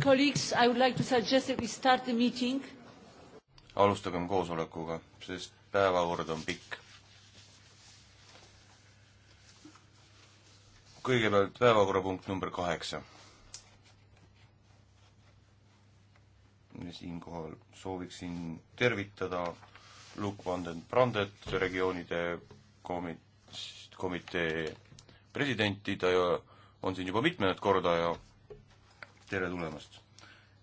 Colleagues, I would like to suggest that we start the meeting. alustagem koosolekuga, sest päevakord on pikk. kõigepealt päevakorrapunkt number kaheksa. siinkohal sooviksin tervitada Luc van den Brandet, regioonide komit-, komitee presidenti, ta on siin juba mitmendat korda ja tere tulemast!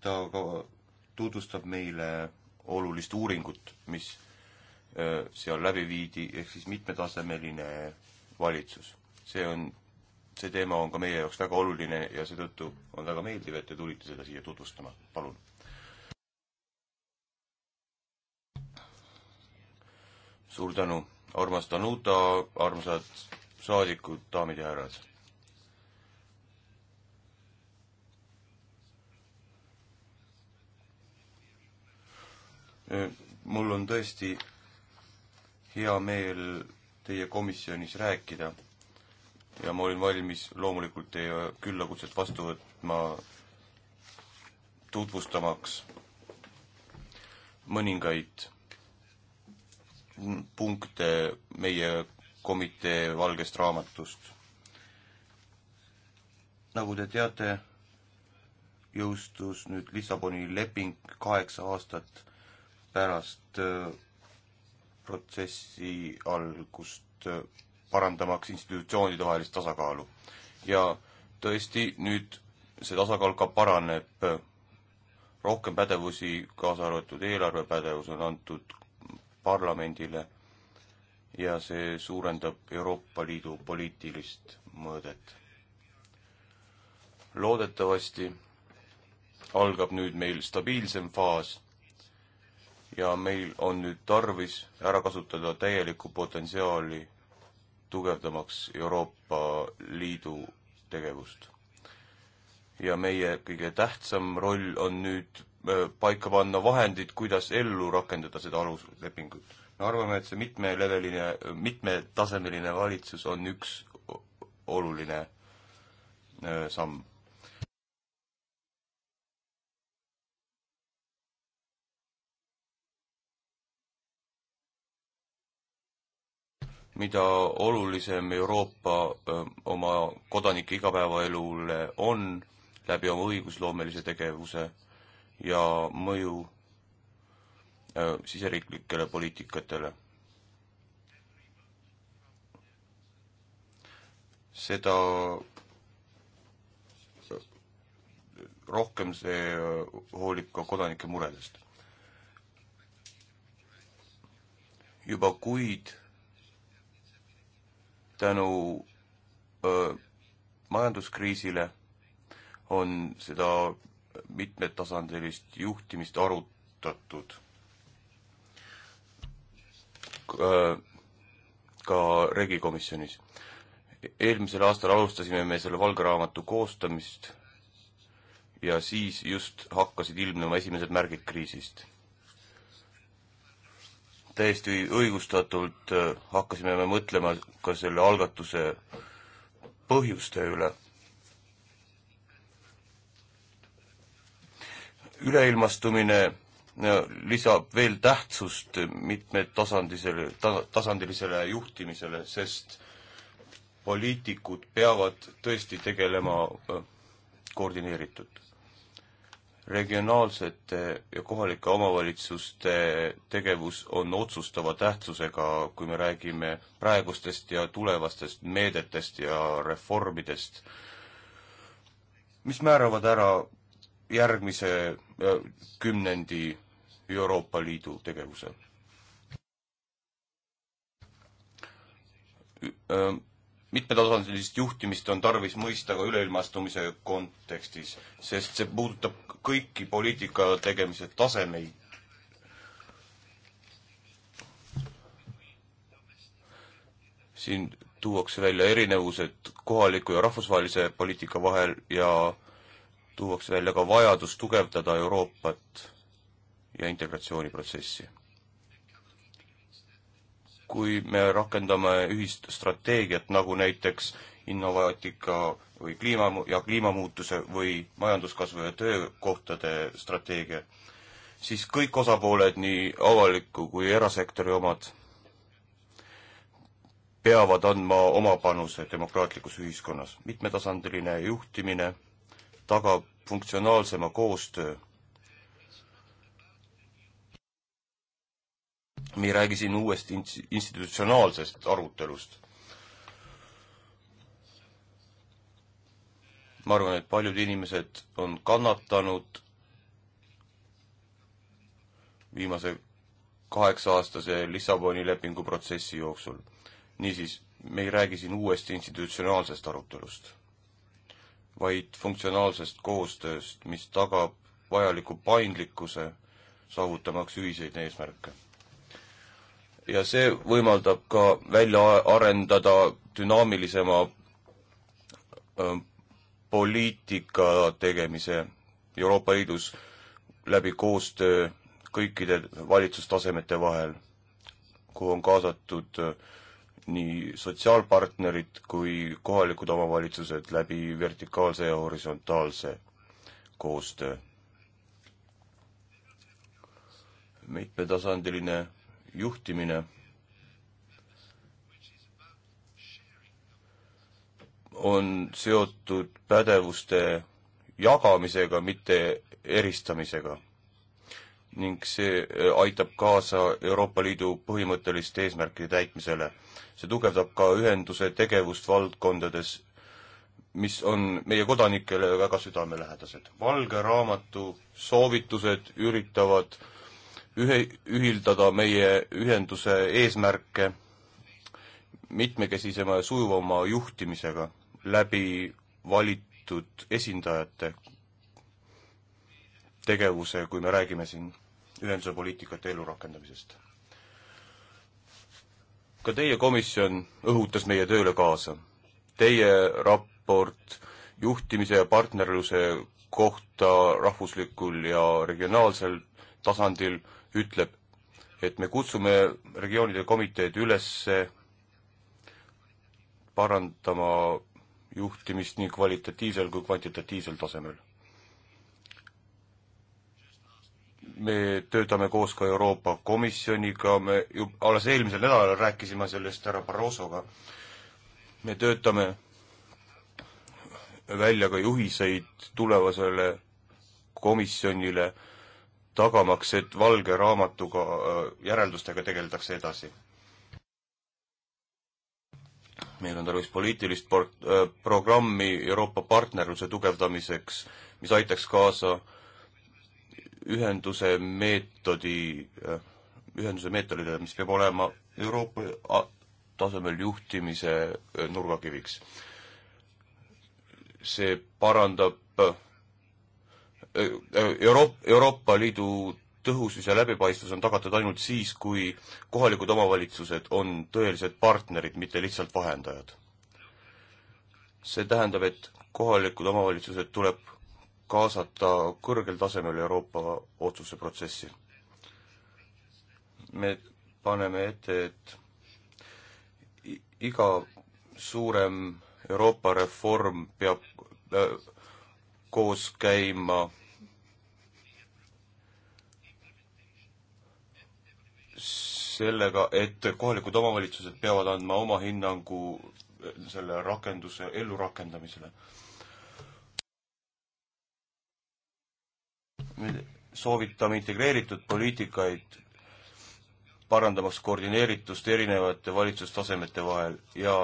ta ka tutvustab meile olulist uuringut, mis äh, seal läbi viidi, ehk siis mitmetasemeline valitsus. see on, see teema on ka meie jaoks väga oluline ja seetõttu on väga meeldiv, et te tulite seda siia tutvustama, palun. suur tänu, armas Danuta, armsad saadikud, daamid ja härrad Äh, mul on tõesti hea meel teie komisjonis rääkida ja ma olin valmis loomulikult teie küllakutset vastu võtma, tutvustamaks mõningaid punkte meie komitee valgest raamatust. nagu te teate, jõustus nüüd Lissaboni leping kaheksa aastat pärast äh, protsessi algust, äh, parandamaks institutsioonide vahelist tasakaalu. ja tõesti, nüüd see tasakaal ka paraneb, rohkem pädevusi, kaasa arvatud eelarvepädevus, on antud parlamendile ja see suurendab Euroopa Liidu poliitilist mõõdet. loodetavasti algab nüüd meil stabiilsem faas ja meil on nüüd tarvis ära kasutada täielikku potentsiaali, tugevdamaks Euroopa Liidu tegevust. ja meie kõige tähtsam roll on nüüd äh, paika panna vahendid, kuidas ellu rakendada seda aluslepingut. me arvame, et see mitmeleveline, mitmetasemeline valitsus on üks oluline äh, samm mida olulisem Euroopa ähm, oma kodanike igapäevaelule on läbi oma õigusloomelise tegevuse ja mõju äh, siseriiklikele poliitikatele. seda äh, rohkem see äh, hoolib ka kodanike muredest. juba kuid tänu öö, majanduskriisile on seda mitmetasandilist juhtimist arutatud. ka regikomisjonis. eelmisel aastal alustasime me selle valge raamatu koostamist ja siis just hakkasid ilmnema esimesed märgid kriisist täiesti õigustatult äh, hakkasime me mõtlema ka selle algatuse põhjuste üle. üleilmastumine äh, lisab veel tähtsust mitmetasandisele ta,, tasandilisele juhtimisele, sest poliitikud peavad tõesti tegelema äh, koordineeritult regionaalsete ja kohalike omavalitsuste tegevus on otsustava tähtsusega, kui me räägime praegustest ja tulevastest meedetest ja reformidest, mis määravad ära järgmise äh, kümnendi Euroopa Liidu tegevuse. Äh, mitmetasandilist juhtimist on tarvis mõista ka üleilmastumise kontekstis, sest see puudutab kõiki poliitika tegemise tasemeid. siin tuuakse välja erinevused kohaliku ja rahvusvahelise poliitika vahel ja tuuakse välja ka vajadus tugevdada Euroopat ja integratsiooniprotsessi kui me rakendame ühist strateegiat, nagu näiteks innovaatika või kliima ja kliimamuutuse või majanduskasvu ja töökohtade strateegia, siis kõik osapooled, nii avaliku kui erasektori omad, peavad andma oma panuse demokraatlikus ühiskonnas. mitmetasandiline juhtimine tagab funktsionaalsema koostöö me ei räägi siin uuest ins-, institutsionaalsest arutelust. ma arvan, et paljud inimesed on kannatanud viimase kaheksa-aastase Lissaboni lepingu protsessi jooksul. niisiis, me ei räägi siin uuest institutsionaalsest arutelust, vaid funktsionaalsest koostööst, mis tagab vajaliku paindlikkuse, saavutamaks ühiseid eesmärke ja see võimaldab ka välja arendada dünaamilisema poliitika tegemise Euroopa Liidus läbi koostöö kõikide valitsustasemete vahel, kuhu on kaasatud nii sotsiaalpartnerid kui kohalikud omavalitsused läbi vertikaalse ja horisontaalse koostöö. mitmetasandiline juhtimine on seotud pädevuste jagamisega, mitte eristamisega. ning see äh, aitab kaasa Euroopa Liidu põhimõtteliste eesmärkide täitmisele. see tugevdab ka ühenduse tegevust valdkondades, mis on meie kodanikele väga südamelähedased. valge raamatu soovitused üritavad äh, ühe, ühildada meie ühenduse eesmärke mitmekesisema ja sujuvama juhtimisega läbi valitud esindajate tegevuse, kui me räägime siin ühenduse poliitikate ellurakendamisest. ka teie komisjon õhutas meie tööle kaasa. Teie raport juhtimise ja partnerluse kohta rahvuslikul ja regionaalsel tasandil ütleb, et me kutsume regioonide komiteed üles parandama juhtimist nii kvalitatiivsel kui kvantitatiivsel tasemel. me töötame koos ka Euroopa Komisjoniga, me ju alles eelmisel nädalal rääkisime sellest härra Barrosoga, me töötame välja ka juhiseid tulevasele komisjonile äh, tagamaks, et valge raamatuga äh, järeldustega tegeldakse edasi. meil on tarvis poliitilist port-, äh, programmi Euroopa partnerluse tugevdamiseks, mis aitaks kaasa ühenduse meetodi, äh, ühenduse meetodile, mis peab olema Euroopa tasemel juhtimise nurgakiviks. see parandab Äh, äh, Euroop-, Euroopa Liidu tõhusus ja läbipaistvus on tagatud ainult siis, kui kohalikud omavalitsused on tõelised partnerid, mitte lihtsalt vahendajad. see tähendab, et kohalikud omavalitsused tuleb kaasata kõrgel tasemel Euroopa otsuseprotsessi. me paneme ette, et iga suurem Euroopa reform peab äh, koos käima sellega, et kohalikud omavalitsused peavad andma oma hinnangu eh, selle rakenduse ellurakendamisele. me soovitame integreeritud poliitikaid parandamaks koordineeritust erinevate valitsustasemete vahel ja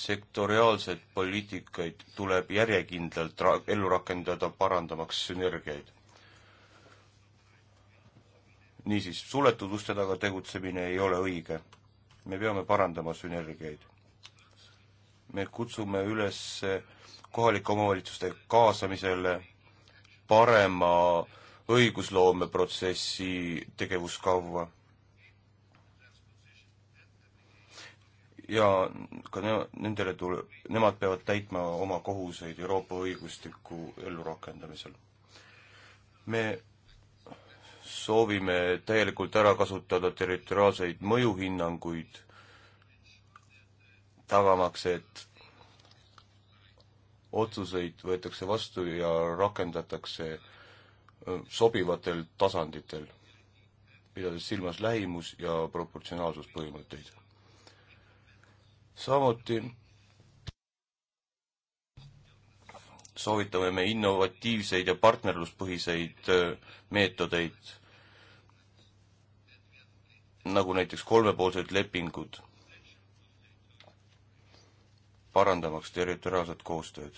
sektoriaalseid poliitikaid tuleb järjekindlalt ra-, ellu rakendada, parandamaks sünergiaid niisiis, suletud uste taga tegutsemine ei ole õige. me peame parandama sünergiaid. me kutsume üles kohalike omavalitsuste kaasamisele parema õigusloomeprotsessi tegevuskava. ja ka ne-, nendele tule-, nemad peavad täitma oma kohuseid Euroopa õigustiku ellurakendamisel. me soovime täielikult ära kasutada territoriaalseid mõjuhinnanguid, tagamaks, et otsuseid võetakse vastu ja rakendatakse sobivatel tasanditel, pidades silmas lähimus- ja proportsionaalsuspõhimõtteid. samuti soovitame me innovatiivseid ja partnerluspõhiseid meetodeid nagu näiteks kolmepoolsed lepingud, parandamaks territoriaalset koostööd.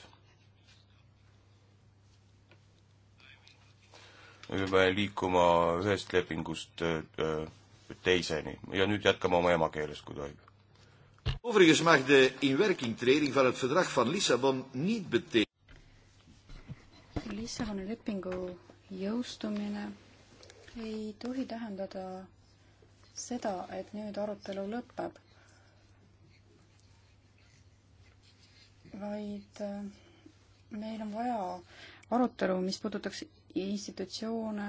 me peame liikuma ühest lepingust äh, teiseni ja nüüd jätkame oma emakeeles, kui tohib. Overigens mag de inwerkingtreding van het verdrag van Lissabon niet betekenen. Lissaboni lepingu jõustumine ei tohi tähendada seda, et nüüd arutelu lõpeb, vaid äh, meil on vaja arutelu, mis puudutaks institutsioone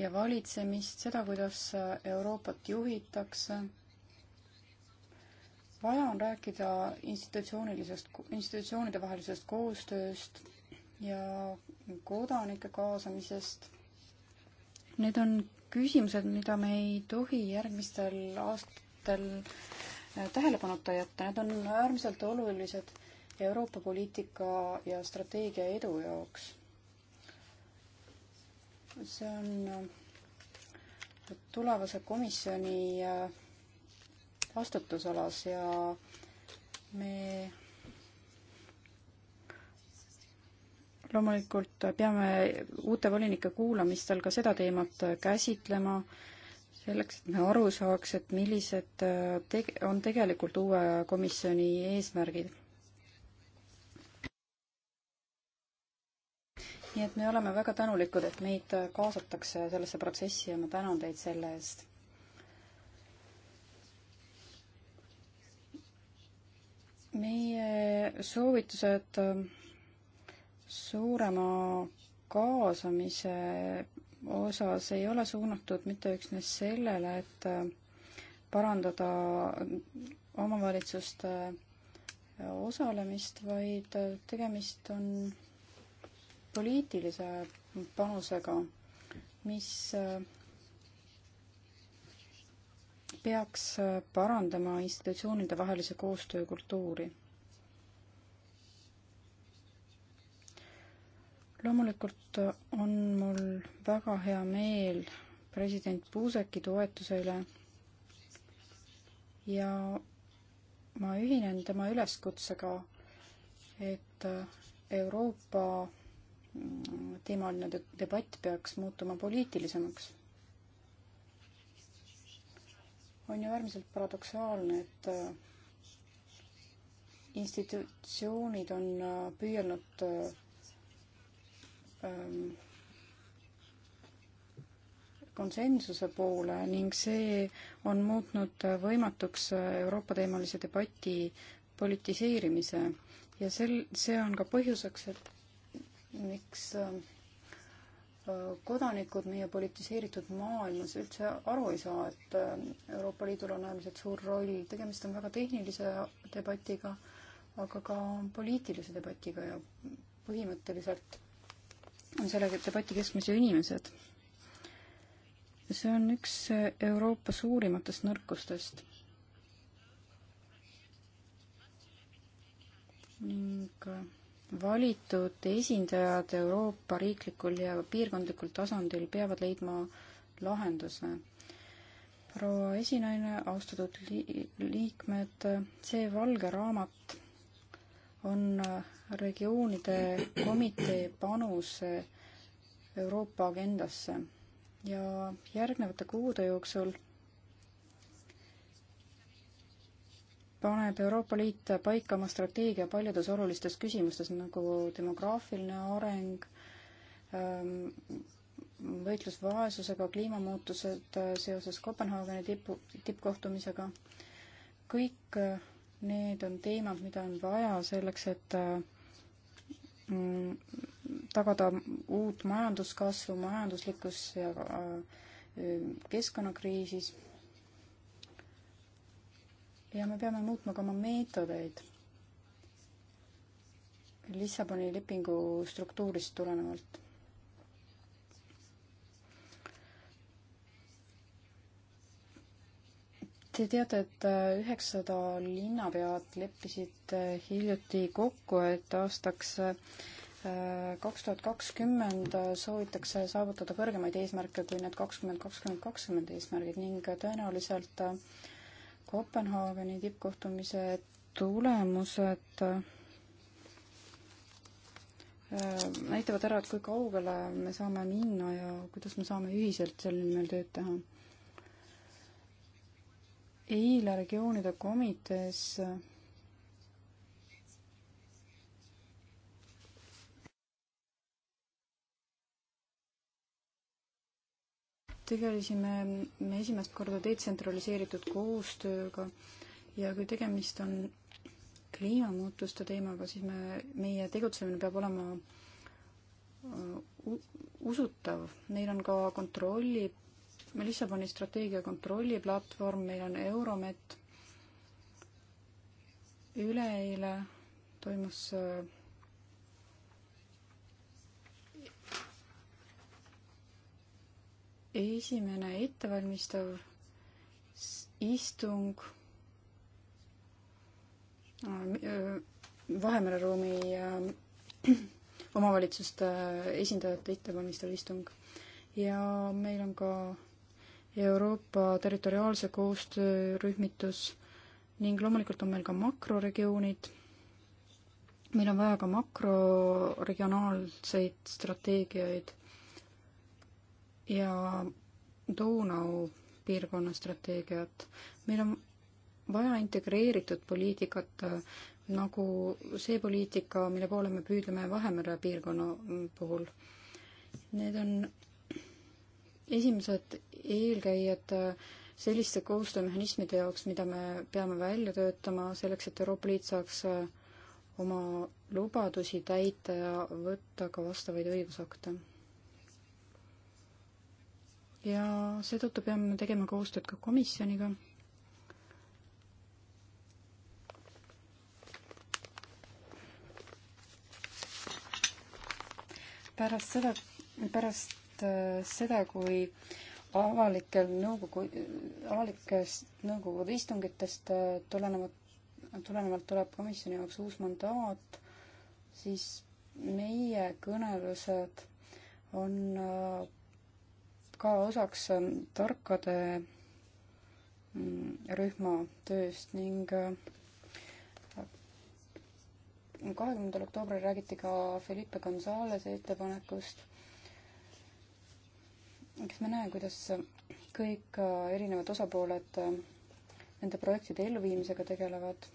ja valitsemist, seda, kuidas äh, Euroopat juhitakse vaja on rääkida institutsioonilisest, institutsioonide vahelisest koostööst ja kodanike kaasamisest. Need on küsimused, mida me ei tohi järgmistel aastatel äh, tähelepanuta jätta, need on äärmiselt olulised Euroopa poliitika ja strateegia edu jaoks. see on äh, tulevase komisjoni äh, vastutusalas ja me loomulikult peame uute volinike kuulamistel ka seda teemat käsitlema, selleks, et me aru saaks, et millised äh, teg-, on tegelikult uue komisjoni eesmärgid. nii et me oleme väga tänulikud, et meid kaasatakse sellesse protsessi ja ma tänan teid selle eest meie soovitused äh, suurema kaasamise osas ei ole suunatud mitte üksnes sellele, et äh, parandada omavalitsuste äh, osalemist, vaid äh, tegemist on poliitilise panusega, mis peaks parandama institutsioonide vahelise koostöö kultuuri loomulikult on mul väga hea meel president Puuseki toetuse üle ja ma ühinen tema üleskutsega, et Euroopa mm, teemaline debatt peaks muutuma poliitilisemaks. on ju äärmiselt paradoksaalne, et äh, institutsioonid on äh, püüelnud äh, Ähm, konsensuse poole ning see on muutnud võimatuks Euroopa teemalise debati politiseerimise ja sel, see on ka põhjuseks, et miks ähm, kodanikud meie politiseeritud maailmas üldse aru ei saa, et ähm, Euroopa Liidul on äärmiselt suur roll, tegemist on väga tehnilise debatiga, aga ka poliitilise debatiga ja põhimõtteliselt on selle debati keskmes ju inimesed. see on üks Euroopa suurimatest nõrkustest. ning valitud esindajad Euroopa riiklikul ja piirkondlikul tasandil peavad leidma lahenduse. proua esinaine, austatud li liikmed, see valge raamat on regioonide komitee panus Euroopa agendasse ja järgnevate kuude jooksul paneb Euroopa Liit paika oma strateegia paljudes olulistes küsimustes, nagu demograafiline areng, ähm, võitlus vaesusega, kliimamuutused äh, seoses Kopenhaageni tipu, tippkohtumisega. kõik äh, need on teemad, mida on vaja selleks, et äh, Mm, tagada uut majanduskasvu majanduslikus ja äh, keskkonnakriisis. ja me peame muutma ka oma meetodeid Lissaboni lepingu struktuurist tulenevalt Te teate, et äh, üheksasada linnapead leppisid äh, hiljuti kokku, et aastaks äh, kaks tuhat kakskümmend soovitakse saavutada kõrgemaid eesmärke kui need kakskümmend, kakskümmend, kakskümmend eesmärgid ning tõenäoliselt Kopenhaageni tippkohtumise tulemused näitavad ära, et kui kaugele me saame minna ja kuidas me saame ühiselt sel nimel tööd teha eile regioonide komitees tegelesime me esimest korda detsentraliseeritud koostööga ja kui tegemist on kliimamuutuste teemaga, siis me, meie tegutsemine peab olema äh, usutav. meil on ka kontrolli Lissaboni strateegia kontrolliplatvorm, meil on Euromet. üleeile toimus äh, esimene ettevalmistav istung äh, Vahemere ruumi äh, omavalitsuste esindajate ettevalmistav istung ja meil on ka Euroopa territoriaalse koostöö rühmitus ning loomulikult on meil ka makroregioonid. meil on vaja ka makroregionaalseid strateegiaid ja Donau piirkonna strateegiat. meil on vaja integreeritud poliitikat, nagu see poliitika, mille poole me püüdleme Vahemere piirkonna puhul. Need on esimesed eelkäijad äh, selliste koostöömehhanismide jaoks, mida me peame välja töötama selleks, et Euroopa Liit saaks äh, oma lubadusi täita ja võtta ka vastavaid õigusakte. ja seetõttu peame tegema koostööd ka komisjoniga pärast seda, pärast pärast äh, seda, kui avalikel nõukogu, avalikest nõukogude istungitest äh, tulenevat, tulenevalt tuleb komisjoni jaoks uus mandaat, siis meie kõnelused on äh, ka osaks ähm, tarkade mm, rühma tööst ning kahekümnendal oktoobril räägiti ka Felipe Gonzalez'i ettepanekust eks me näe, kuidas kõik äh, erinevad osapooled äh, nende projektide elluviimisega tegelevad.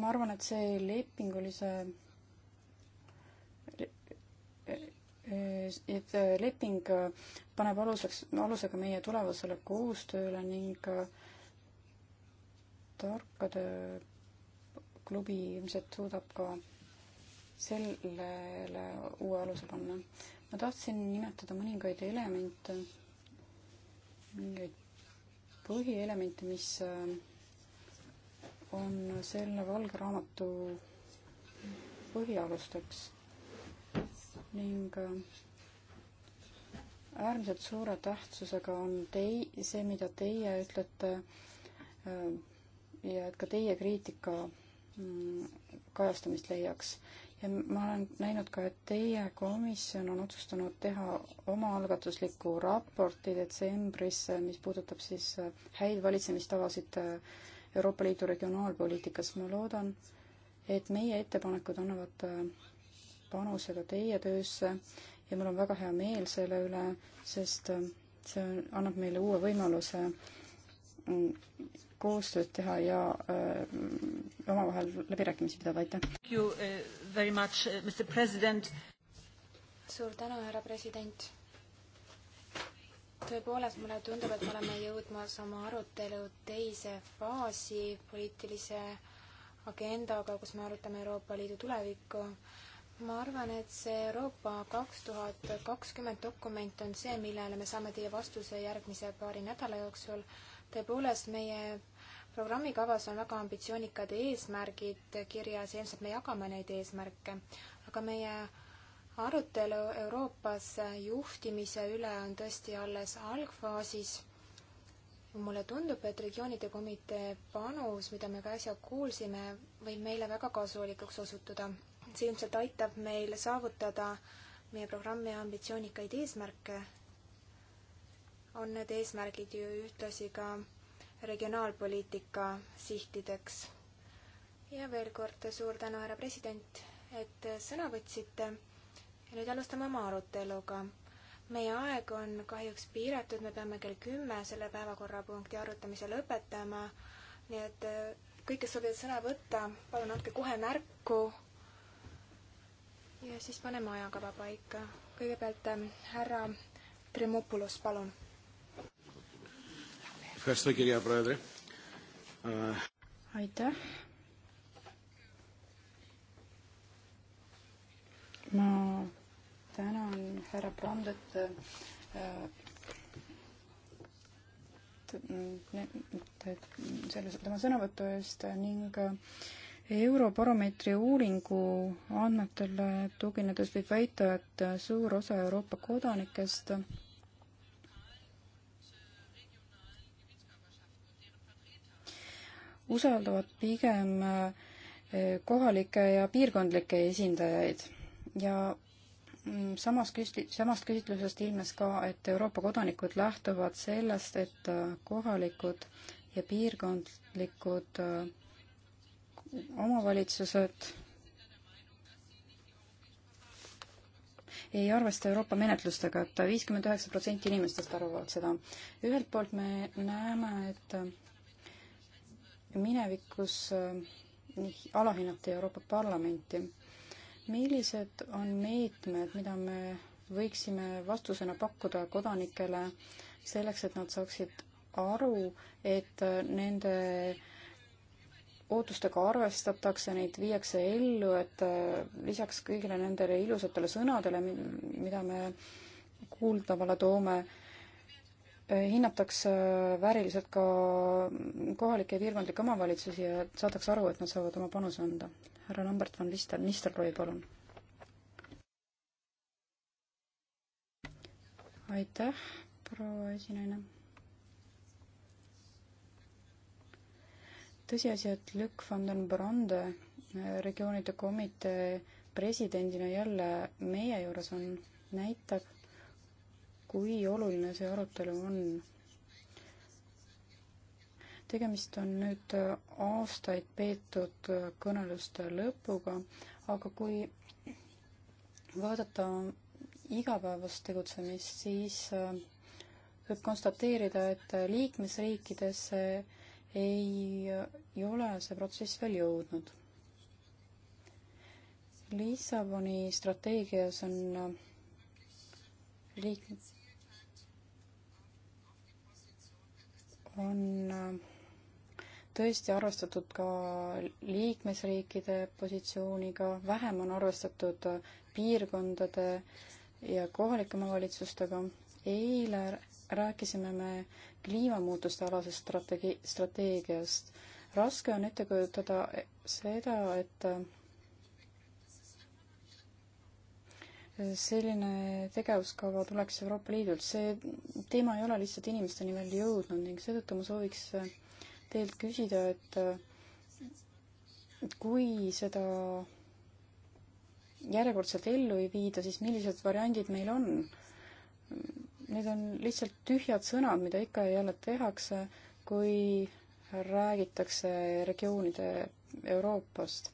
ma arvan, et see lepingulise, et äh, leping paneb aluseks, alusega meie tulevasele koostööle ning tarkade klubi ilmselt suudab ka sellele uue aluse panna. ma tahtsin nimetada mõningaid elemente, mingeid põhielemente, mis äh, on selle valge raamatu põhialusteks ning äh, äärmiselt suure tähtsusega on tei-, see, mida teie ütlete äh, ja et ka teie kriitika kajastamist leiaks. ja ma olen näinud ka, et teie komisjon on otsustanud teha omaalgatusliku raporti detsembris, mis puudutab siis äh, häid valitsemistavasid äh, Euroopa Liidu regionaalpoliitikas. ma loodan, et meie ettepanekud annavad äh, panuse ka teie töösse ja mul on väga hea meel selle üle, sest see annab meile uue võimaluse koostööd teha ja öö, äh, omavahel läbirääkimisi pidada, aitäh! Eh, eh, suur tänu, härra president! tõepoolest, mulle tundub, et me oleme jõudmas oma arutelu teise faasi poliitilise agendaga, kus me arutame Euroopa Liidu tulevikku. ma arvan, et see Euroopa kaks tuhat kakskümmend dokument on see, millele me saame teie vastuse järgmise paari nädala jooksul tõepoolest, meie programmikavas on väga ambitsioonikad eesmärgid kirjas ja ilmselt me jagame neid eesmärke, aga meie arutelu Euroopas juhtimise üle on tõesti alles algfaasis. mulle tundub, et regioonide komitee panus, mida me ka äsja kuulsime, võib meile väga kasulikuks osutuda. see ilmselt aitab meil saavutada meie programmi ambitsioonikaid eesmärke on need eesmärgid ju ühtlasi ka regionaalpoliitika sihtideks. ja veel kord suur tänu, härra president, et sõna võtsite. ja nüüd alustame oma aruteluga. meie aeg on kahjuks piiratud, me peame kell kümme selle päevakorrapunkti arutamise lõpetama. nii et äh, kõik, kes soovivad sõna võtta, palun andke kohe märku. ja siis paneme ajakava paika. kõigepealt äh, härra Tremopoulos, palun aitäh. ma tänan härra Brandet äh, selle, tema sõnavõtu eest ning äh, Eurobaromeetri uuringu andmetele tuginedes võib väita, et suur osa Euroopa kodanikest usaldavad pigem äh, kohalikke ja piirkondlikke esindajaid ja mm, samas küsti-, samast küsitlusest ilmnes ka, et Euroopa kodanikud lähtuvad sellest, et äh, kohalikud ja piirkondlikud äh, omavalitsused ei arvesta Euroopa menetlustega et, et viiskümmend üheksa protsenti inimestest arvavad seda. ühelt poolt me näeme, et minevikus äh, alahinnati Euroopa Parlamenti. millised on meetmed, mida me võiksime vastusena pakkuda kodanikele selleks, et nad saaksid aru, et äh, nende ootustega arvestatakse, neid viiakse ellu, et äh, lisaks kõigile nendele ilusatele sõnadele, mida me kuuldavale toome, hinnatakse äh, vääriliselt ka kohalikke ja piirkondlikke omavalitsusi ja saadakse aru, et nad saavad oma panuse anda. härra Lambert von Lister, Nistelrooy, palun. aitäh, proua esinaine. tõsiasi, et Lükk van den Brande äh, regioonide komitee presidendina jälle meie juures on, näitab, kui oluline see arutelu on. tegemist on nüüd aastaid peetud kõneluste lõpuga, aga kui vaadata igapäevast tegutsemist, siis äh, võib konstateerida, et liikmesriikides ei, ei ole see protsess veel jõudnud. Lissaboni strateegias on liik-, äh, on äh, tõesti arvestatud ka liikmesriikide positsiooniga, vähem on arvestatud äh, piirkondade ja kohalike omavalitsustega. eile rääkisime me kliimamuutuste alasest strateegi-, strateegiast. raske on ette kujutada e, seda, et äh, selline tegevuskava tuleks Euroopa Liidult. see teema ei ole lihtsalt inimesteni veel jõudnud ning seetõttu ma sooviks äh, teilt küsida, äh, et kui seda järjekordselt ellu ei viida, siis millised variandid meil on? Need on lihtsalt tühjad sõnad, mida ikka ja jälle tehakse, kui räägitakse regioonide Euroopast.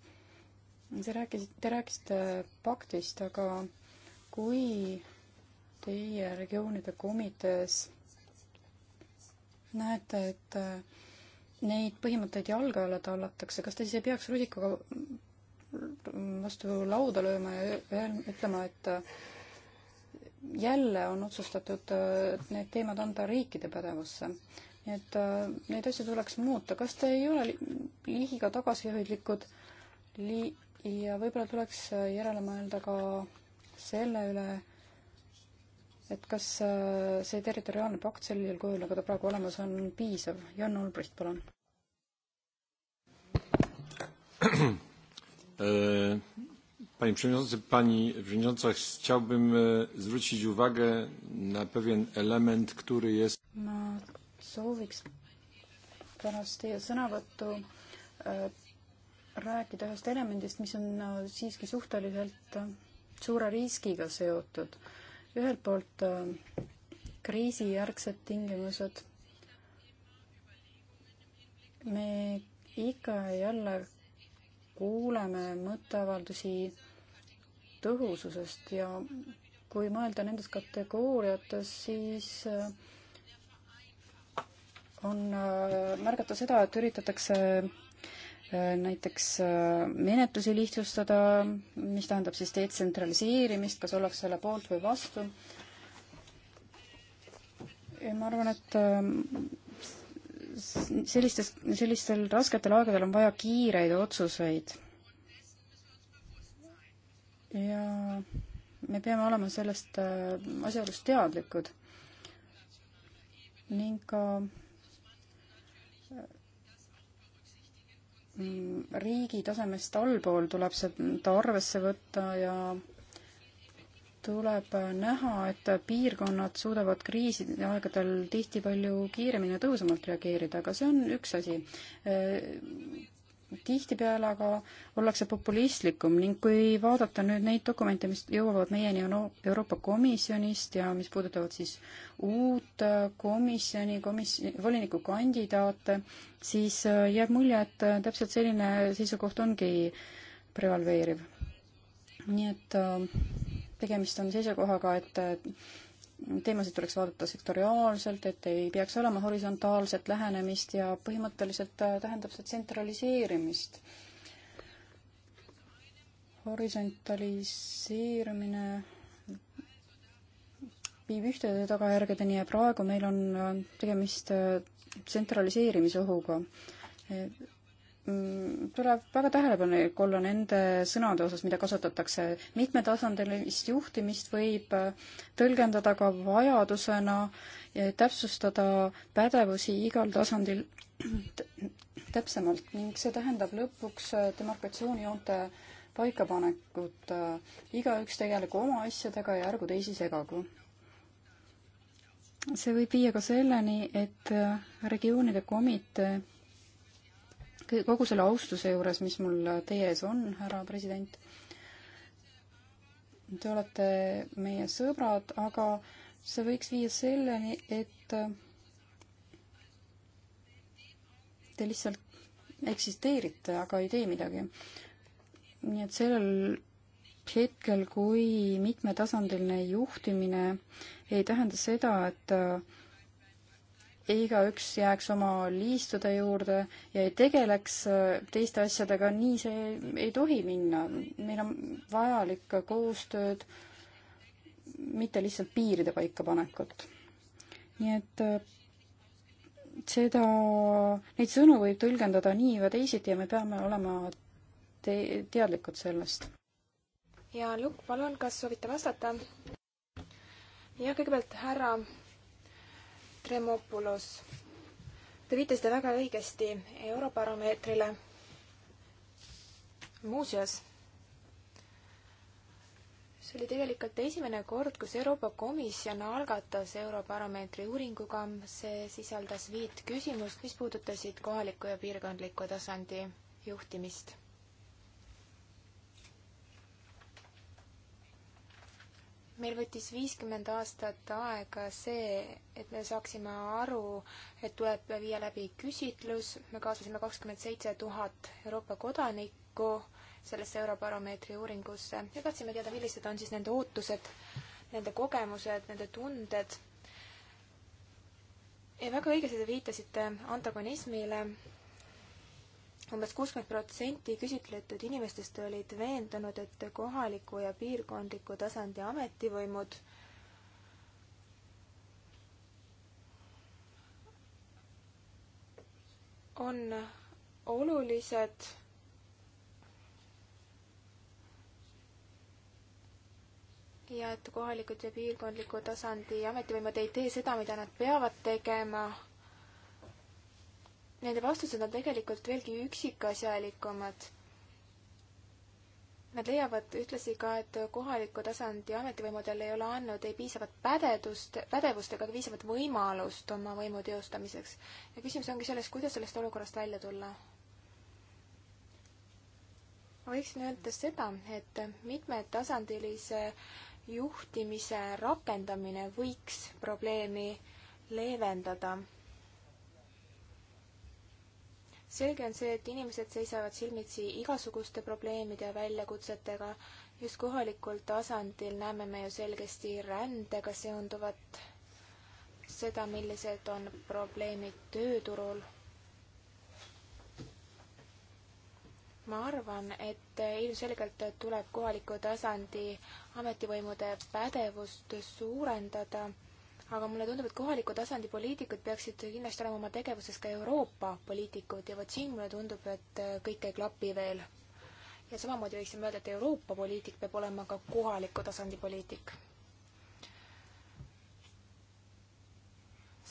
Te rääkisite, te rääkisite paktist, aga kui teie regioonide komitees näete, et äh, neid põhimõtteid jalge alla tallatakse, kas te siis ei peaks rusikaga vastu lauda lööma ja ütlema, et äh, jälle on otsustatud äh, need teemad anda riikide pädevusse? nii et neid asju tuleks muuta. kas te ei ole liiga tagasihoidlikud li- ja võib-olla tuleks järele mõelda ka selle üle, et kas äh, see territoriaalne pakt sellisel kujul, nagu ta praegu olemas on, piisav. Jan Olbrist, palun. Äh, panie Przewodniczący, Pani Przewodnicząca, chciałbym e, zwrócić uwagę na pewien element, który jest... Ma sooviks pärast teie sõnavõttu e, rääkida ühest elemendist, mis on e, siiski suhteliselt suure riskiga seotud. ühelt poolt äh, kriisijärgsed tingimused. me ikka ja jälle kuuleme mõtteavaldusi tõhususest ja kui mõelda nendes kategooriates, siis äh, on äh, märgata seda, et üritatakse Äh, näiteks äh, menetlusi lihtsustada, mis tähendab siis detsentraliseerimist, kas ollakse selle poolt või vastu. ja ma arvan, et äh, sellistes, sellistel rasketel aegadel on vaja kiireid otsuseid. ja me peame olema sellest asjaolust teadlikud ning ka riigi tasemest allpool tuleb seda arvesse võtta ja tuleb näha, et piirkonnad suudavad kriiside aegadel tihti palju kiiremini ja tõhusamalt reageerida, aga see on üks asi tihtipeale aga ollakse populistlikum ning kui vaadata nüüd neid dokumente, mis jõuavad meieni Euroopa Komisjonist ja mis puudutavad siis uut äh, komisjoni, komisjoni, volinikukandidaate, siis äh, jääb mulje, et äh, täpselt selline seisukoht ongi prevaleeriv. nii et tegemist on seisukohaga, et teemasid tuleks vaadata sektoriaalselt, et ei peaks olema horisontaalset lähenemist ja põhimõtteliselt äh, tähendab see tsentraliseerimist. horisontaliseerimine viib ühtede tagajärgedeni ja praegu meil on äh, tegemist äh, tsentraliseerimise ohuga Mm, tuleb väga tähelepanelik olla nende sõnade osas, mida kasutatakse. mitmetasandilist juhtimist võib äh, tõlgendada ka vajadusena täpsustada pädevusi igal tasandil täpsemalt ning see tähendab lõpuks äh, demarkatsioonijoonte paikapanekut. Äh, igaüks tegelegu oma asjadega ja ärgu teisi segagu see võib viia ka selleni, et regioonide komitee kogu selle austuse juures, mis mul teie ees on, härra president, te olete meie sõbrad, aga see võiks viia selleni, et te lihtsalt eksisteerite, aga ei tee midagi. nii et sellel hetkel, kui mitmetasandiline juhtimine ei tähenda seda, et igaüks jääks oma liistude juurde ja ei tegeleks äh, teiste asjadega, nii see ei tohi minna. meil on vajalik koostööd, mitte lihtsalt piiride paikapanekut. nii et äh, seda, neid sõnu võib tõlgendada nii või teisiti ja me peame olema te-, teadlikud sellest. ja Lukk, palun, kas soovite vastata? ja kõigepealt härra Tremopulos, te viitasite väga õigesti Eurobaromeetrile. muuseas, see oli tegelikult esimene kord, kus Euroopa Komisjon algatas Eurobaromeetri uuringuga. see sisaldas viit küsimust, mis puudutasid kohalikku ja piirkondliku tasandi juhtimist meil võttis viiskümmend aastat aega see, et me saaksime aru, et tuleb viia läbi küsitlus, me kaasasime kakskümmend seitse tuhat Euroopa kodanikku sellesse Eurobaromeetri uuringusse ja tahtsime teada, millised on siis nende ootused, nende kogemused, nende tunded. ja väga õigesti te viitasite antagonismile umbes kuuskümmend protsenti küsitletud inimestest olid veendunud, et kohaliku ja piirkondliku tasandi ametivõimud on olulised ja et kohalikud ja piirkondliku tasandi ametivõimed ei tee seda, mida nad peavad tegema nende vastused on tegelikult veelgi üksikasjalikumad. Nad leiavad ühtlasi ka, et kohaliku tasandi ametivõimudel ei ole andnud ei piisavat pädevust, pädevust ega piisavat võimalust oma võimu teostamiseks. ja küsimus ongi selles, kuidas sellest olukorrast välja tulla ma võiksin öelda seda, et mitmetasandilise juhtimise rakendamine võiks probleemi leevendada selge on see, et inimesed seisavad silmitsi igasuguste probleemide ja väljakutsetega. just kohalikul tasandil näeme me ju selgesti rändega seonduvat, seda, millised on probleemid tööturul. ma arvan, et ilmselgelt tuleb kohaliku tasandi ametivõimude pädevust suurendada aga mulle tundub, et kohaliku tasandi poliitikud peaksid kindlasti olema oma tegevuses ka Euroopa poliitikud ja vot siin mulle tundub, et äh, kõik ei klapi veel. ja samamoodi võiksime öelda, et Euroopa poliitik peab olema ka kohaliku tasandi poliitik.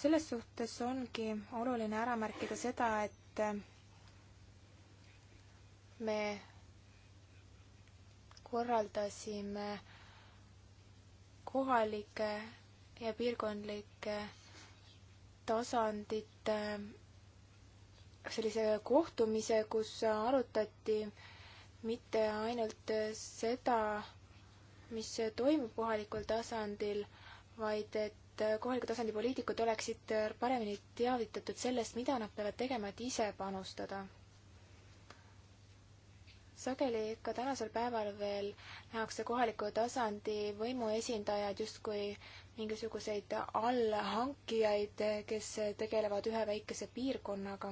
selles suhtes ongi oluline ära märkida seda, et äh, me korraldasime kohalike ja piirkondlike tasandite äh, sellise kohtumise, kus arutati mitte ainult seda, mis toimub kohalikul tasandil, vaid et kohaliku tasandi poliitikud oleksid paremini teavitatud sellest, mida nad peavad tegema, et ise panustada. sageli ka tänasel päeval veel nähakse kohaliku tasandi võimu esindajaid justkui mingisuguseid allhankijaid, kes tegelevad ühe väikese piirkonnaga.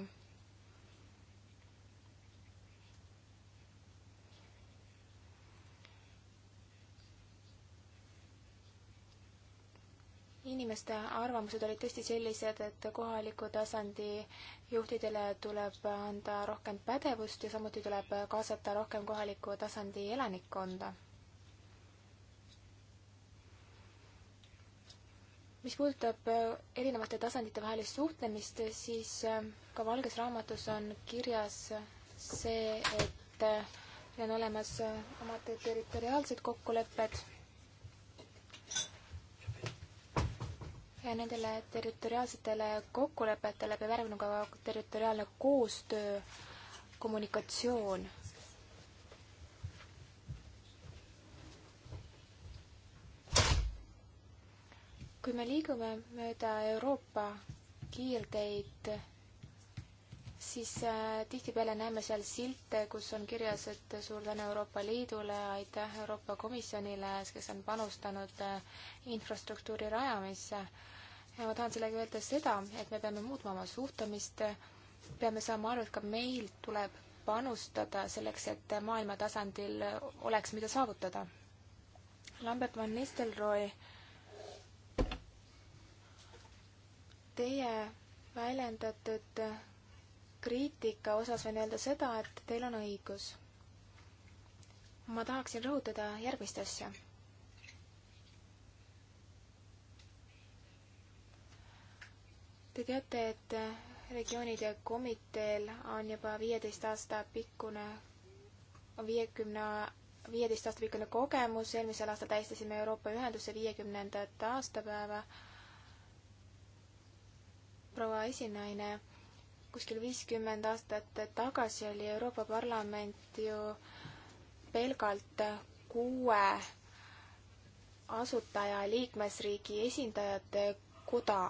inimeste arvamused olid tõesti sellised, et kohaliku tasandi juhtidele tuleb anda rohkem pädevust ja samuti tuleb kaasata rohkem kohaliku tasandi elanikkonda mis puudutab äh, erinevate tasandite vahelist suhtlemist, siis äh, ka Valges Raamatus on kirjas see, et äh, on olemas omad territoriaalsed kokkulepped. ja nendele territoriaalsetele kokkulepetele peab järgnema ka territoriaalne koostöö, kommunikatsioon kui me liigume mööda Euroopa kiirteid, siis äh, tihtipeale näeme seal silte, kus on kirjas, et suur tänu Euroopa Liidule, aitäh Euroopa Komisjonile, kes on panustanud äh, infrastruktuuri rajamisse. ja ma tahan sellega öelda seda, et me peame muutma oma suhtumist, peame saama aru, et ka meil tuleb panustada selleks, et maailma tasandil oleks, mida saavutada. Lambert van Nistelrooy teie väljendatud kriitika osas võin öelda seda, et teil on õigus. ma tahaksin rõhutada järgmist asja. Te teate, et regioonide komiteel on juba viieteist aasta pikkune, viiekümne, viieteist aasta pikkune kogemus, eelmisel aastal tähistasime Euroopa Ühenduse viiekümnendat aastapäeva proua esinaine, kuskil viiskümmend aastat tagasi oli Euroopa Parlament ju pelgalt kuue asutaja liikmesriigi esindajate koda.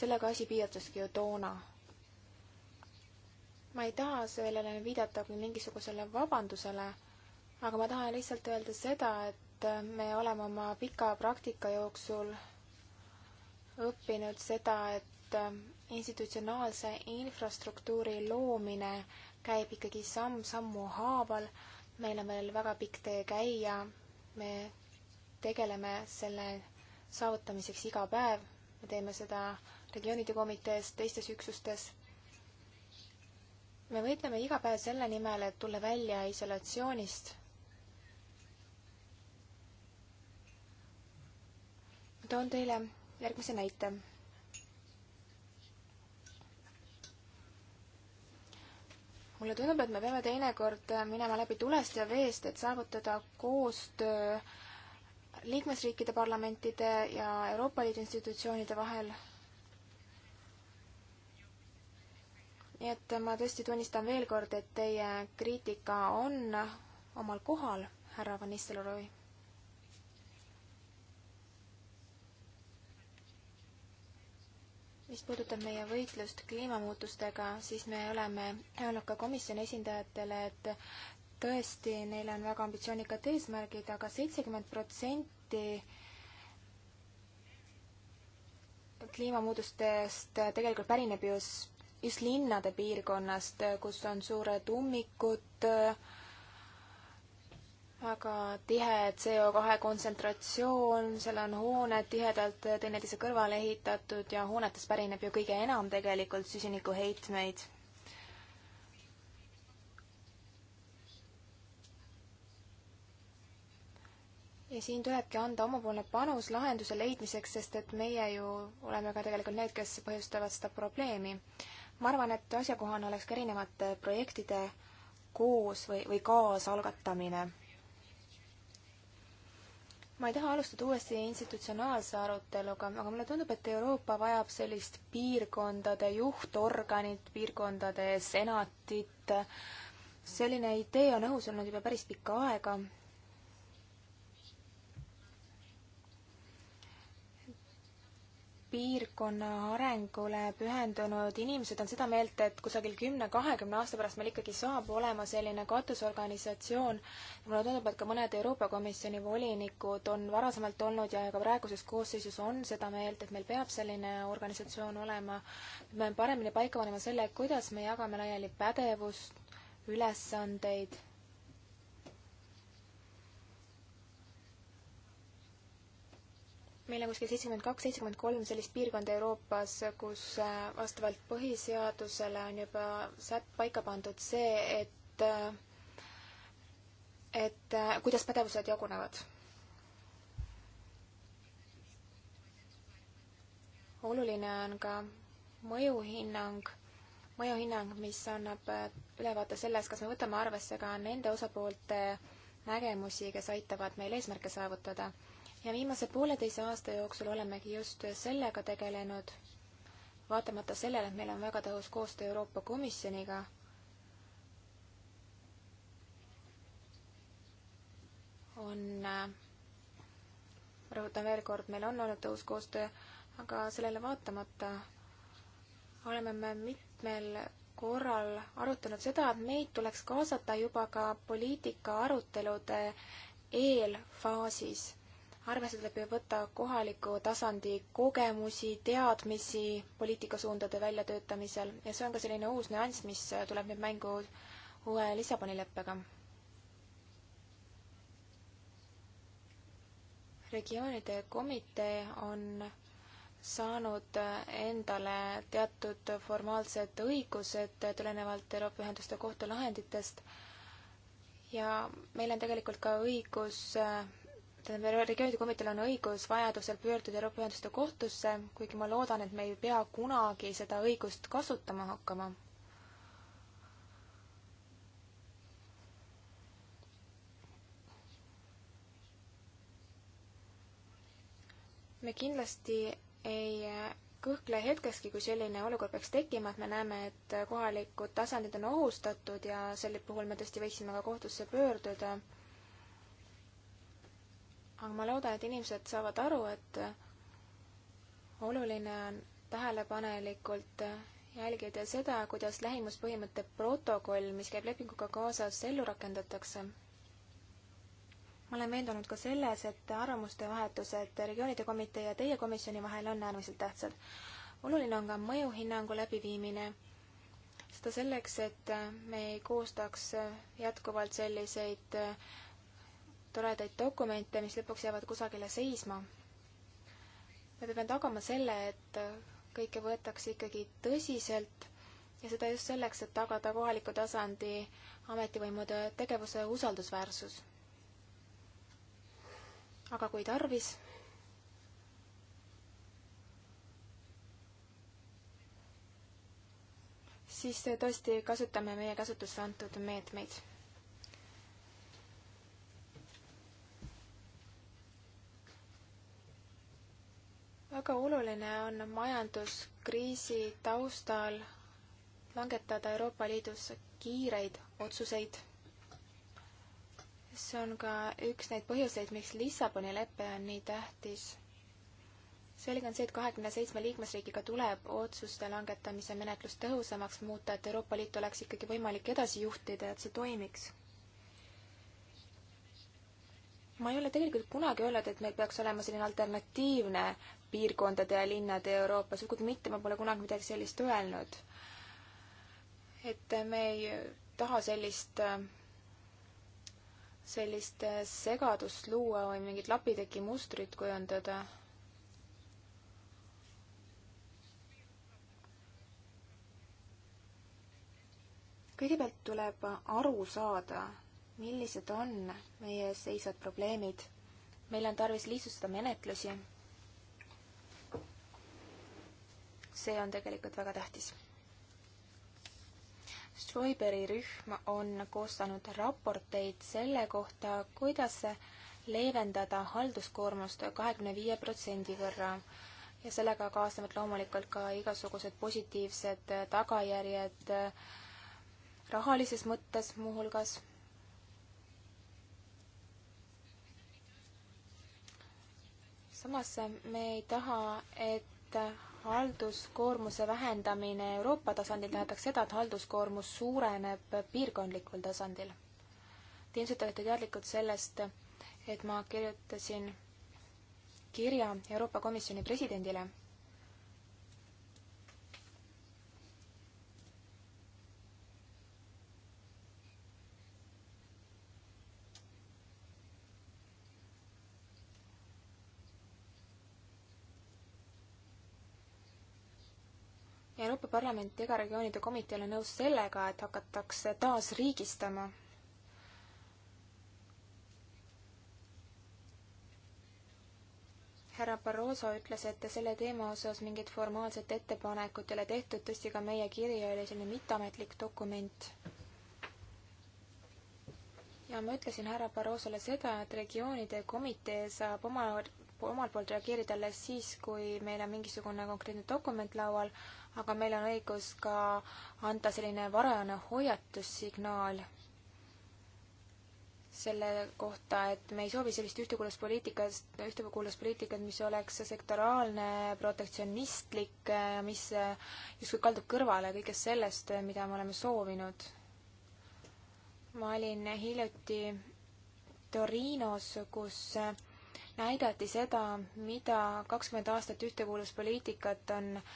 sellega asi piirduski ju toona ma ei taha sellele viidata kui mingisugusele vabandusele, aga ma tahan lihtsalt öelda seda, et me oleme oma pika praktika jooksul õppinud seda, et et äh, institutsionaalse infrastruktuuri loomine käib ikkagi samm sammu haaval. meil on veel väga pikk tee käia. me tegeleme selle saavutamiseks iga päev. me teeme seda regioonide komitees, teistes üksustes. me võitleme iga päev selle nimel, et tulla välja isolatsioonist. ma toon teile järgmise näite mulle tundub, et me peame teinekord äh, minema läbi tulest ja veest, et saavutada koostöö liikmesriikide parlamentide ja Euroopa Liidu institutsioonide vahel. nii et ma tõesti tunnistan veel kord, et teie kriitika on omal kohal, härra Van Nistelrooy. mis puudutab meie võitlust kliimamuutustega, siis me oleme öelnud ka komisjoni esindajatele, et tõesti, neil on väga ambitsioonikad eesmärgid aga, aga seitsekümmend protsenti kliimamuutustest tegelikult pärineb just, just linnade piirkonnast, kus on suured ummikud äh,, väga tihe CO2 kontsentratsioon, seal on hooned tihedalt teineteise kõrvale ehitatud ja hoonetes pärineb ju kõige enam tegelikult süsinikuheitmeid ja siin tulebki anda omapoolne panus lahenduse leidmiseks, sest et meie ju oleme ka tegelikult need, kes põhjustavad seda probleemi. ma arvan, et asjakohane oleks ka erinevate projektide koos või, või kaasalgatamine ma ei taha alustada uuesti institutsionaalse aruteluga, aga mulle tundub, et Euroopa vajab sellist piirkondade juhtorganit, piirkondade senatit. selline idee on õhus olnud juba päris pikka aega piirkonna arengule pühendunud inimesed on seda meelt, et kusagil kümne-kahekümne aasta pärast meil ikkagi saab olema selline katusorganisatsioon. mulle tundub, et ka mõned Euroopa Komisjoni volinikud on varasemalt olnud ja ka praeguses koosseisus on seda meelt, et meil peab selline organisatsioon olema. me paremini paika panema selle, kuidas me jagame laiali pädevust, ülesandeid meil on kuskil seitsekümmend kaks, seitsekümmend kolm sellist piirkonda Euroopas, kus äh, vastavalt põhiseadusele on juba sätt paika pandud see, et, äh, et äh, kuidas pädevused jagunevad. oluline on ka mõjuhinnang, mõjuhinnang, mis annab ülevaate sellest, kas me võtame arvesse ka nende osapoolte nägemusi, kes aitavad meil eesmärke saavutada ja viimase pooleteise aasta jooksul olemegi just sellega tegelenud, vaatamata sellele, et meil on väga tõhus koostöö Euroopa Komisjoniga, on, äh, rõhutan veel kord, meil on olnud tõhus koostöö, aga sellele vaatamata oleme me mitmel korral arutanud seda, et meid tuleks kaasata juba ka poliitika arutelude eelfaasis arvesse tuleb võtta kohaliku tasandi kogemusi, teadmisi poliitikasuundade väljatöötamisel ja see on ka selline uus nüanss, mis tuleb nüüd mängu uue Lissaboni leppega regioonide komitee on saanud endale teatud formaalsed õigused tulenevalt Euroopa Ühenduste Kohtu lahenditest ja meil on tegelikult ka õigus äh, et regioonide komiteel on õigus vajadusel pöörduda Euroopa Ühenduste Kohtusse, kuigi ma loodan, et me ei pea kunagi seda õigust kasutama hakkama. me kindlasti ei kõhkle hetkekski, kui selline olukord peaks tekkima, et me näeme, et kohalikud tasandid on ohustatud ja sel puhul me tõesti võiksime ka kohtusse pöörduda aga ma loodan, et inimesed saavad aru, et oluline on tähelepanelikult jälgida seda, kuidas lähimuspõhimõtte protokoll, mis käib lepinguga kaasas, ellu rakendatakse. ma olen veendunud ka selles, et arvamuste vahetused regioonide komitee ja teie komisjoni vahel on äärmiselt tähtsad. oluline on ka mõjuhinnangu läbiviimine, seda selleks, et me ei koostaks jätkuvalt selliseid äh, toredaid dokumente, mis lõpuks jäävad kusagile seisma. me peame tagama selle, et kõike võetakse ikkagi tõsiselt ja seda just selleks, et tagada kohaliku tasandi ametivõimude tegevuse usaldusväärsus. aga kui tarvis, siis tõesti kasutame meie käsutusse antud meetmeid väga oluline on majanduskriisi taustal langetada Euroopa Liidus kiireid otsuseid. see on ka üks neid põhjuseid, miks Lissaboni lepe on nii tähtis selge on see, et kahekümne seitsme liikmesriigiga tuleb otsuste langetamise menetlus tõhusamaks muuta, et Euroopa Liit oleks ikkagi võimalik edasi juhtida ja et see toimiks. ma ei ole tegelikult kunagi öelnud, et meil peaks olema selline alternatiivne piirkondade ja linnade Euroopas, sugugi mitte, ma pole kunagi midagi sellist öelnud. et me ei taha sellist, sellist segadust luua või mingit lapiteki mustrit kujundada. kõigepealt tuleb aru saada, millised on meie ees seisvad probleemid. meil on tarvis lihtsustada menetlusi see on tegelikult väga tähtis. Strawberry rühm on koostanud raporteid selle kohta, kuidas leevendada halduskoormust kahekümne viie protsendi võrra ja sellega kaasnevad loomulikult ka igasugused positiivsed tagajärjed rahalises mõttes muuhulgas samas me ei taha, et halduskoormuse vähendamine Euroopa tasandil tähendaks seda, et halduskoormus suureneb piirkondlikul tasandil. Te ilmselt olete teadlikud sellest, et ma kirjutasin kirja Euroopa Komisjoni presidendile Euroopa Parlamenti ega regioonide komitee ei ole nõus sellega, et hakatakse taasriigistama. härra Barroso ütles, et selle teema osas mingit formaalset ettepanekut ei ole tehtud, tõesti ka meie kiri oli selline mitteametlik dokument. ja ma ütlesin härra Barrosole seda, et regioonide komitee saab oma omalt poolt reageerida alles siis, kui meil on mingisugune konkreetne dokument laual, aga meil on õigus ka anda selline varajane hoiatussignaal selle kohta, et me ei soovi sellist ühtekuuluvuspoliitikast, ühtekuuluvuspoliitikat, mis oleks sektoraalne, protektsionistlik, mis justkui kaldub kõrvale kõigest sellest, mida me oleme soovinud. ma olin hiljuti Torinos, kus näidati seda, mida kakskümmend aastat ühtekuuluvuspoliitikat on äh,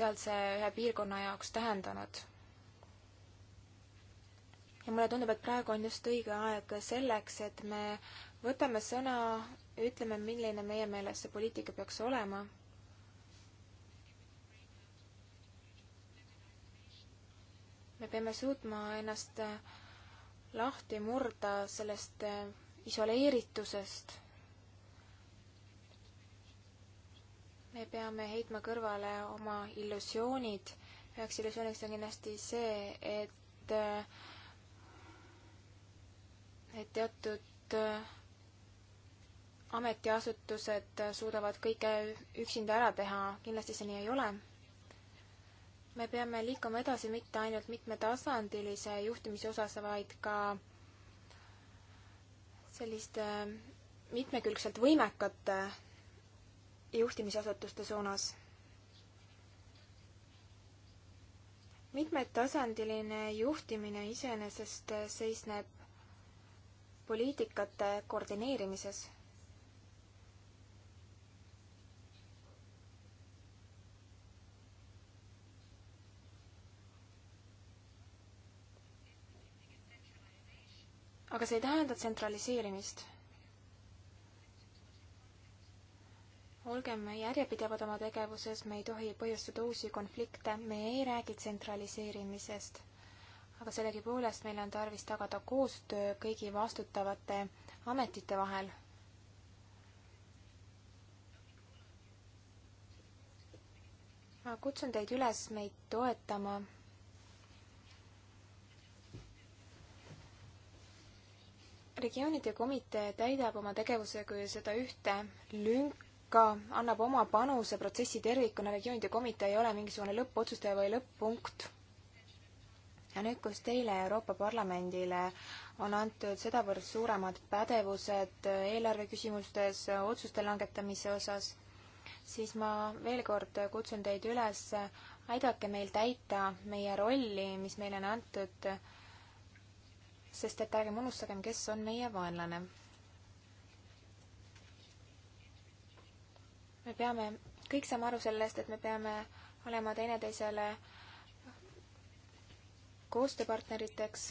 seal see ühe piirkonna jaoks tähendanud. ja mulle tundub, et praegu on just õige aeg selleks, et me võtame sõna, ütleme, milline meie meelest see poliitika peaks olema me peame suutma ennast lahti murda sellest isoleeritusest. me peame heitma kõrvale oma illusioonid. üheks illusiooniks on kindlasti see, et, et teatud äh, ametiasutused suudavad kõike üksinda ära teha, kindlasti see nii ei ole. me peame liikuma edasi mitte ainult mitmetasandilise juhtimise osas, vaid ka selliste mitmekülgselt võimekate juhtimisasutuste suunas. mitmetasandiline juhtimine iseenesest seisneb poliitikate koordineerimises. aga see ei tähenda tsentraliseerimist olgem järjepidevad oma tegevuses, me ei tohi põhjustada uusi konflikte, me ei räägi tsentraliseerimisest. aga sellegipoolest meil on tarvis tagada koostöö kõigi vastutavate ametite vahel. ma kutsun teid üles meid toetama regioonide komitee täidab oma tegevusega ju seda ühte lünka, ka annab oma panuse protsessi tervikuna, regioonide komitee ei ole mingisugune lõppotsustaja või lõpp-punkt. ja nüüd, kus teile, Euroopa Parlamendile, on antud sedavõrd suuremad pädevused eelarve küsimustes, otsuste langetamise osas, siis ma veel kord kutsun teid üles, aidake meil täita meie rolli, mis meile on antud, sest et ärgem unustagem, kes on meie vaenlane me peame, kõik saame aru sellest, et me peame olema teineteisele koostööpartneriteks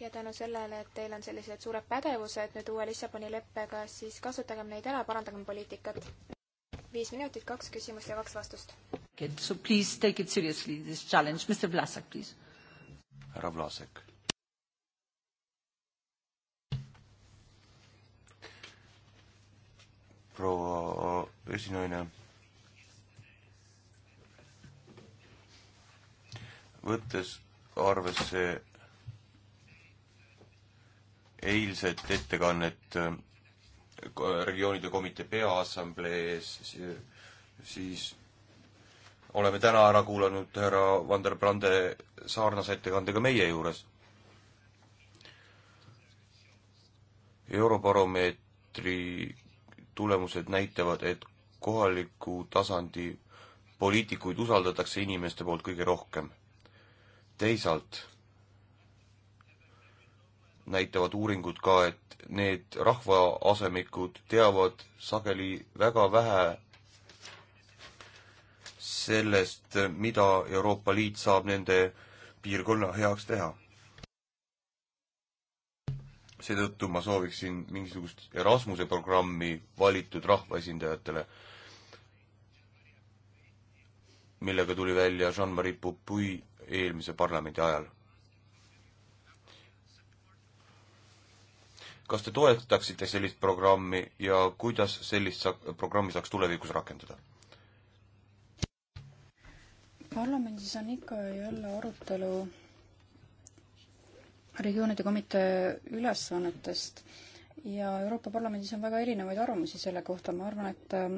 ja tänu sellele, et teil on sellised suured pädevused nüüd uue Lissaboni leppega, siis kasutagem neid ära, parandagem poliitikat. viis minutit, kaks küsimust ja kaks vastust. So please take it seriously, this challenge, Mr Vlasak, please. härra Vlasek proua äh, esinaine. võttes arvesse eilset ettekannet äh, regioonide komitee peaassamblee ees, siis oleme täna ära kuulanud härra Vanderbrande sarnase ettekandega meie juures. Eurobaromeetri tulemused näitavad, et kohaliku tasandi poliitikuid usaldatakse inimeste poolt kõige rohkem. teisalt näitavad uuringud ka, et need rahvaasemikud teavad sageli väga vähe sellest, mida Euroopa Liit saab nende piirkonna heaks teha seetõttu ma sooviksin mingisugust Erasmuse programmi valitud rahvaesindajatele, millega tuli välja Jean-Marie Pupuy eelmise parlamendi ajal. kas te toetaksite sellist programmi ja kuidas sellist sa-, programmi saaks tulevikus rakendada? parlamendis on ikka ja jälle arutelu regioonide komitee ülesannetest ja Euroopa Parlamendis on väga erinevaid arvamusi selle kohta, ma arvan, et ähm,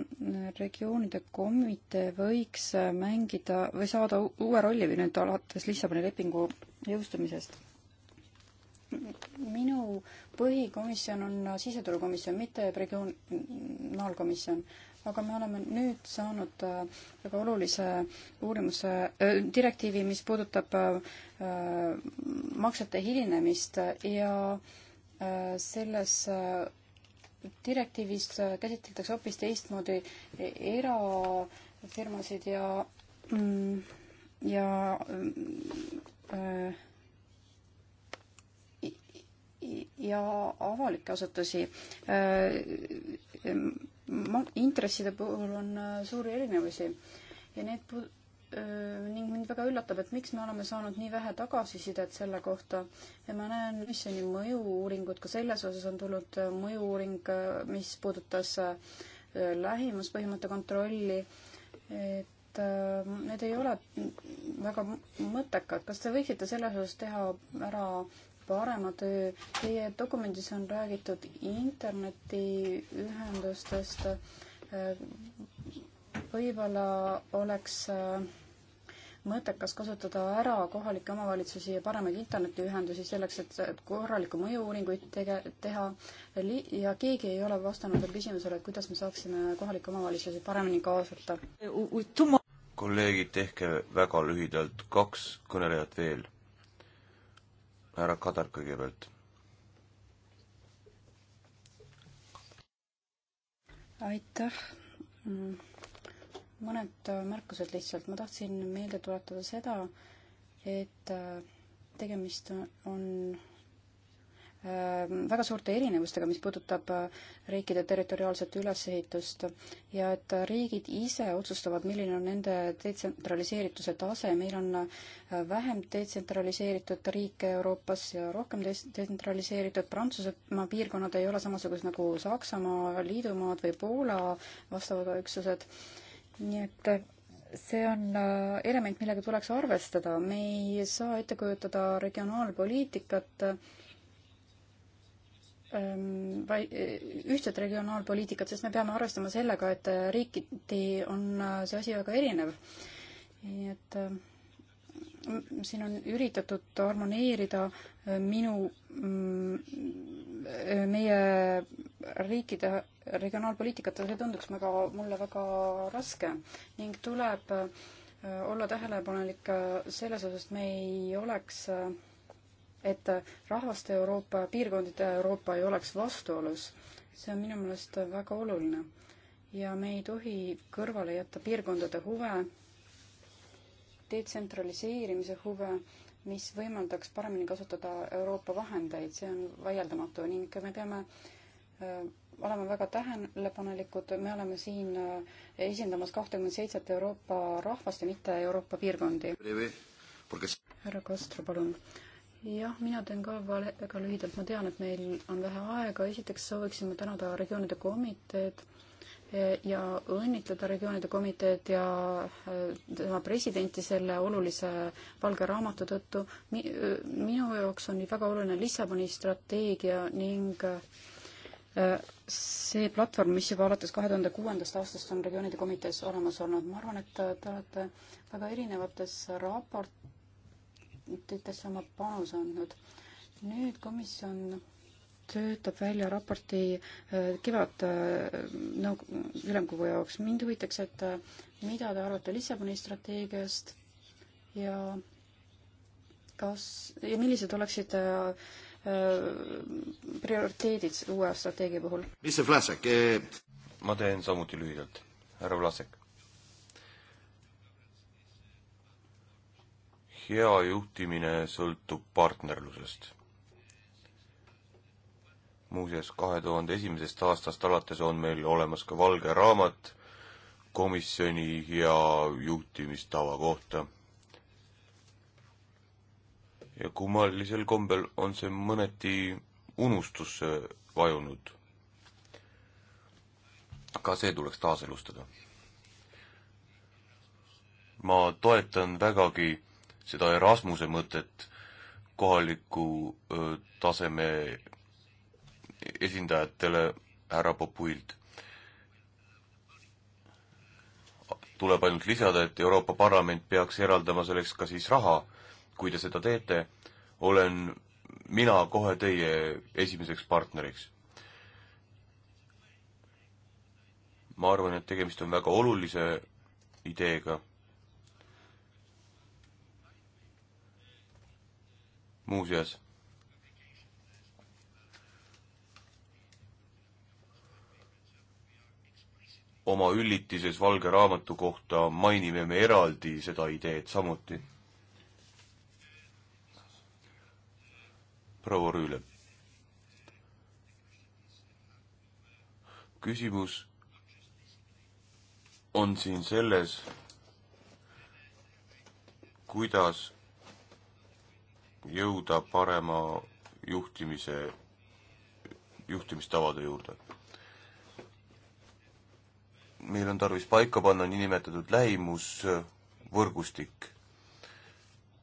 regioonide komitee võiks äh, mängida või saada uue rolli või nüüd alates Lissaboni lepingu jõustumisest. minu põhikomisjon on siseturukomisjon, mitte regionaalkomisjon aga me oleme nüüd saanud äh, väga olulise uurimuse äh,, direktiivi, mis puudutab äh, äh maksete hilinemist ja äh, selles äh, direktiivis käsitletakse hoopis teistmoodi e-, erafirmasid ja, mm, ja mm, ja avalikke asutusi intresside puhul on äh, suuri erinevusi ja need pu-, äh, ning mind väga üllatab, et miks me oleme saanud nii vähe tagasisidet selle kohta ja ma näen komisjoni mõju-uuringut, ka selles osas on tulnud äh, mõju-uuring, mis puudutas lähimuspõhimõtte kontrolli, et need ei ole väga mõttekad. kas te võiksite selles osas teha ära parema töö. Teie dokumendis on räägitud internetiühendustest. võib-olla oleks äh, mõttekas kasutada ära kohalikke omavalitsusi ja paremaid internetiühendusi selleks, et korralikku mõju-uuringuid tege-, teha Li. ja keegi ei ole vastanud veel küsimusele, et kuidas me saaksime kohalikke omavalitsusi paremini kaasata. kolleegid, tehke väga lühidalt, kaks kõnelejat veel härra Kadar kõigepealt. aitäh. mõned märkused lihtsalt, ma tahtsin meelde tuletada seda, et tegemist on Ehm, väga suurte erinevustega, mis puudutab äh, riikide territoriaalset ülesehitust ja et äh, riigid ise otsustavad, milline on nende detsentraliseerituse tase, meil on äh, vähem detsentraliseeritud riike Euroopas ja rohkem detsentraliseeritud, Prantsusmaa piirkonnad ei ole samasugused nagu Saksamaa, Liidumaad või Poola vastavad üksused, nii et see on element, millega tuleks arvestada, me ei saa ette kujutada regionaalpoliitikat, Ähm, vai-, äh, ühtset regionaalpoliitikat, sest me peame arvestama sellega, et äh, riikiti on äh, see asi väga erinev. nii et siin on üritatud harmoneerida minu, mm, meie riikide regionaalpoliitikat ja see tunduks väga, mulle väga raske ning tuleb olla tähelepanelik selles osas, et me ei oleks äh, et rahvaste Euroopa, piirkondade Euroopa ei oleks vastuolus. see on minu meelest väga oluline. ja me ei tohi kõrvale jätta piirkondade huve, detsentraliseerimise huve, mis võimaldaks paremini kasutada Euroopa vahendeid, see on vaieldamatu ning me peame äh, olema väga tähelepanelikud, me oleme siin äh, esindamas kahtekümmet seitset Euroopa rahvast ja mitte Euroopa piirkondi. härra Kastro, palun jah, mina teen ka väga lühidalt, ma tean, et meil on vähe aega, esiteks sooviksime tänada regioonide komiteed eh, ja õnnitleda regioonide komiteed ja eh, tema presidenti selle olulise valge raamatu tõttu. Eh, minu jaoks on väga oluline Lissaboni strateegia ning see platvorm, mis juba alates kahe tuhande kuuendast aastast on regioonide komitees olemas olnud, ma arvan, et te olete väga erinevates raport-, töötesse oma panuse andnud. nüüd komisjon töötab välja raporti äh, kevad äh, nõu-, ülemkogu jaoks. mind huvitaks, et äh, mida te arvate Lissaboni strateegiast ja kas ja millised oleksid prioriteedid uue strateegia puhul? Eh, ma teen samuti lühidalt, härra Vlasek hea juhtimine sõltub partnerlusest. muuseas, kahe tuhande esimesest aastast alates on meil olemas ka valge raamat komisjoni hea juhtimistava kohta. ja kummalisel kombel on see mõneti unustusse vajunud. ka see tuleks taaselustada ma toetan vägagi seda Erasmuse mõtet kohaliku taseme esindajatele härra Popuilt. tuleb ainult lisada, et Euroopa Parlament peaks eraldama selleks ka siis raha. kui te seda teete, olen mina kohe teie esimeseks partneriks. ma arvan, et tegemist on väga olulise ideega muuseas. oma üllitises Valge Raamatu kohta mainime me eraldi seda ideed samuti. proua Rüüle. küsimus on siin selles, kuidas jõuda parema juhtimise, juhtimistavade juurde. meil on tarvis paika panna niinimetatud lähimusvõrgustik.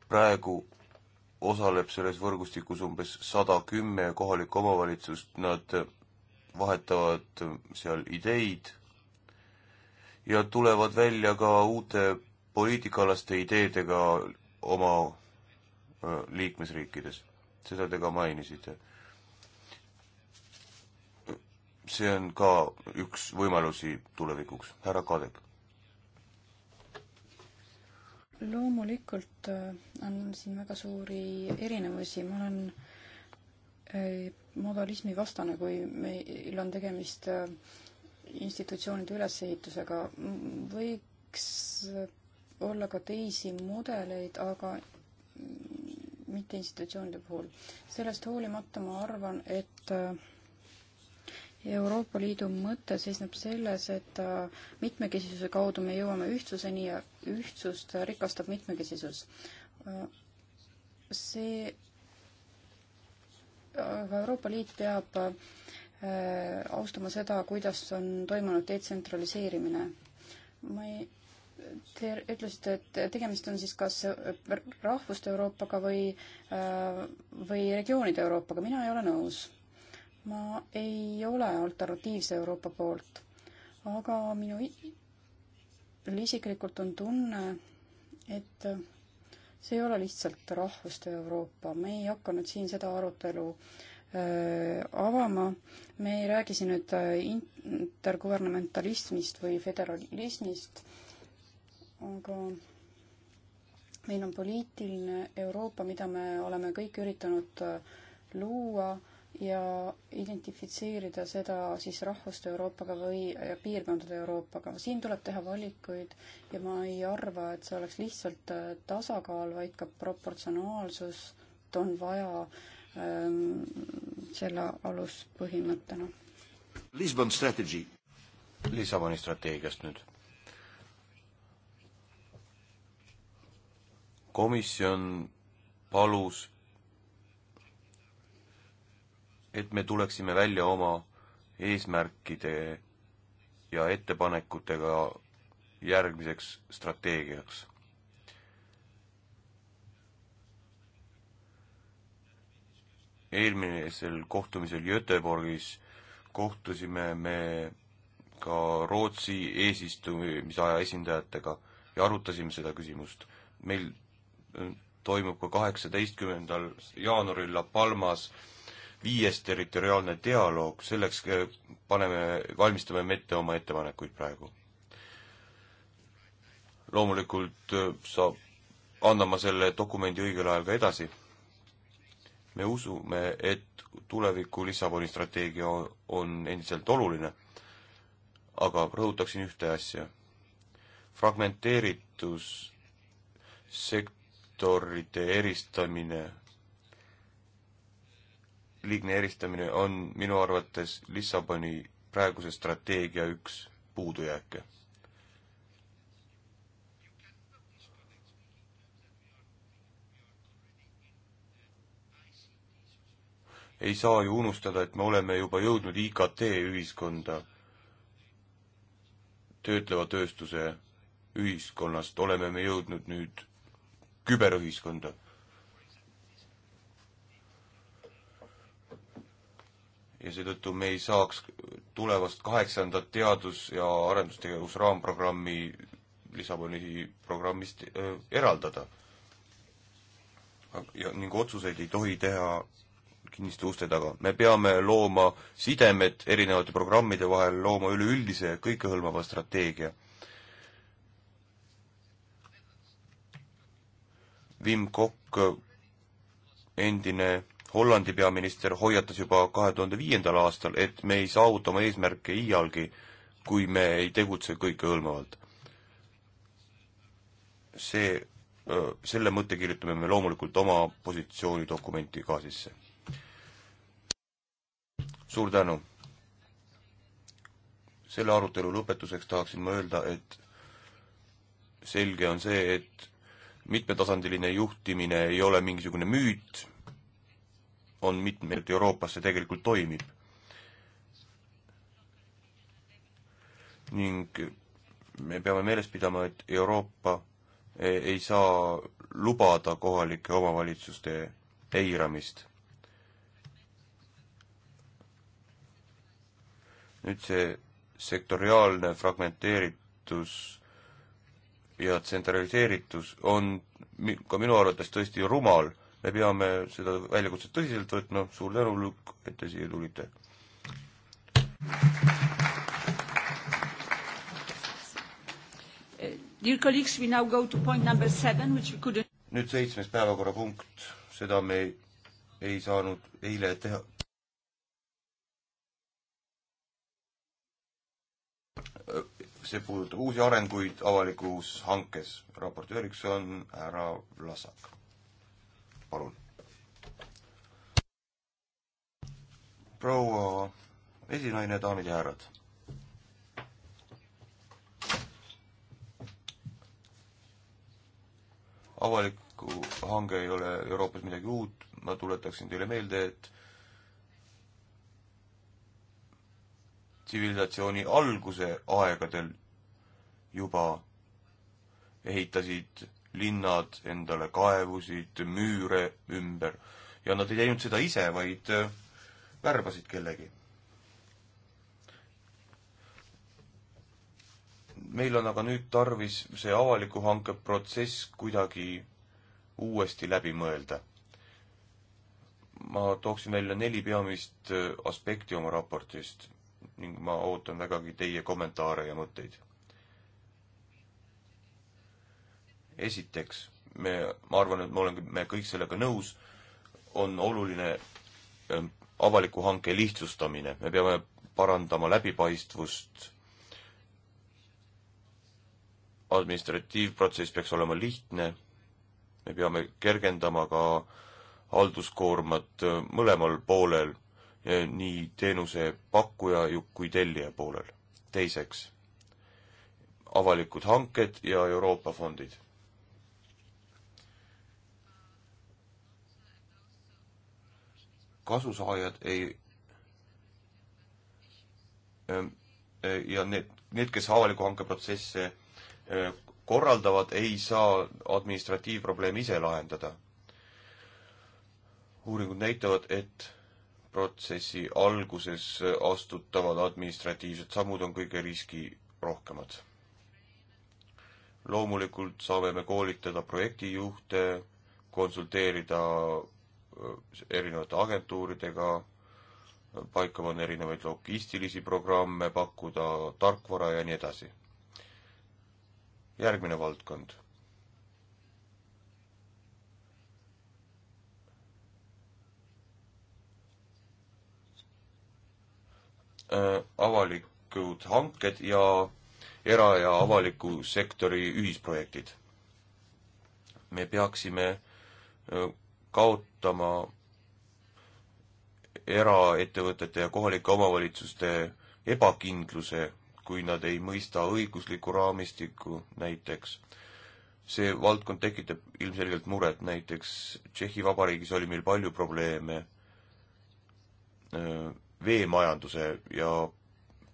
praegu osaleb selles võrgustikus umbes sada kümme kohalikku omavalitsust, nad vahetavad seal ideid ja tulevad välja ka uute poliitikaalaste ideedega oma liikmesriikides. seda te ka mainisite. see on ka üks võimalusi tulevikuks. härra Kadek. loomulikult äh, on siin väga suuri erinevusi, ma olen äh, modalismi vastane, kui meil on tegemist äh, institutsioonide ülesehitusega, võiks olla ka teisi mudeleid, aga mitte institutsioonide puhul. sellest hoolimata ma arvan, et äh, Euroopa Liidu mõte seisneb selles, et äh, mitmekesisuse kaudu me jõuame ühtsuseni ja ühtsust rikastab mitmekesisus. Äh, see, aga Euroopa Liit peab austama seda, kuidas on toimunud detsentraliseerimine. ma ei Te ütlesite, et tegemist on siis kas rahvuste Euroopaga või, äh, või regioonide Euroopaga. mina ei ole nõus. ma ei ole alternatiivse Euroopa poolt. aga minu isiklikult on tunne, et see ei ole lihtsalt rahvuste Euroopa. me ei hakka nüüd siin seda arutelu äh, avama. me ei räägi siin nüüd äh, intergovernmentalismist või föderalismist äh, aga meil on poliitiline Euroopa, mida me oleme kõik üritanud äh, luua ja identifitseerida seda siis rahvuste Euroopaga või piirkondade Euroopaga. siin tuleb teha valikuid ja ma ei arva, et see oleks lihtsalt äh, tasakaal, vaid ka proportsionaalsust on vaja ähm, selle aluspõhimõttena. Lisbon strategy. Lissaboni strateegiast nüüd komisjon palus, et me tuleksime välja oma eesmärkide ja ettepanekutega järgmiseks strateegiaks. eelmisel kohtumisel Göteborgis kohtusime me ka Rootsi eesistumisaja esindajatega ja arutasime seda küsimust. meil toimub ka kaheksateistkümnendal jaanuaril La Palmas viies territoriaalne dialoog, selleks äh, paneme, valmistame me ette oma ettepanekuid praegu. loomulikult äh, saab, annan ma selle dokumendi õigel ajal ka edasi. me usume, et tuleviku Lissaboni strateegia on endiselt oluline, aga rõhutaksin ühte asja. fragmenteeritus sek-, sektorite eristamine, liigne eristamine on minu arvates Lissaboni praeguse strateegia üks puudujääke ei saa ju unustada, et me oleme juba jõudnud IKT ühiskonda, töötleva tööstuse ühiskonnast oleme me jõudnud nüüd küberühiskonda. ja seetõttu me ei saaks tulevast kaheksandat teadus- ja arendustegevus raamprogrammi Lissaboni programmist äh, eraldada. ja ning otsuseid ei tohi teha kinniste uste taga. me peame looma sidemed erinevate programmide vahel, looma üleüldise kõikehõlmava strateegia Wim Kok, endine Hollandi peaminister, hoiatas juba kahe tuhande viiendal aastal, et me ei saavuta oma eesmärke iialgi, kui me ei tegutse kõikehõlmavalt. see, selle mõtte kirjutame me loomulikult oma positsioonidokumenti ka sisse. suur tänu! selle arutelu lõpetuseks tahaksin ma öelda, et selge on see, et mitmetasandiline juhtimine ei ole mingisugune müüt, on mitmeid, Euroopas see tegelikult toimib. ning me peame meeles pidama, et Euroopa ei saa lubada kohalike omavalitsuste eiramist. nüüd see sektoriaalne fragmenteeritus ja tsentraliseeritus on ka minu arvates tõesti rumal. me peame seda väljakutset tõsiselt võtma, suur tänu, Lukk, et te siia tulite. Eh, dear colleagues, we now go to point number seven, which we couldn't nüüd seitsmes päevakorrapunkt, seda me ei, ei saanud eile teha see puudutab uusi arenguid avalikus hankes. raportööriks on härra Vlasak. palun. proua esinaine, daamid ja härrad. avalik kokku, hange ei ole Euroopas midagi uut, ma tuletaksin teile meelde, et tsivilisatsiooni alguse aegadel juba ehitasid linnad endale kaevusid, müüre ümber ja nad ei teinud seda ise, vaid äh, värbasid kellegi. meil on aga nüüd tarvis see avaliku hanke protsess kuidagi uuesti läbi mõelda. ma tooksin välja neli peamist äh, aspekti oma raportist ning ma ootan vägagi teie kommentaare ja mõtteid. esiteks, me, ma arvan, et me oleme kõik sellega nõus, on oluline ähm, avaliku hanke lihtsustamine, me peame parandama läbipaistvust, administratiivprotsess peaks olema lihtne, me peame kergendama ka halduskoormat äh, mõlemal poolel Eh, nii teenuse pakkuja kui tellija poolel. teiseks, avalikud hanked ja Euroopa fondid. kasusaajad ei ehm, eh, ja need, need, kes avaliku hanke protsesse eh, korraldavad, ei saa administratiivprobleemi ise lahendada. uuringud näitavad, et protsessi alguses astutavad administratiivsed sammud on kõige riskirohkemad. loomulikult saame me koolitada projektijuhte, konsulteerida äh, erinevate agentuuridega, paika panna erinevaid logistilisi programme, pakkuda tarkvara ja nii edasi. järgmine valdkond äh, avalikud hanked ja era- ja avaliku sektori ühisprojektid. me peaksime äh, kaotama eraettevõtete ja kohalike omavalitsuste ebakindluse, kui nad ei mõista õiguslikku raamistikku näiteks. see valdkond tekitab ilmselgelt muret, näiteks Tšehhi Vabariigis oli meil palju probleeme äh, veemajanduse ja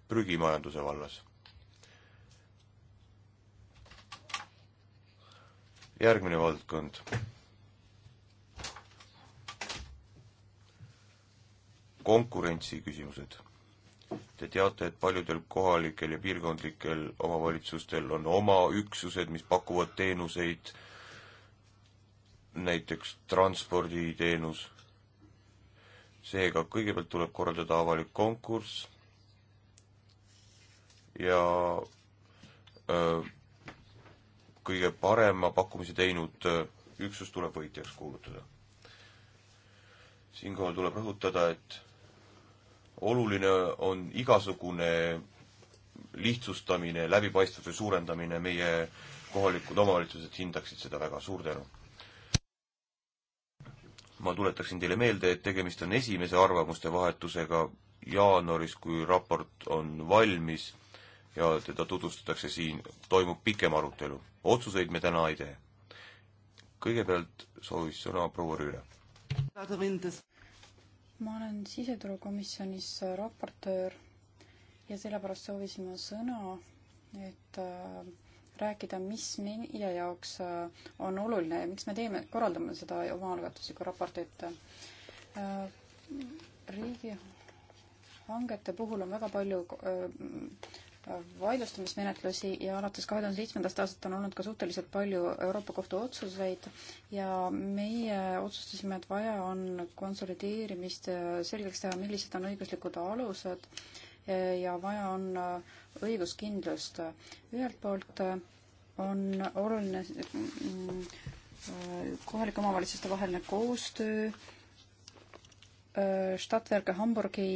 prügimajanduse vallas. järgmine valdkond. konkurentsi küsimused. Te teate, et paljudel kohalikel ja piirkondlikel omavalitsustel on oma üksused, mis pakuvad teenuseid, näiteks transporditeenus seega kõigepealt tuleb korraldada avalik konkurss ja öö, kõige parema pakkumise teinud üksus tuleb võitjaks kuulutada. siinkohal tuleb rõhutada, et oluline on igasugune lihtsustamine, läbipaistvuse suurendamine, meie kohalikud omavalitsused hindaksid seda väga, suur tänu! ma tuletaksin teile meelde, et tegemist on esimese arvamuste vahetusega jaanuaris, kui raport on valmis ja teda tutvustatakse siin, toimub pikem arutelu. otsuseid me täna ei tee. kõigepealt soovis sõna proua Rüüle. ma olen siseturukomisjonis raportöör ja sellepärast soovisin ma sõna, et äh, rääkida, mis meie jaoks äh, on oluline ja miks me teeme, korraldame seda omaalgatuslikku raportit. Äh, riigihangete puhul on väga palju äh, vaidlustamismenetlusi ja alates kahe tuhande seitsmendast aastast on olnud ka suhteliselt palju Euroopa Kohtu otsuseid ja meie otsustasime, et vaja on konsolideerimist, selgeks teha, millised on õiguslikud alused äh, ja vaja on äh, õiguskindlust. ühelt poolt äh, on oluline mm, äh, kohalike omavalitsuste vaheline koostöö, Stadtwerke Hamburgi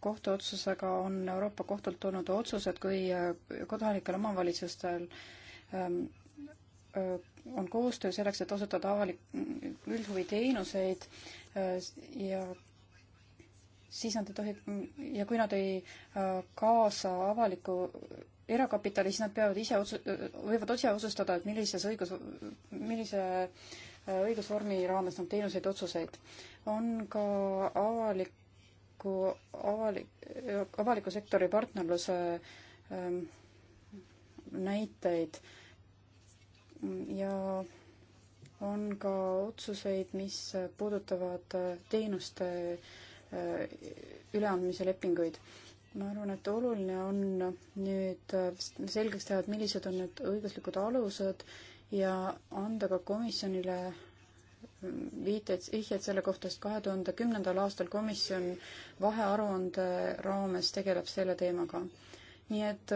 kohtuotsusega on Euroopa kohtult tulnud otsus, et kui kodanikel omavalitsustel ähm, on koostöö selleks, et osutada avalik, üldhuviteenuseid ja siis nad ei tohi ja kui nad ei äh, kaasa avaliku erakapitali, siis nad peavad ise otsu-, võivad ise otsustada, et millises õigus, millise äh, õigusvormi raames nad teenuseid otsuseid. on ka avaliku, avalik, avaliku sektori partnerluse ähm, näiteid ja on ka otsuseid, mis puudutavad äh, teenuste äh, Äh, üleandmise lepinguid. ma arvan, et oluline on nüüd äh, selgeks teha, et millised on need õiguslikud alused ja anda ka komisjonile äh, viiteid, vihjeid selle kohta, sest kahe tuhande kümnendal aastal komisjon vahearuande raames tegeleb selle teemaga. nii et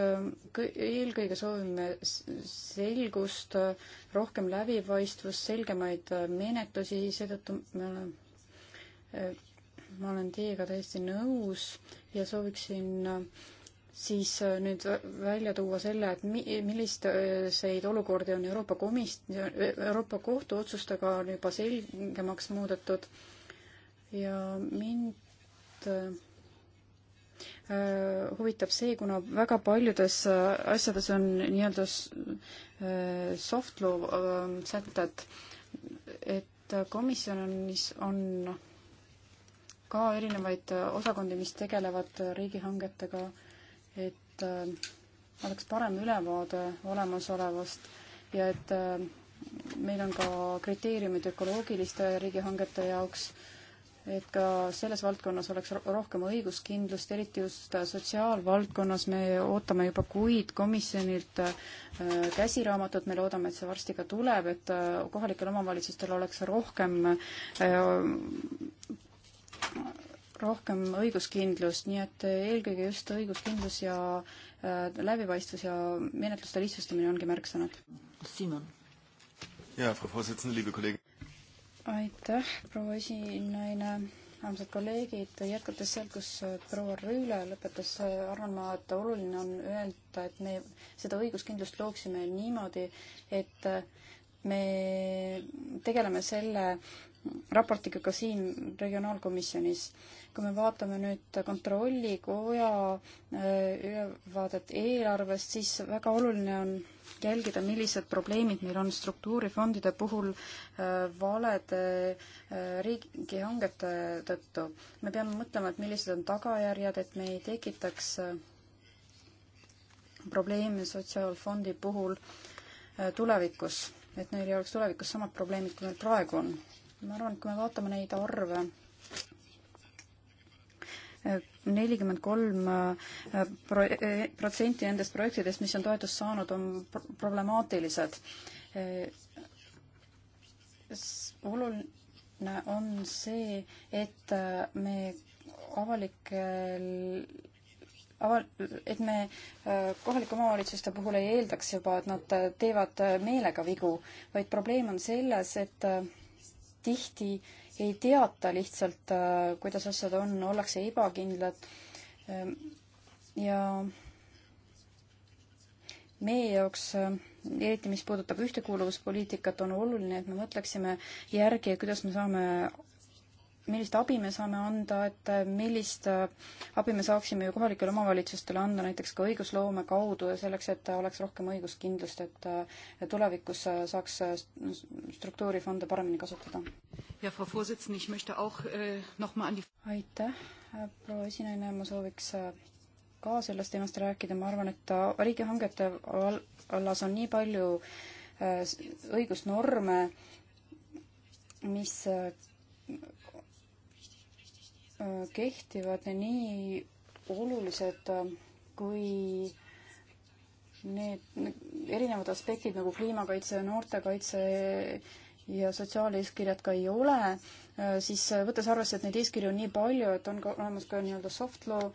eelkõige soovime selgust, rohkem läbipaistvust, selgemaid menetlusi, seetõttu ma olen teiega täiesti nõus ja sooviksin äh, siis äh, nüüd välja tuua selle, et mi-, milliseid olukordi on Euroopa komis-, Euroopa Kohtu otsustega on juba selgemaks muudetud ja mind äh, huvitab see, kuna väga paljudes asjades on nii-öelda soft law sätted, et komisjonis on, on ka erinevaid äh, osakondi, mis tegelevad äh, riigihangetega, et äh, oleks parem ülevaade olemasolevast ja et meil on ka kriteeriumid ökoloogiliste riigihangete jaoks, et ka selles valdkonnas oleks rohkem õiguskindlust, eriti just sotsiaalvaldkonnas me ootame juba kuid komisjonilt käsiraamatut, me loodame, et see varsti ka tuleb, et kohalikel omavalitsustel oleks rohkem rohkem õiguskindlust, nii et eelkõige just õiguskindlus ja äh, läbipaistvus ja menetluste lihtsustamine ongi märksõnad. Simon. jaa, Frau Vorsitzende, liebe kolleeg-. aitäh, proua esinaine, armsad kolleegid, jätkates sealt, kus äh, proua Rüüle lõpetas, äh, arvan ma, et oluline on öelda, et me seda õiguskindlust looksime niimoodi, et me tegeleme selle raportiga ka siin regionaalkomisjonis. kui me vaatame nüüd kontrollikoja äh, ülevaadet eelarvest, siis väga oluline on jälgida, millised probleemid meil on struktuurifondide puhul äh, valede äh, riigihangete tõttu. me peame mõtlema, et millised on tagajärjed, et me ei tekitaks probleeme sotsiaalfondi puhul tulevikus, et neil ei oleks tulevikus samad probleemid, kui meil praegu on ma arvan, et kui me vaatame neid arve, eh, nelikümmend kolm eh, eh, protsenti nendest projektidest, mis on toetust saanud, on problemaatilised. oluline on see, et me avalikel aval-, et me kohalike omavalitsuste puhul ei eeldaks juba, et nad teevad meelega vigu, vaid probleem on selles, et tihti ei teata lihtsalt, äh, kuidas asjad on, ollakse ebakindlad. Äh, ja meie jaoks, äh, eriti mis puudutab ühtekuuluvuspoliitikat, on oluline, et me mõtleksime järgi, kuidas me saame millist abi me saame anda, et äh, millist äh, abi me saaksime ju kohalikele omavalitsustele anda näiteks ka õigusloome kaudu ja selleks, et äh, oleks rohkem õiguskindlust, et tulevikus saaks struktuurifonde paremini kasutada. aitäh, proua esinaine, ma sooviks ka sellest teemast rääkida, ma arvan, et riigihangete vallas on nii palju õigusnorme, mis kehtivad nii olulised kui need erinevad aspektid nagu kliimakaitse, noortekaitse ja sotsiaaleeskirjad ka ei ole, siis võttes arvesse, et neid eeskirju on nii palju, et on ka olemas ka nii-öelda soft law,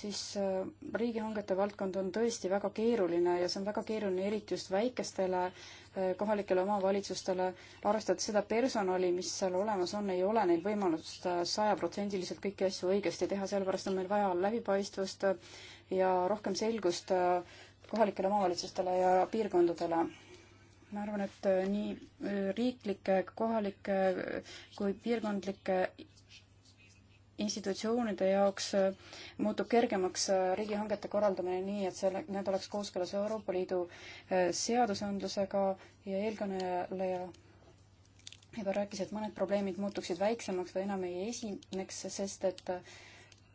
siis riigihangete valdkond on tõesti väga keeruline ja see on väga keeruline eriti just väikestele äh, Äh, kohalikele omavalitsustele, arvestades seda personali, mis seal olemas on, ei ole neil võimalust äh, sajaprotsendiliselt kõiki asju õigesti teha, sellepärast on meil vaja läbipaistvust äh, ja rohkem selgust kohalikele omavalitsustele ja piirkondadele. ma arvan, et nii riiklike, kohalike kui piirkondlike institutsioonide jaoks äh, muutub kergemaks äh, riigihangete korraldamine nii, et selle, need oleks kooskõlas Euroopa Liidu äh, seadusandlusega ja eelkõneleja juba rääkis, et mõned probleemid muutuksid väiksemaks või enam ei esineks, sest et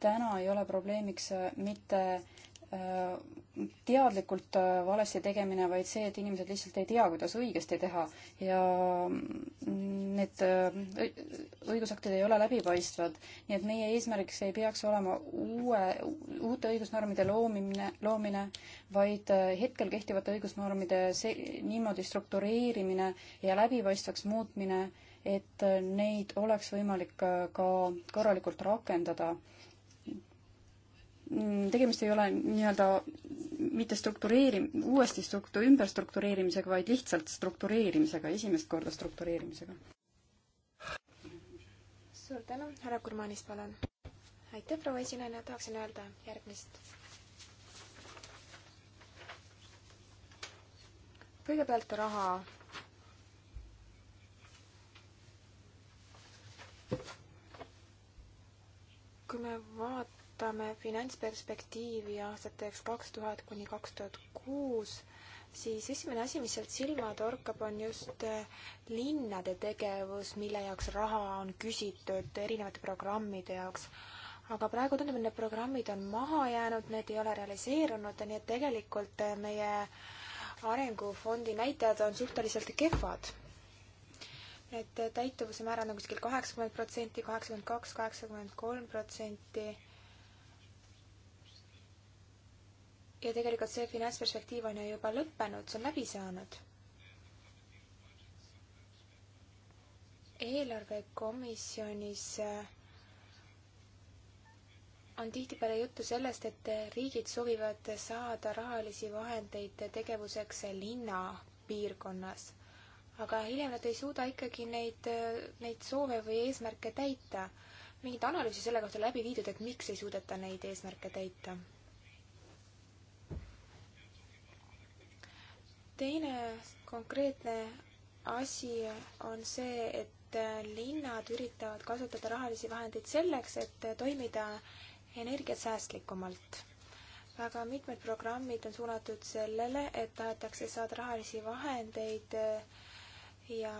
täna ei ole probleemiks mitte Äh, teadlikult äh, valesti tegemine, vaid see, et inimesed lihtsalt ei tea, kuidas õigesti teha ja mm, need äh, õigusaktid ei ole läbipaistvad. nii et meie eesmärgiks ei peaks olema uue, uute õigusnormide loomine, loomine, vaid hetkel kehtivate õigusnormide see, niimoodi struktureerimine ja läbipaistvaks muutmine, et neid oleks võimalik ka korralikult rakendada Mm, tegemist ei ole nii-öelda mitte struktureeri-, uuesti struktu-, ümberstruktureerimisega, vaid lihtsalt struktureerimisega, esimest korda struktureerimisega. suur tänu, härra Kurmanis, palun. aitäh, proua esinaine, tahaksin öelda järgmist. kõigepealt raha. kui me vaatame vaatame finantsperspektiivi aastateks kaks tuhat kuni kaks tuhat kuus, siis esimene asi, mis sealt silma torkab, on just eh, linnade tegevus, mille jaoks raha on küsitud erinevate programmide jaoks. aga praegu tundub, et need programmid on maha jäänud, need ei ole realiseerunud, nii et tegelikult eh, meie arengufondi näitajad on suhteliselt kehvad et eh, täituvuse määr on nagu kuskil kaheksakümmend protsenti, kaheksakümmend kaks, kaheksakümmend kolm protsenti. ja tegelikult see finantsperspektiiv on ju juba lõppenud, see on läbi saanud. eelarvekomisjonis äh, on tihtipeale juttu sellest, et riigid soovivad saada rahalisi vahendeid tegevuseks linnapiirkonnas. aga hiljem nad ei suuda ikkagi neid, äh, neid soove või eesmärke täita. mingit analüüsi selle kohta läbi viidud, et miks ei suudeta neid eesmärke täita teine konkreetne asi on see, et linnad üritavad kasutada rahalisi vahendeid selleks, et toimida energiat säästlikumalt. väga mitmed programmid on suunatud sellele, et tahetakse saada rahalisi vahendeid ja,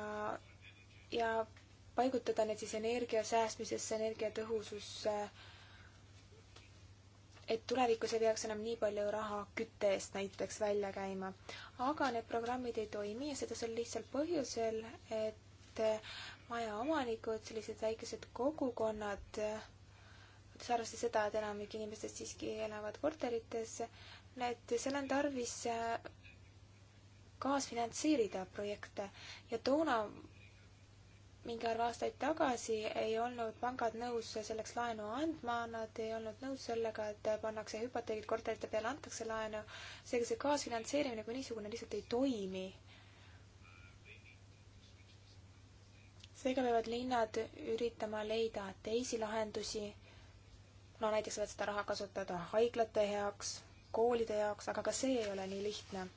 ja paigutada need siis energia säästmisesse, energiatõhususse äh, et tulevikus ei peaks enam nii palju raha kütte eest näiteks välja käima. aga need programmid ei toimi ja seda sel lihtsal põhjusel, et majaomanikud, sellised väikesed kogukonnad, võttes arvesse seda, et enamik inimestest siiski elavad korterites, need, seal on tarvis kaasfinantseerida projekte ja toona mingi arv aastaid tagasi ei olnud pangad nõus selleks laenu andma, nad ei olnud nõus sellega, et pannakse hüpoteegid korterite peale, antakse laenu. seega see kaasfinantseerimine kui niisugune lihtsalt ei toimi. seega peavad linnad üritama leida teisi lahendusi. no näiteks võivad seda raha kasutada haiglate heaks, koolide jaoks, aga ka see ei ole nii lihtne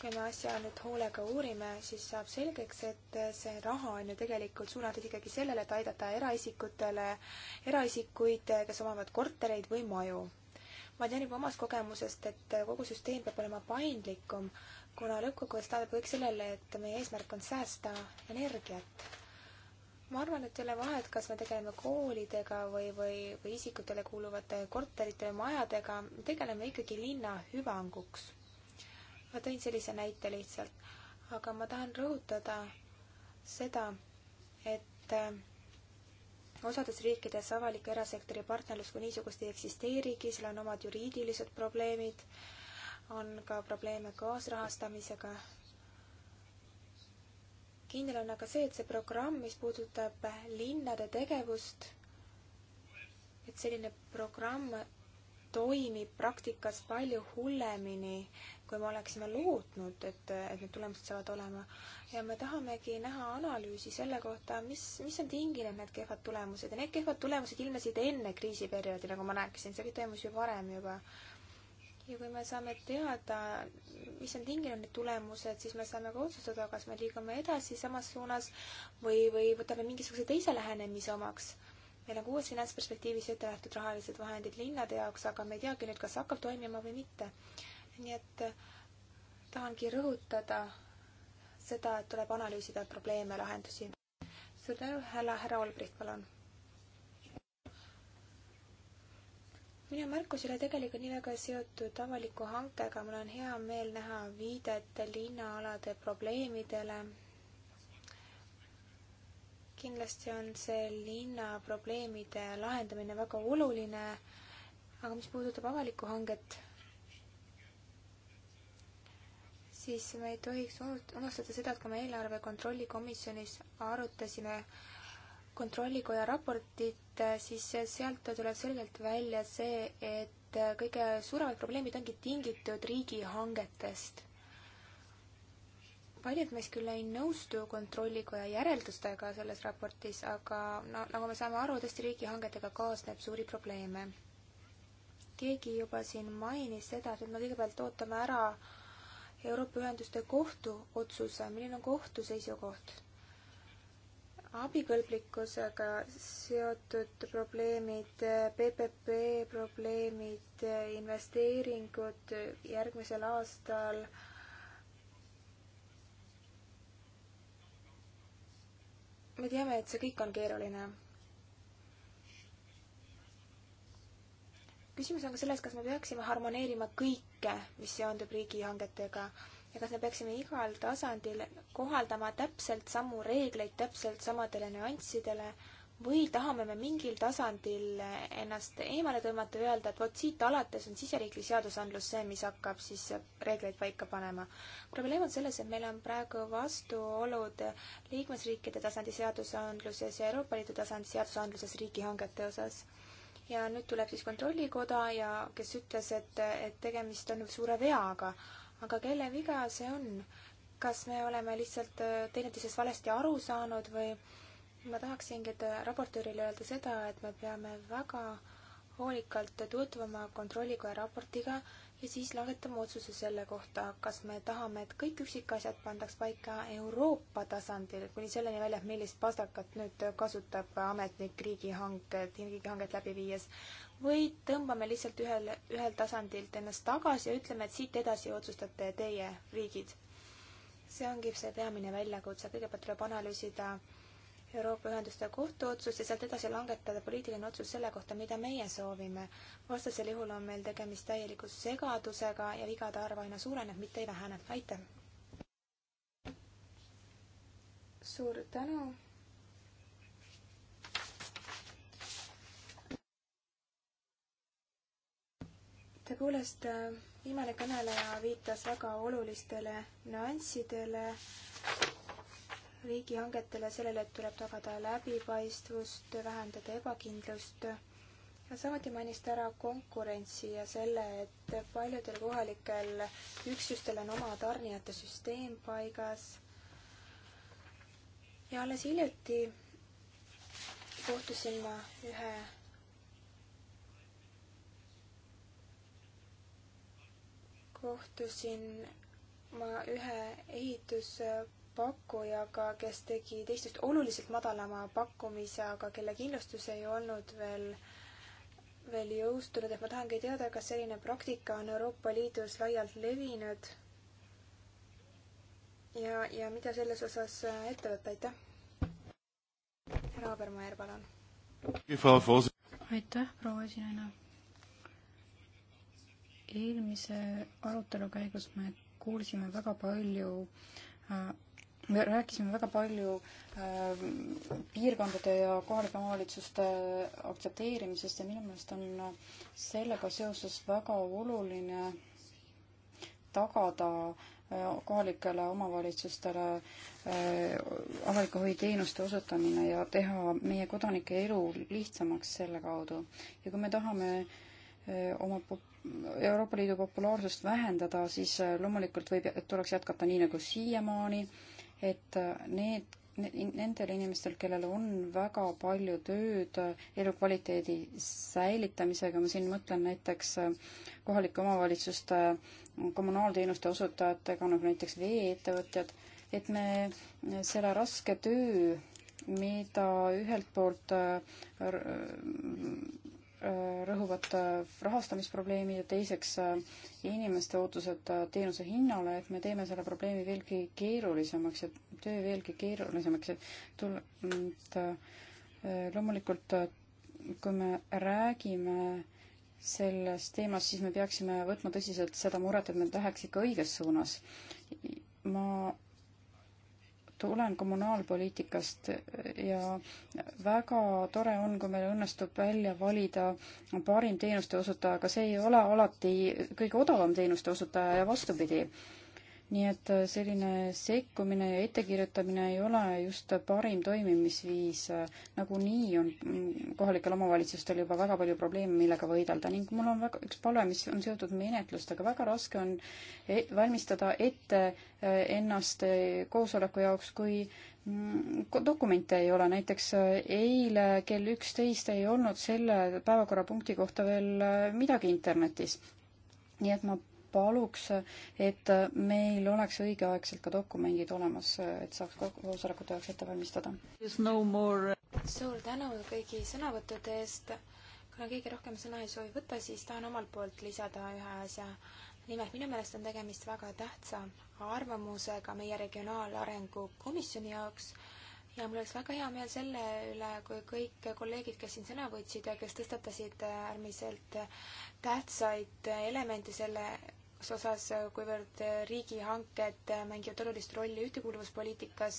kui me asja nüüd hoolega uurime, siis saab selgeks, et see raha on ju tegelikult suunatud ikkagi sellele, et aidata eraisikutele, eraisikuid, kes omavad kortereid või maju. ma tean juba omast kogemusest, et kogu süsteem peab olema paindlikum, kuna lõppkokkuvõttes tähendab kõik sellele, et meie eesmärk on säästa energiat. ma arvan, et ei ole vahet, kas me tegeleme koolidega või, või, või isikutele kuuluvate korterite või majadega, me tegeleme ikkagi linna hüvanguks ma tõin sellise näite lihtsalt, aga ma tahan rõhutada seda, et äh, osades riikides avaliku erasektori partnerlus kui niisugust ei eksisteerigi, seal on omad juriidilised probleemid, on ka probleeme kaasrahastamisega. kindel on aga see, et see programm, mis puudutab linnade tegevust, et selline programm toimib praktikas palju hullemini kui me oleksime lootnud, et, et need tulemused saavad olema. ja me tahamegi näha analüüsi selle kohta, mis, mis on tinginud need kehvad tulemused ja need kehvad tulemused ilmnesid enne kriisiperioodi, nagu ma rääkisin, see kõik toimus ju varem juba. ja kui me saame teada, mis on tinginud need tulemused, siis me saame ka otsustada, kas me liigume edasi samas suunas või, või võtame mingisuguse teise lähenemise omaks meil on uues finantsperspektiivis ette nähtud rahalised vahendid linnade jaoks, aga me ei teagi nüüd, kas hakkab toimima või mitte nii et äh, tahangi rõhutada seda, et tuleb analüüsida probleeme ja lahendusi. suur tänu, härra, härra Olbrit, palun. minu märkus ei ole tegelikult nii väga seotud avaliku hankega, mul on hea meel näha viidet linnaalade probleemidele. kindlasti on see linna probleemide lahendamine väga oluline, aga mis puudutab avalikku hanget, siis me ei tohiks unustada seda, et kui me eelarve kontrolli komisjonis arutasime kontrollikoja raportit, siis sealt tuleb selgelt välja see, et kõige suuremad probleemid ongi tingitud riigihangetest. paljud meist küll ei nõustu kontrollikoja järeldustega selles raportis, aga no nagu me saame aru, tõesti riigihangetega kaasneb suuri probleeme. keegi juba siin mainis seda, et me kõigepealt ootame ära Euroopa Ühenduste Kohtu otsuse, milline on kohtu seisukoht? abikõlblikkusega seotud probleemid, PPP probleemid, investeeringud järgmisel aastal me teame, et see kõik on keeruline. küsimus on ka selles, kas me peaksime harmoneerima kõik tõke, mis seondub riigihangetega ja kas me peaksime igal tasandil kohaldama täpselt samu reegleid täpselt samadele nüanssidele või tahame me mingil tasandil ennast eemale tõmmata ja öelda, et vot siit alates on siseriiklik seadusandlus see, mis hakkab siis reegleid paika panema. probleem on selles, et meil on praegu vastuolud liikmesriikide tasandi seadusandluses ja Euroopa Liidu tasandi seadusandluses riigihangete osas ja nüüd tuleb siis Kontrollikoda ja kes ütles, et, et tegemist on suure veaga. aga kelle viga see on? kas me oleme lihtsalt äh, teineteisest valesti aru saanud või ma tahaksingi äh, raportöörile öelda seda, et me peame väga hoolikalt tutvuma Kontrollikoja raportiga ja siis langetame otsuse selle kohta, kas me tahame, et kõik üksikasjad pandaks paika Euroopa tasandil, kuni selleni välja, et millist pastakat nüüd kasutab ametnik riigihanked, riigihanget läbi viies, või tõmbame lihtsalt ühel, ühel tasandilt ennast tagasi ja ütleme, et siit edasi otsustate teie riigid. see ongi see peamine väljakutse, kõigepealt tuleb analüüsida äh, Euroopa Ühenduste Kohtu otsus ja sealt edasi langetada poliitiline otsus selle kohta, mida meie soovime. vastasel juhul on meil tegemist täieliku segadusega ja vigade arv aina suureneb, mitte ei vähene. aitäh! suur tänu! tõepoolest, äh, viimane kõneleja viitas väga olulistele nüanssidele riigihangetele, sellele, et tuleb tagada läbipaistvust, vähendada ebakindlust. ja samuti mainis ta ära konkurentsi ja selle, et paljudel kohalikel üksustel on oma tarnijate süsteem paigas. ja alles hiljuti kohtusin ma ühe kohtusin ma ühe ehitus pakkujaga, kes tegi teistest oluliselt madalama pakkumise, aga kelle kindlustus ei olnud veel, veel jõustunud, et ma tahangi teada, kas selline praktika on Euroopa Liidus laialt levinud ja, ja mida selles osas äh, ette võtta, aitäh! härra Abermaier, palun! aitäh, proua esinaine! eelmise arutelu käigus me kuulsime väga palju äh, me rääkisime väga palju äh, piirkondade ja kohalike omavalitsuste aktsepteerimisest ja minu meelest on sellega seoses väga oluline tagada äh, kohalikele omavalitsustele äh, avaliku huvi teenuste osutamine ja teha meie kodanike elu lihtsamaks selle kaudu. ja kui me tahame äh, oma Euroopa Liidu populaarsust vähendada, siis äh, loomulikult võib, tuleks jätkata nii nagu siiamaani et äh, need nendel inimestel, kellel on väga palju tööd äh, elukvaliteedi säilitamisega, ma siin mõtlen näiteks äh, kohalike omavalitsuste kommunaalteenuste osutajatega, nagu näiteks vee-ettevõtjad, et me selle raske töö, mida ühelt poolt Äh, rõhuvad äh, rahastamisprobleemi ja teiseks äh, inimeste ootused teenuse hinnale, et me teeme selle probleemi veelgi keerulisemaks ja töö veelgi keerulisemaks, et tul-, et loomulikult kui me räägime sellest teemast, siis me peaksime võtma tõsiselt seda muret, et me läheks ikka õiges suunas. ma tulen kommunaalpoliitikast ja väga tore on, kui meil õnnestub välja valida parim teenuste osutaja, aga see ei ole alati kõige odavam teenuste osutaja ja vastupidi nii et äh, selline sekkumine ja ettekirjutamine ei ole just parim toimimisviis. nagunii on mm, kohalikel omavalitsustel juba väga palju probleeme, millega võidelda ning mul on väga, üks palve, mis on seotud menetlustega. väga raske on et, eh, valmistada ette eh, ennast eh, koosoleku jaoks, kui mm, dokumente ei ole, näiteks eile kell üksteist ei olnud selle päevakorrapunkti kohta veel midagi internetis. nii et ma paluks, et meil oleks õigeaegselt ka dokumendid olemas, et saaks koosolekut üheks ette valmistada. No more... Uh, suur tänu kõigi sõnavõttude eest. kuna keegi rohkem sõna ei soovi võtta, siis tahan omalt poolt lisada ühe asja. nimelt minu meelest on tegemist väga tähtsa arvamusega meie Regionaalarengu Komisjoni jaoks ja mul oleks väga hea meel selle üle, kui kõik kolleegid, kes siin sõna võtsid ja kes tõstatasid äärmiselt tähtsaid elemente selle selles osas, kuivõrd riigihanked mängivad olulist rolli ühtekuuluvuspoliitikas,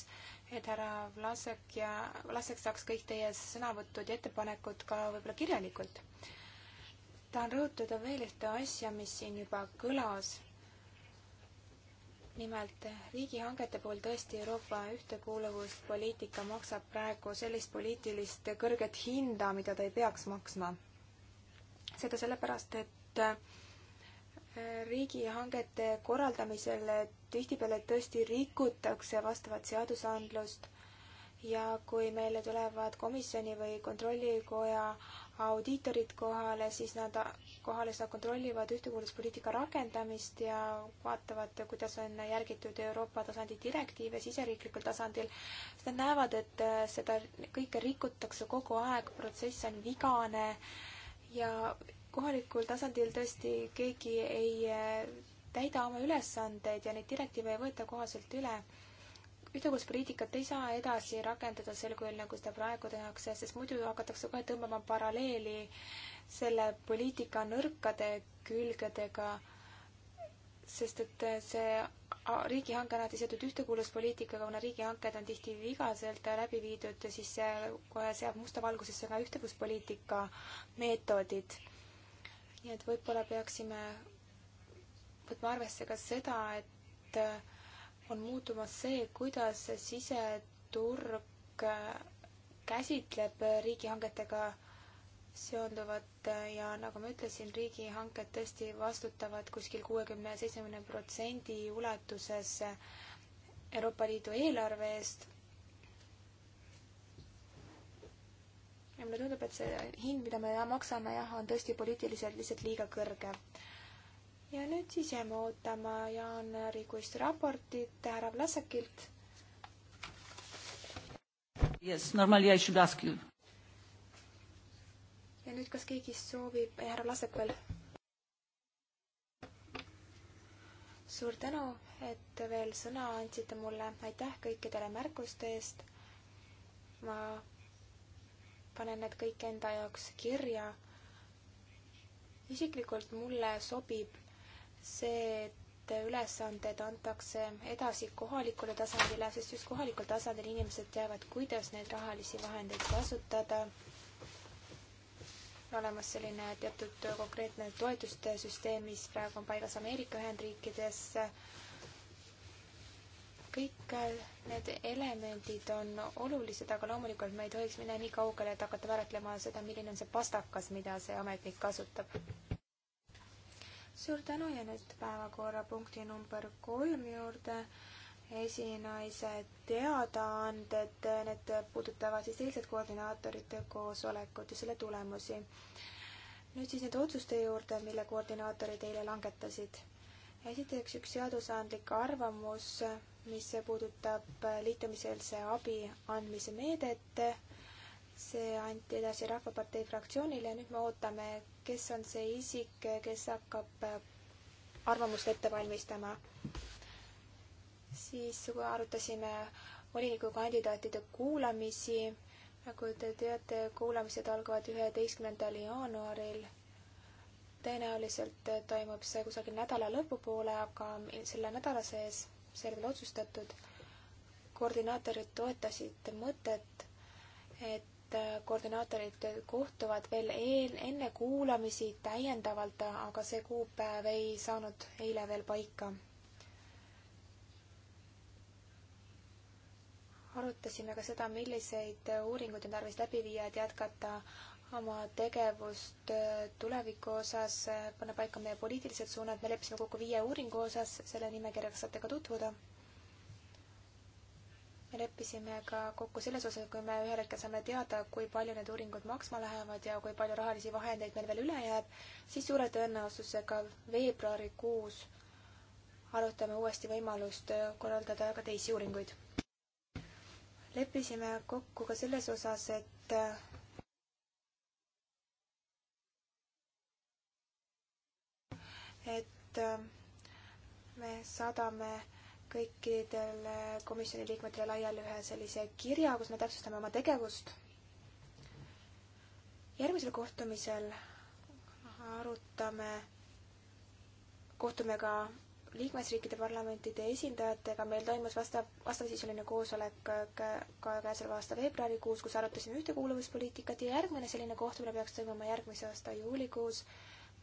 et härra Vlasek ja, Vlasek saaks kõik teie sõnavõtud ja ettepanekud ka võib-olla kirjalikult. tahan rõhutada veel ühte asja, mis siin juba kõlas nimelt riigihangete puhul tõesti Euroopa ühtekuuluvuspoliitika maksab praegu sellist poliitilist kõrget hinda, mida ta ei peaks maksma. seda sellepärast, et riigihangete korraldamisel tihtipeale tõesti rikutakse vastavat seadusandlust ja kui meile tulevad komisjoni või kontrollikoja audiitorid kohale, siis nad, kohale seda kontrollivad ühtekuuluvuspoliitika rakendamist ja vaatavad, kuidas on järgitud Euroopa tasandi direktiive siseriiklikul tasandil. siis nad näevad, et äh, seda kõike rikutakse kogu aeg, protsess on vigane ja kohalikul tasandil tõesti keegi ei eh, täida oma ülesandeid ja neid direktiive ei võeta kohaselt üle ühtekuuluvuspoliitikat ei saa edasi rakendada sel kujul, nagu seda praegu tehakse, sest muidu hakatakse kohe tõmbama paralleeli selle poliitika nõrkade külgedega, sest et see riigihange on alati seotud ühtekuuluvuspoliitikaga, kuna riigihanked on tihti vigaselt läbi viidud ja siis see kohe seab musta valgusesse ka ühtekuuluvuspoliitika meetodid nii et võib-olla peaksime võtma arvesse ka seda, et äh, on muutumas see, kuidas siseturg äh, käsitleb riigihangetega seonduvat äh, ja nagu ma ütlesin, riigihanked tõesti vastutavad kuskil kuuekümne, seitsmekümne protsendi ulatuses Euroopa Liidu eelarve eest ja mulle tundub, et see hind, mida me maksame, jah, on tõesti poliitiliselt lihtsalt liiga kõrge. ja nüüd siis jääme ootama jaanuarikuist raportit härra Vlasakilt. Yes, normally I should ask you. ja nüüd, kas keegi soovib, härra Vlasak veel? suur tänu, et veel sõna andsite mulle, aitäh kõikidele märkuste eest. ma panen need kõik enda jaoks kirja. isiklikult mulle sobib see, et ülesanded antakse edasi kohalikule tasandile, sest just kohalikul tasandil inimesed teavad, kuidas neid rahalisi vahendeid kasutada. on olemas selline teatud konkreetne toetuste süsteem, mis praegu on paigas Ameerika Ühendriikides kõik äh, need elemendid on olulised, aga loomulikult me ei tohiks minna nii kaugele, et hakata määratlema seda, milline on see pastakas, mida see ametnik kasutab. suur tänu ja nüüd päevakorrapunkti number kolm juurde. esinaise teadaanded, need puudutavad siis eilset koordinaatorite koosolekut ja selle tulemusi. nüüd siis nende otsuste juurde, mille koordinaatorid eile langetasid esiteks üks seadusandlik arvamus, mis puudutab liitumiseelse abi andmise meedet. see anti edasi Rahvapartei fraktsioonile ja nüüd me ootame, kes on see isik, kes hakkab arvamust ette valmistama. siis arutasime volinikukandidaatide kuulamisi. nagu te teate, kuulamised algavad üheteistkümnendal jaanuaril tõenäoliselt toimub see kusagil nädala lõpupoole, aga selle nädala sees selgelt otsustatud. koordinaatorid toetasid mõtet, et äh, koordinaatorid kohtuvad veel eel, enne kuulamisi täiendavalt, aga see kuupäev ei saanud eile veel paika. arutasime ka seda, milliseid uuringuid on tarvis läbi viia, et jätkata oma tegevust äh, tuleviku osas, äh, panna paika meie poliitilised suunad, me leppisime kokku viie uuringu osas, selle nimekirjaga saate ka tutvuda. me leppisime ka kokku selles osas, kui me ühel hetkel saame teada, kui palju need uuringud maksma lähevad ja kui palju rahalisi vahendeid meil veel üle jääb, siis suure tõenäosusega veebruarikuus arutame uuesti võimalust äh, korraldada ka teisi uuringuid. leppisime kokku ka selles osas, et et äh, me saadame kõikidele komisjoni liikmetele laiali ühe sellise kirja, kus me täpsustame oma tegevust. järgmisel kohtumisel arutame, kohtume ka liikmesriikide parlamentide esindajatega, meil toimus vastav, vastavasisuline koosolek ka, ka käesoleva aasta veebruarikuus, kus arutasime ühtekuuluvuspoliitikat ja järgmine selline kohtumine peaks toimuma järgmise aasta juulikuus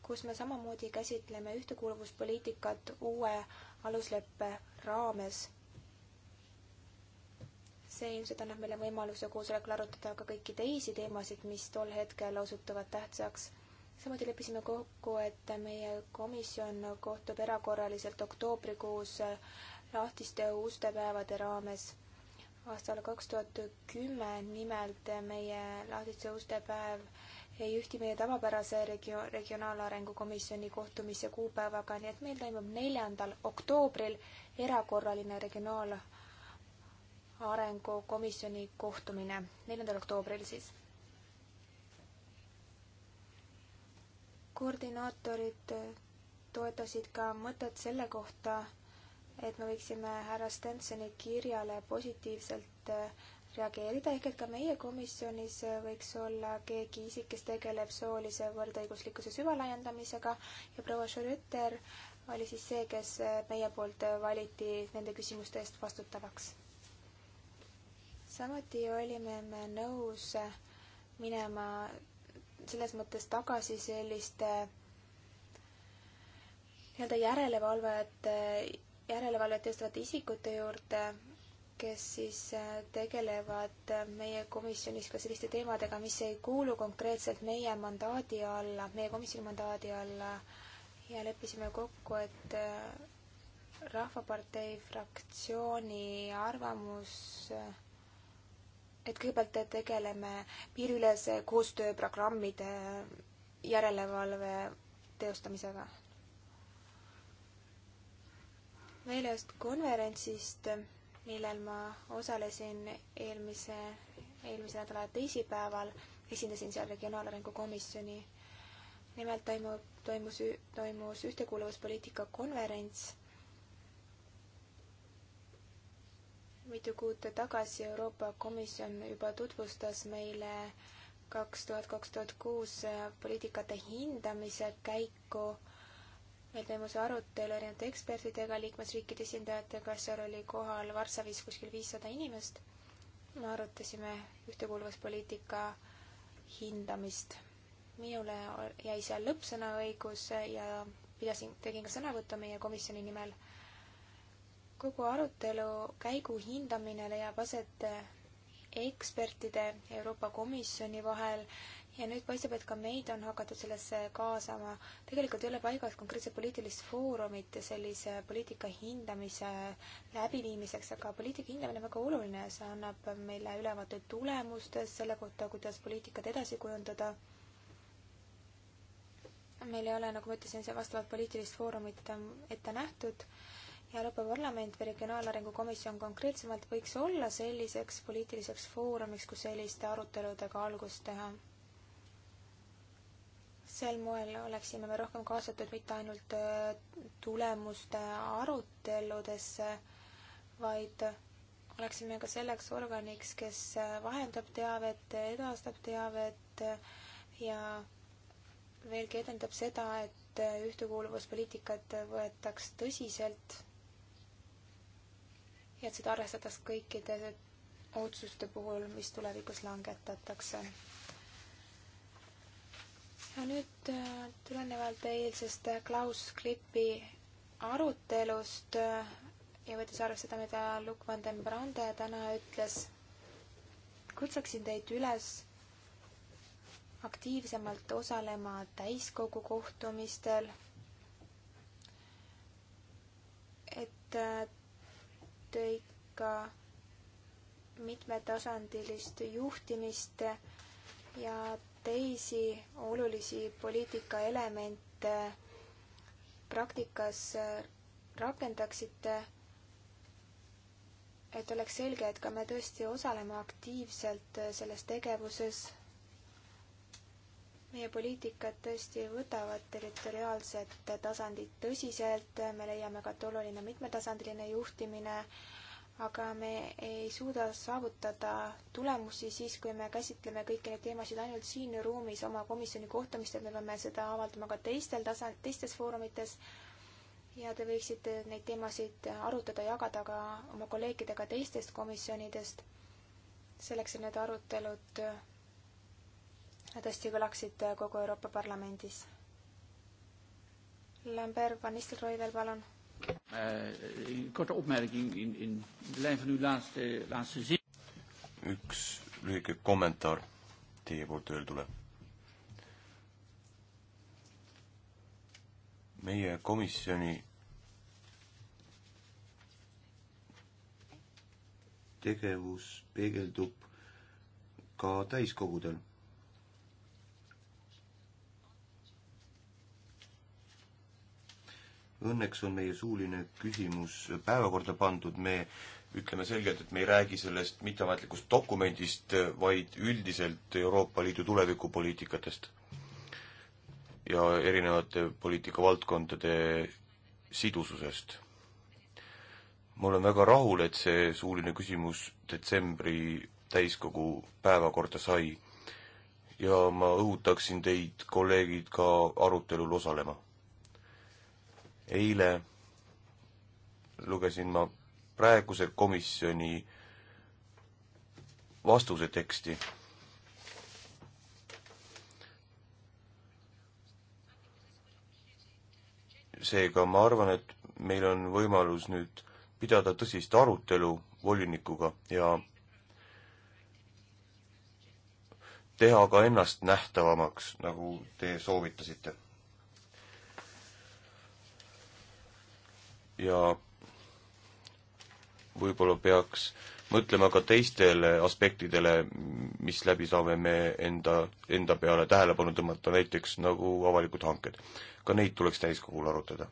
kus me samamoodi käsitleme ühtekuuluvuspoliitikat uue alusleppe raames. see ilmselt annab meile võimaluse koosolekul arutada ka kõiki teisi teemasid, mis tol hetkel osutuvad tähtsaks. samuti leppisime kokku, et meie komisjon kohtub erakorraliselt oktoobrikuus lahtiste uste päevade raames. aastal kaks tuhat kümme nimelt meie lahtiste uste päev ei ühti meie tavapärase regio-, Regionaalarengu Komisjoni kohtumise kuupäevaga, nii et meil toimub neljandal oktoobril erakorraline Regionaalarengu Komisjoni kohtumine, neljandal oktoobril siis. koordinaatorid toetasid ka mõtet selle kohta, et me võiksime härra Stensoni kirjale positiivselt äh, reageerida, ehk et ka meie komisjonis äh, võiks olla keegi isik, kes tegeleb soolise võrdõiguslikkuse süvalaiendamisega ja proua Schröter oli siis see, kes äh, meie poolt äh, valiti nende küsimuste eest vastutavaks. samuti olime me nõus minema selles mõttes tagasi selliste nii-öelda järelevalvajate, järelevalvet teostavate isikute juurde kes siis äh, tegelevad äh, meie komisjonis ka selliste teemadega, mis ei kuulu konkreetselt meie mandaadi alla, meie komisjoni mandaadi alla ja leppisime kokku, et äh, Rahvapartei fraktsiooni arvamus, et kõigepealt tegeleme piiriülese koostööprogrammide järelevalve teostamisega. meile just konverentsist millel ma osalesin eelmise, eelmise nädala teisipäeval, esindasin seal Regionaalarengu Komisjoni. nimelt toimub, toimus, toimus ühtekuuluvuspoliitika konverents. mitu kuud tagasi Euroopa Komisjon juba tutvustas meile kaks tuhat, kaks tuhat kuus poliitikate hindamise käiku me teeme see arutelu erinevate ekspertidega, liikmesriikide esindajatega, seal oli kohal Varssavis kuskil viissada inimest. me arutasime ühtekuuluvuspoliitika hindamist. minule jäi seal lõppsõnaõigus ja pidasin, tegin ka sõnavõttu meie komisjoni nimel. kogu arutelu käigu hindamine leiab aset ekspertide Euroopa Komisjoni vahel ja nüüd paistab, et ka meid on hakatud sellesse kaasama. tegelikult ei ole paigas konkreetset poliitilist foorumit sellise poliitika hindamise läbiviimiseks, aga poliitika hindamine on väga oluline, see annab meile ülevaate tulemustest selle kohta, kuidas poliitikat edasi kujundada. meil ei ole, nagu ma ütlesin, see vastavat poliitilist foorumit ette nähtud Euroopa Parlament või Regionaalarengu Komisjon konkreetsemalt võiks olla selliseks poliitiliseks foorumiks, kus selliste aruteludega algust teha sel moel oleksime me rohkem kaasatud mitte ainult äh, tulemuste aruteludesse, vaid oleksime ka selleks organiks, kes äh, vahendab teavet, edastab teavet äh, ja veelgi edendab seda, et ühtekuuluvuspoliitikat võetaks tõsiselt ja et seda arvestataks kõikide otsuste puhul, mis tulevikus langetatakse ja nüüd äh, tulenevalt eilsest äh, Klaus Klippi arutelust äh, ja võttes arvesse seda, mida Luc van den Brande täna ütles, kutsuksin teid üles aktiivsemalt osalema täiskogu kohtumistel, et te ikka mitmetasandilist juhtimist ja teisi olulisi poliitikaelemente praktikas rakendaksite, et oleks selge, et ka me tõesti osaleme aktiivselt selles tegevuses. meie poliitikad tõesti võtavad territoriaalset tasandit tõsiselt, me leiame ka, et oluline on mitmetasandiline juhtimine aga me ei suuda saavutada tulemusi siis, kui me käsitleme kõiki neid teemasid ainult siin ruumis oma komisjoni kohtumistel, me peame seda avaldama ka teistel tasa-, teistes foorumites ja te võiksite neid teemasid arutada, jagada ka oma kolleegidega teistest komisjonidest, selleks, et need arutelud tõesti kõlaksid kogu Euroopa Parlamendis. Lambert Van Nistelrooy veel, palun Eh, üks lühike kommentaar teie poolt öeldule. meie komisjoni tegevus peegeldub ka täiskogudel Õnneks on meie suuline küsimus päevakorda pandud, me ütleme selgelt, et me ei räägi sellest mitteametlikust dokumendist, vaid üldiselt Euroopa Liidu tulevikupoliitikatest ja erinevate poliitikavaldkondade sidususest. ma olen väga rahul, et see suuline küsimus detsembri täiskogu päevakorda sai ja ma õhutaksin teid, kolleegid, ka arutelul osalema eile lugesin ma praeguse komisjoni vastuse teksti. seega ma arvan, et meil on võimalus nüüd pidada tõsist arutelu volinikuga ja teha ka ennast nähtavamaks, nagu te soovitasite ja võib-olla peaks mõtlema ka teistele aspektidele, mis läbi saame me enda, enda peale tähelepanu tõmmata, näiteks nagu avalikud hanked. ka neid tuleks täiskogul arutada.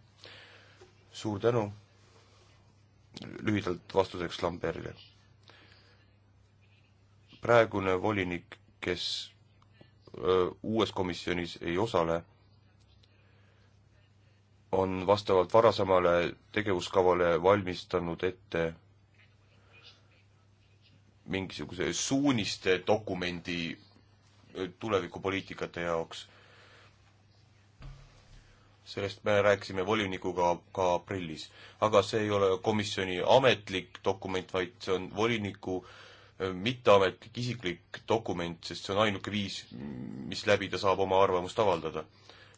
suur tänu lühidalt vastuseks Lamberile. praegune volinik, kes öö, uues komisjonis ei osale, on vastavalt varasemale tegevuskavale valmistanud ette mingisuguse suuniste dokumendi äh, tulevikupoliitikate jaoks. sellest me rääkisime volinikuga ka aprillis, aga see ei ole komisjoni ametlik dokument, vaid see on voliniku äh, mitteametlik isiklik dokument, sest see on ainuke viis, mis läbi ta saab oma arvamust avaldada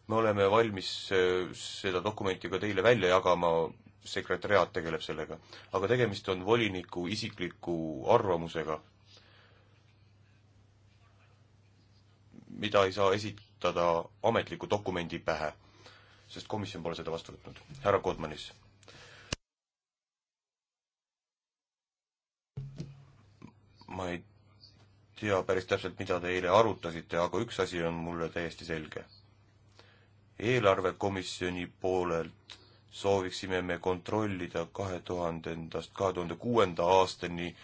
me oleme valmis äh, seda dokumenti ka teile välja jagama, sekretäriaat tegeleb sellega. aga tegemist on voliniku isikliku arvamusega, mida ei saa esitada ametliku dokumendi pähe, sest komisjon pole seda vastu võtnud. härra Kodmanis. ma ei tea päris täpselt, mida te eile arutasite, aga üks asi on mulle täiesti selge eelarvekomisjoni poolelt sooviksime me kontrollida kahe tuhandendast kahe tuhande kuuenda aastani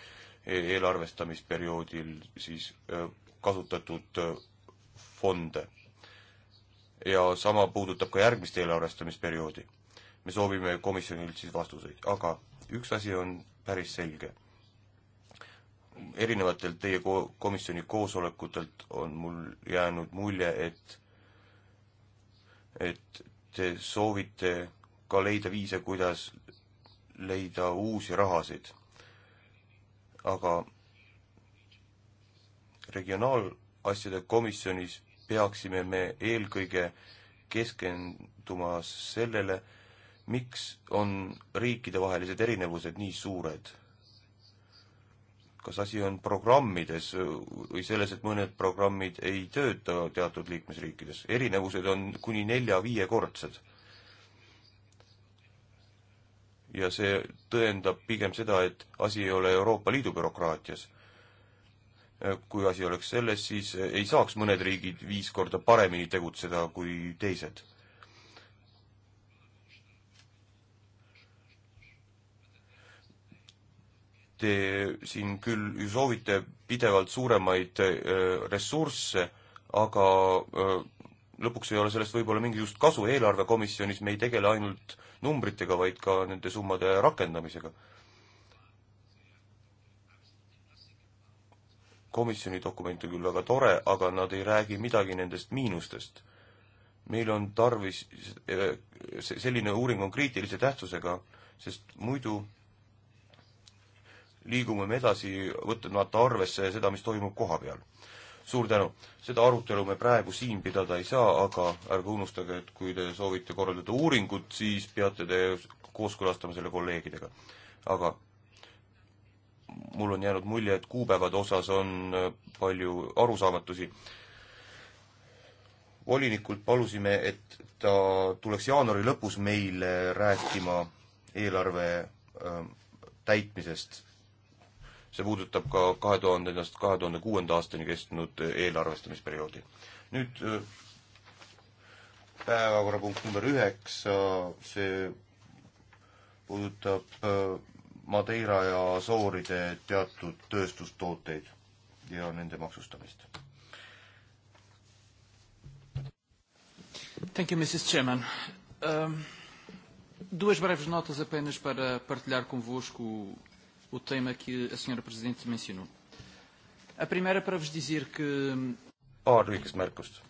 e-, eelarvestamisperioodil siis kasutatud fonde. ja sama puudutab ka järgmist eelarvestamisperioodi. me soovime komisjonilt siis vastuseid, aga üks asi on päris selge. erinevatelt teie ko-, komisjoni koosolekutelt on mul jäänud mulje, et et te soovite ka leida viise, kuidas leida uusi rahasid. aga regionaalasjade komisjonis peaksime me eelkõige keskenduma sellele, miks on riikidevahelised erinevused nii suured kas asi on programmides või selles, et mõned programmid ei tööta teatud liikmesriikides, erinevused on kuni nelja-viiekordsed. ja see tõendab pigem seda, et asi ei ole Euroopa Liidu bürokraatias. kui asi oleks selles, siis ei saaks mõned riigid viis korda paremini tegutseda kui teised Te siin küll soovite pidevalt suuremaid äh, ressursse, aga äh, lõpuks ei ole sellest võib-olla mingisugust kasu, eelarvekomisjonis me ei tegele ainult numbritega, vaid ka nende summade rakendamisega. komisjoni dokument on küll väga tore, aga nad ei räägi midagi nendest miinustest. meil on tarvis, äh, selline uuring on kriitilise tähtsusega, sest muidu liigume me edasi, võtmata arvesse seda, mis toimub kohapeal. suur tänu! seda arutelu me praegu siin pidada ei saa, aga ärge unustage, et kui te soovite korraldada uuringut, siis peate te kooskõlastama selle kolleegidega. aga mul on jäänud mulje, et kuupäevade osas on äh, palju arusaamatusi. volinikult palusime, et ta tuleks jaanuari lõpus meile rääkima eelarve äh, täitmisest see puudutab ka kahe tuhandendast kahe tuhande kuuenda aastani kestnud äh, eelarvestamisperioodi. nüüd äh, päevakorrapunkt number üheksa, see puudutab äh, Madeira ja Asooride teatud tööstustooteid ja nende maksustamist. Thank you, Mrs Chairman um... Duas breves notas apenas para partilhar convosco o tema que a senhora Presidente mencionou. A primeira para vos dizer que... paar lühikest märkust.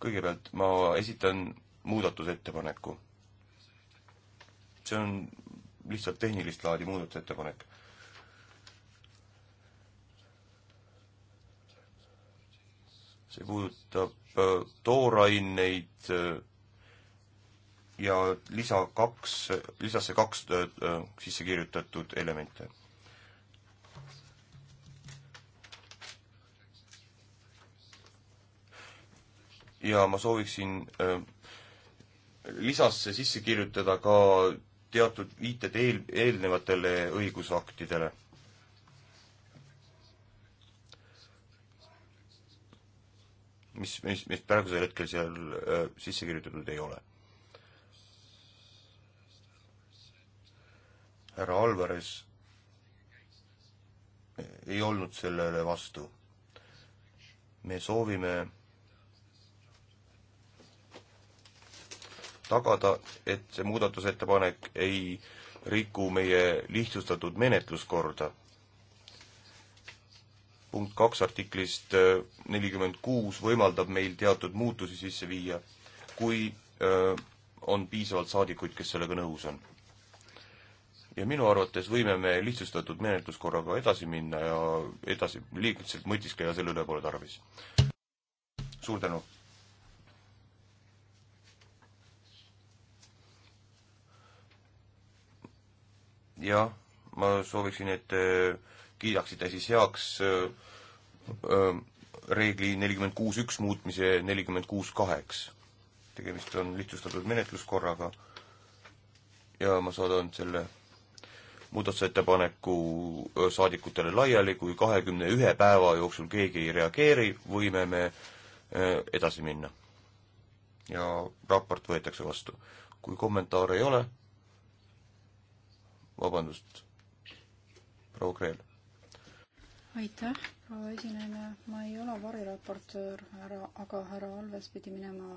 kõigepealt ma esitan muudatusettepaneku. see on lihtsalt tehnilist laadi muudatusettepanek. see puudutab äh, tooraineid äh, ja lisa kaks, lisasse kaks äh, sisse kirjutatud elemente. ja ma sooviksin äh, lisasse sisse kirjutada ka teatud viited eel, eelnevatele õigusaktidele mis, mis, mis praegusel hetkel seal äh, sisse kirjutatud ei ole. härra Alvarez ei olnud sellele vastu. me soovime tagada, et see muudatusettepanek ei riku meie lihtsustatud menetluskorda. punkt kaks artiklist nelikümmend kuus võimaldab meil teatud muutusi sisse viia, kui öö, äh, on piisavalt saadikuid, kes sellega nõus on ja minu arvates võime me lihtsustatud menetluskorraga edasi minna ja edasi liigselt mõtiskleda selle üle pole tarvis. suur tänu! jah, ma sooviksin, et kiidaksite siis heaks äh, äh, reegli nelikümmend kuus üks muutmise nelikümmend kuus kaheks. tegemist on lihtsustatud menetluskorraga ja ma saadan selle muudatusettepaneku saadikutele laiali, kui kahekümne ühe päeva jooksul keegi ei reageeri, võime me edasi minna. ja raport võetakse vastu. kui kommentaare ei ole, vabandust, proua Kreel. aitäh, proua esinaine, ma ei ole variraportöör, härra, aga härra Alves pidi minema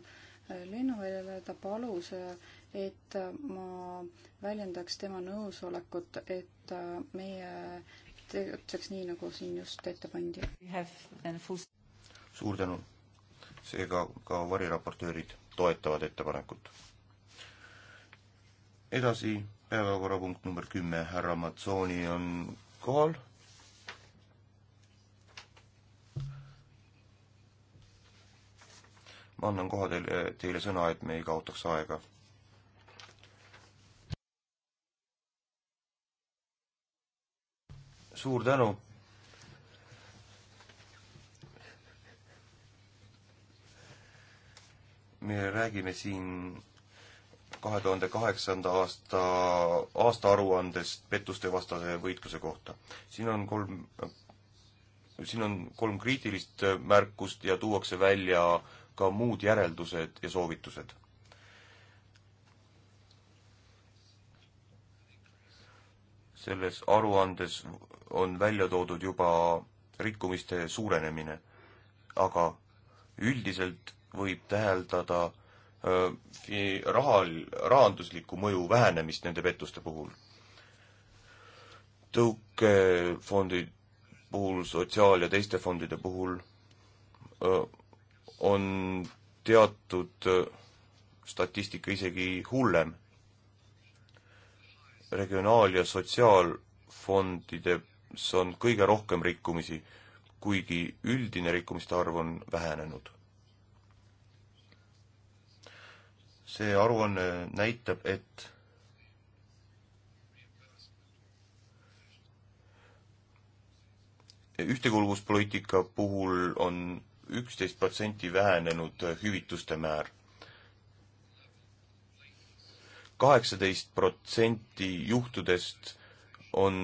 äh, lennuväljale, ta palus äh, et ma väljendaks tema nõusolekut, et meie tegutseks nii, nagu siin just ette pandi. suur tänu. seega ka variraportöörid toetavad ettepanekut. edasi päevakorrapunkt number kümme, härra Matsooni on kohal ma annan koha teile, teile sõna, et me ei kaotaks aega. suur tänu. me räägime siin kahe tuhande kaheksanda aasta aastaaruandest pettuste vastase võitluse kohta. siin on kolm, siin on kolm kriitilist märkust ja tuuakse välja ka muud järeldused ja soovitused selles aruandes on välja toodud juba rikkumiste suurenemine, aga üldiselt võib täheldada äh, rahal, rahanduslikku mõju vähenemist nende pettuste puhul. tõukefondi puhul, sotsiaal- ja teiste fondide puhul öö, äh, on teatud äh, statistika isegi hullem regionaal- ja sotsiaalfondides on kõige rohkem rikkumisi, kuigi üldine rikkumiste arv on vähenenud. see aruanne näitab, et ühtekuuluvuspoliitika puhul on üksteist protsenti vähenenud hüvituste määr kaheksateist protsenti juhtudest on,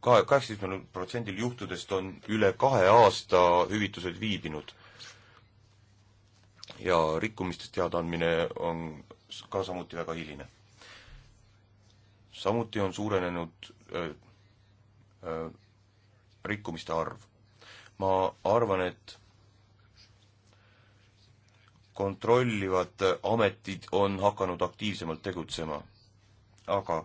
kaheksateistkümnel protsendil juhtudest on üle kahe aasta hüvitused viibinud. ja rikkumistest teadaandmine on ka samuti väga hiline. samuti on suurenenud öö, öö, rikkumiste arv. ma arvan, et kontrollivad ametid on hakanud aktiivsemalt tegutsema. aga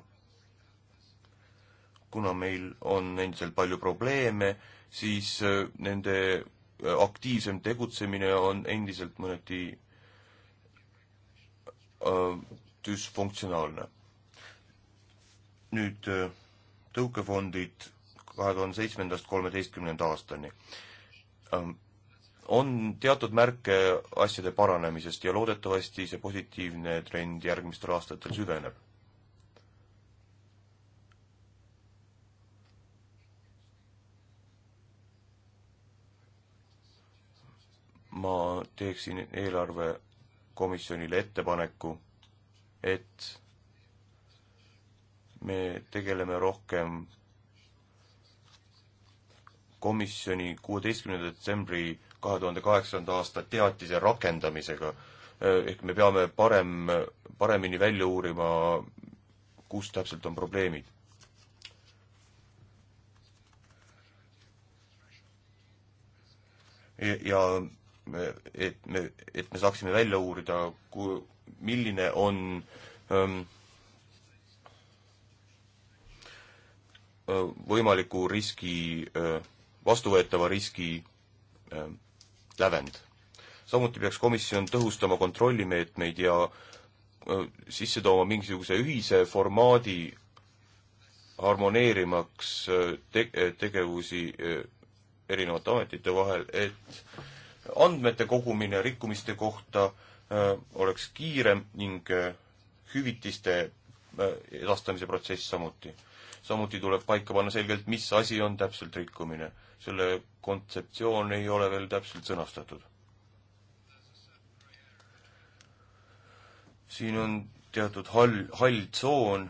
kuna meil on endiselt palju probleeme, siis äh, nende äh, aktiivsem tegutsemine on endiselt mõneti äh, düsfunktsionaalne. nüüd tõukefondid kahe tuhande seitsmendast kolmeteistkümnenda aastani. Ähm, on teatud märke asjade paranemisest ja loodetavasti see positiivne trend järgmistel aastatel süveneb. ma teeksin eelarvekomisjonile ettepaneku, et me tegeleme rohkem komisjoni kuueteistkümnenda detsembri kahe tuhande kaheksanda aasta teatise rakendamisega. Äh, ehk me peame parem, paremini välja uurima, kus täpselt on probleemid. ja et me, et me saaksime välja uurida, milline on ähm, äh, võimaliku riski, äh, vastuvõetava riski lävend. samuti peaks komisjon tõhustama kontrollimeetmeid ja sisse tooma mingisuguse ühise formaadi harmoneerimaks te-, e, tegevusi e, erinevate ametite vahel, et andmete kogumine rikkumiste kohta oleks kiirem ning hüvitiste edastamise protsess samuti samuti tuleb paika panna selgelt, mis asi on täpselt rikkumine. selle kontseptsioon ei ole veel täpselt sõnastatud. siin on teatud hall, hall tsoon,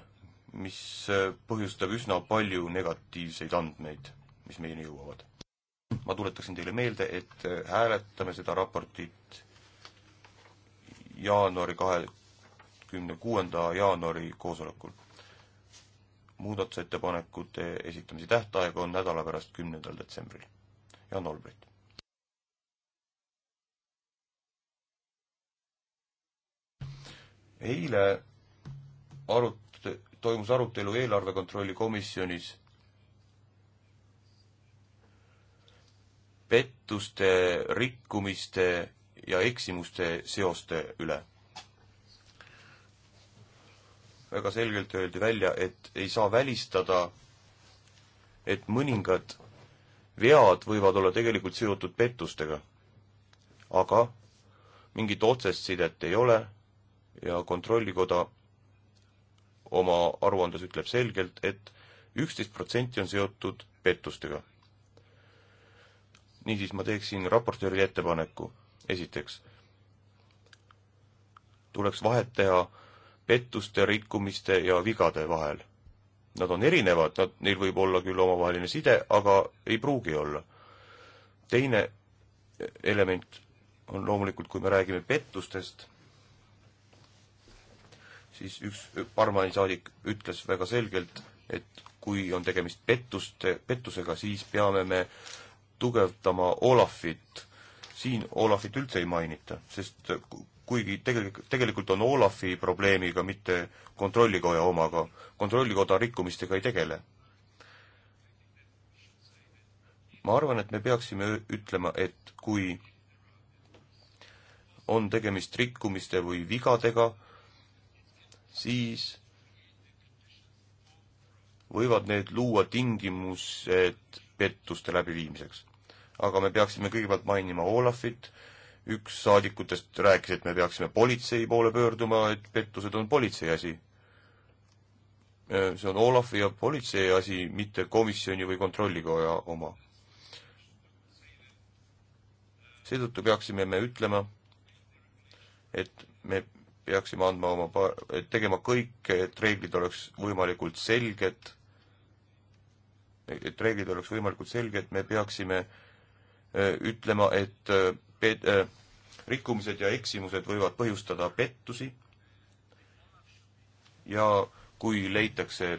mis äh, põhjustab üsna palju negatiivseid andmeid, mis meieni jõuavad. ma tuletaksin teile meelde, et äh, hääletame seda raportit jaanuari kahe, kümne kuuenda jaanuari koosolekul muudatusettepanekute esitamise tähtaeg on nädala pärast, kümnendal detsembril. Jan Olbrit. eile arut-, toimus arutelu eelarve kontrolli komisjonis pettuste, rikkumiste ja eksimuste seoste üle väga selgelt öeldi välja, et ei saa välistada, et mõningad vead võivad olla tegelikult seotud pettustega. aga mingit otsest sidet ei ole ja Kontrollikoda oma aruandes ütleb selgelt et, et üksteist protsenti on seotud pettustega. niisiis, ma teeksin raportööri ettepaneku. esiteks tuleks vahet teha pettuste, rikkumiste ja vigade vahel. Nad on erinevad, nad, neil võib olla küll omavaheline side, aga ei pruugi olla. teine element on loomulikult, kui me räägime pettustest, siis üks Parmani saadik ütles väga selgelt, et kui on tegemist pettuste, pettusega, siis peame me tugevdama Olafit. siin Olafit üldse ei mainita, sest kuigi tegelikult, tegelikult on Olafi probleemiga, mitte Kontrollikoja omaga. kontrollikoda rikkumistega ei tegele. ma arvan, et me peaksime ütlema, et kui on tegemist rikkumiste või vigadega, siis võivad need luua tingimused pettuste läbiviimiseks. aga me peaksime kõigepealt mainima Olafit, üks saadikutest rääkis, et me peaksime politsei poole pöörduma, et pettused on politsei asi. Äh, see on Olafi ja politsei asi, mitte komisjoni või kontrollikoja oma. seetõttu peaksime me ütlema, et me peaksime andma oma pa-, tegema kõike, et reeglid oleks võimalikult selged, et reeglid oleks võimalikult selged, me peaksime äh, ütlema, et äh, pet-, äh, rikkumised ja eksimused võivad põhjustada pettusi ja kui leitakse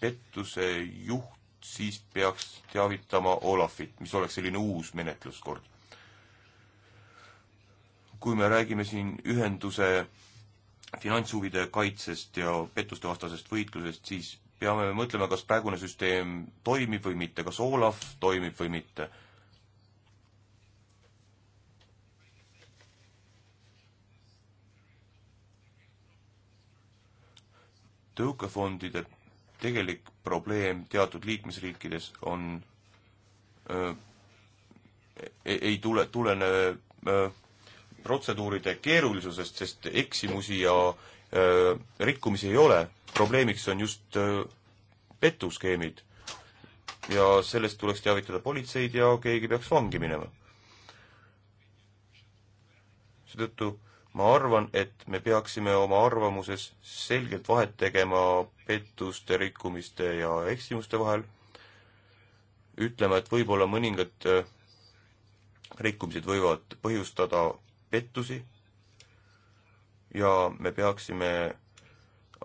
pettuse juht, siis peaks teavitama Olafit, mis oleks selline uus menetluskord. kui me räägime siin ühenduse finantshuvide kaitsest ja pettuste vastasest võitlusest, siis peame mõtlema, kas praegune süsteem toimib või mitte, kas Olav toimib või mitte tõukefondide tegelik probleem teatud liikmesriikides on äh,, ei tule, tulene äh, protseduuride keerulisusest, sest eksimusi ja äh, rikkumisi ei ole. probleemiks on just äh, petuskeemid. ja sellest tuleks teavitada politseid ja keegi peaks vangi minema. seetõttu äh, ma arvan, et me peaksime oma arvamuses selgelt vahet tegema pettuste, rikkumiste ja eksimuste vahel, ütlema, et võib-olla mõningad äh, rikkumised võivad põhjustada pettusi ja me peaksime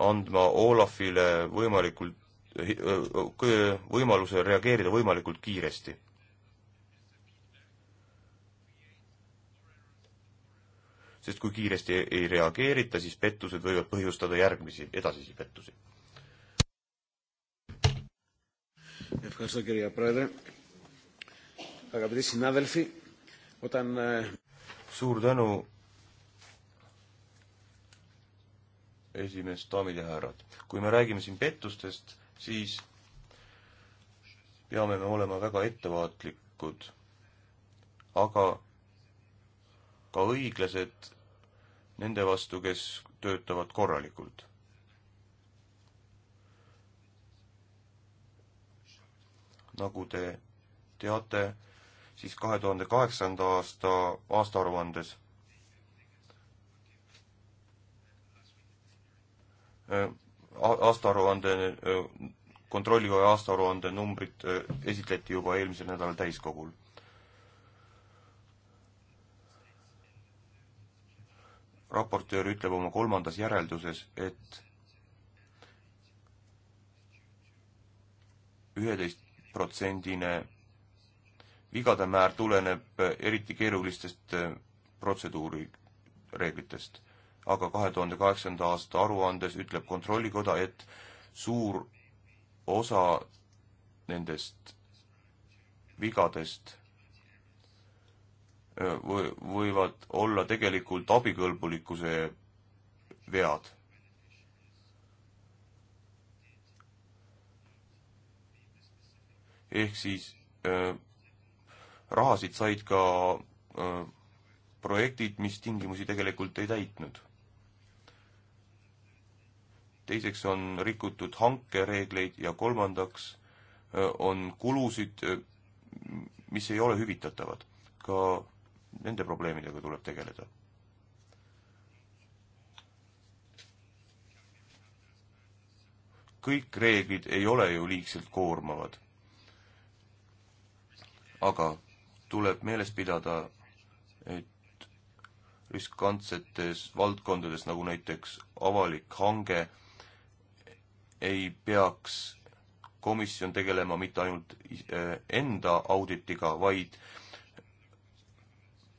andma Olafile võimalikult, äh, võimaluse reageerida võimalikult kiiresti sest kui kiiresti ei reageerita, siis pettused võivad põhjustada järgmisi edasisi pettusi. suur tänu, esimees, daamid ja härrad. kui me räägime siin pettustest, siis peame me olema väga ettevaatlikud, aga ka õiglased nende vastu, kes töötavad korralikult. nagu te teate, siis kahe tuhande kaheksanda aasta aastaaruandes äh, aastaaruande, äh, kontrollikoja aastaaruande numbrid äh, esitleti juba eelmisel nädalal täiskogul raportöör ütleb oma kolmandas järelduses, et üheteistprotsendine vigade määr tuleneb eriti keerulistest äh, protseduurireeglitest. aga kahe tuhande kaheksanda aasta aruandes ütleb Kontrollikoda, et suur osa nendest vigadest või, võivad olla tegelikult abikõlbulikkuse vead. ehk siis äh, rahasid said ka äh, projektid, mis tingimusi tegelikult ei täitnud. teiseks on rikutud hankereegleid ja kolmandaks äh, on kulusid, mis ei ole hüvitatavad. ka nende probleemidega tuleb tegeleda. kõik reeglid ei ole ju liigselt koormavad. aga tuleb meeles pidada, et riskantsetes valdkondades, nagu näiteks avalik hange, ei peaks komisjon tegelema mitte ainult enda auditiga, vaid äh,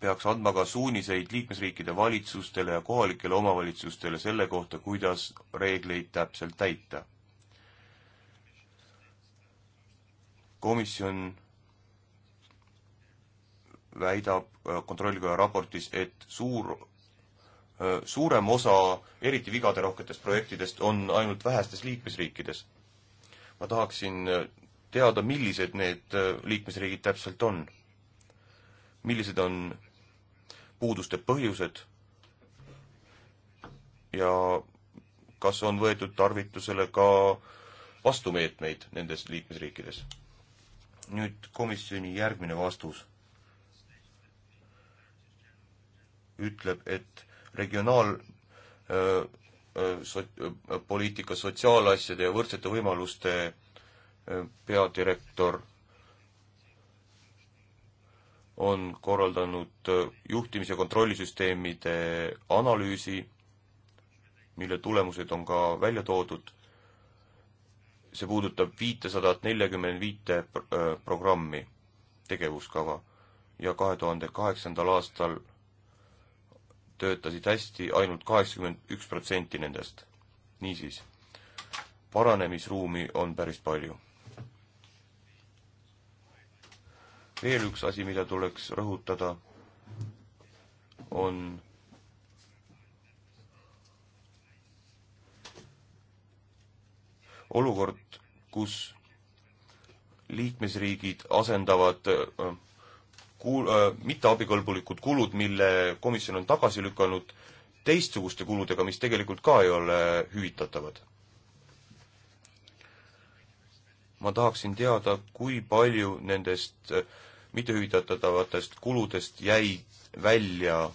peaks andma ka suuniseid liikmesriikide valitsustele ja kohalikele omavalitsustele selle kohta, kuidas reegleid täpselt täita. komisjon väidab äh, kontrollikoja raportis, et suur, äh, suurem osa eriti vigaderohketest projektidest on ainult vähestes liikmesriikides. ma tahaksin äh, teada, millised need liikmesriigid täpselt on. millised on puuduste põhjused ja kas on võetud tarvitusele ka vastumeetmeid nendes liikmesriikides? nüüd komisjoni järgmine vastus ütleb, et regionaal öö, sot-, poliitika sotsiaalasjade ja võrdsete võimaluste peadirektor on korraldanud juhtimis- ja kontrollisüsteemide analüüsi, mille tulemused on ka välja toodud. see puudutab viitesadat neljakümmend viite äh, programmi, tegevuskava ja kahe tuhande kaheksandal aastal töötasid hästi ainult kaheksakümmend üks protsenti nendest. niisiis, paranemisruumi on päris palju veel üks asi, mida tuleks rõhutada, on olukord, kus liikmesriigid asendavad äh, kuul-, äh, mitteabikõlbulikud kulud, mille komisjon on tagasi lükanud, teistsuguste kuludega, mis tegelikult ka ei ole hüvitatavad. ma tahaksin teada, kui palju nendest äh, mittehüvitatavatest kuludest jäi välja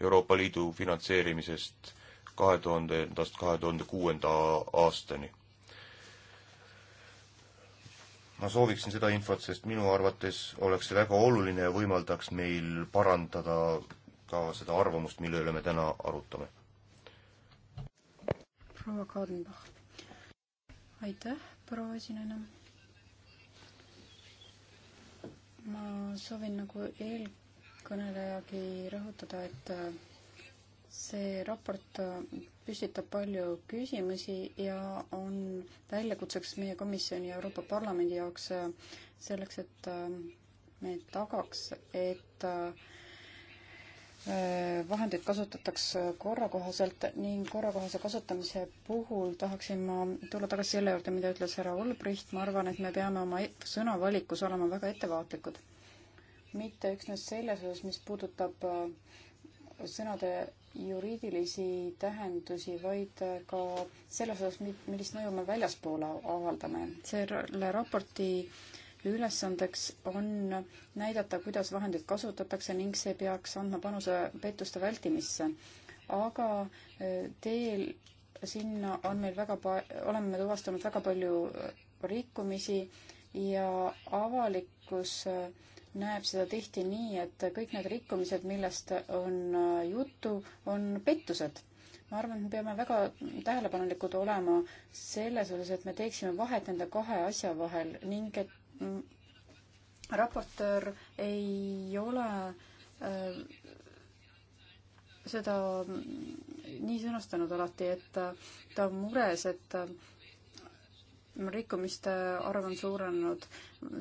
Euroopa Liidu finantseerimisest kahe tuhandendast kahe tuhande kuuenda aastani. ma sooviksin seda infot, sest minu arvates oleks see väga oluline ja võimaldaks meil parandada ka seda arvamust, mille üle me täna arutame. proua Kadenbach. aitäh, proua esinaine ma soovin nagu eelkõnelejagi rõhutada, et äh, see raport äh, püstitab palju küsimusi ja on väljakutseks meie komisjoni ja Euroopa Parlamendi jaoks äh, selleks, et me tagaks, et äh, vahendeid kasutatakse korrakohaselt ning korrakohase kasutamise puhul tahaksin ma tulla tagasi selle juurde, mida ütles härra Olbricht, ma arvan, et me peame oma sõnavalikus olema väga ettevaatlikud. mitte üksnes selles osas, mis puudutab äh, sõnade juriidilisi tähendusi, vaid äh, ka selles osas, millist mõju me väljaspoole avaldame. selle raporti äh, ülesandeks on näidata, kuidas vahendeid kasutatakse ning see peaks andma panuse pettuste vältimisse. aga eh, teel sinna on meil väga pa-, oleme tuvastanud väga palju eh, rikkumisi ja avalikkus eh, näeb seda tihti nii, et kõik need rikkumised, millest on juttu, on pettused. ma arvan, et me peame väga tähelepanelikud olema selles osas, et me teeksime vahet nende kahe asja vahel ning et raportöör ei ole äh, seda nii sõnastanud alati, et ta on mures, et äh, rikkumiste arv on suurenenud.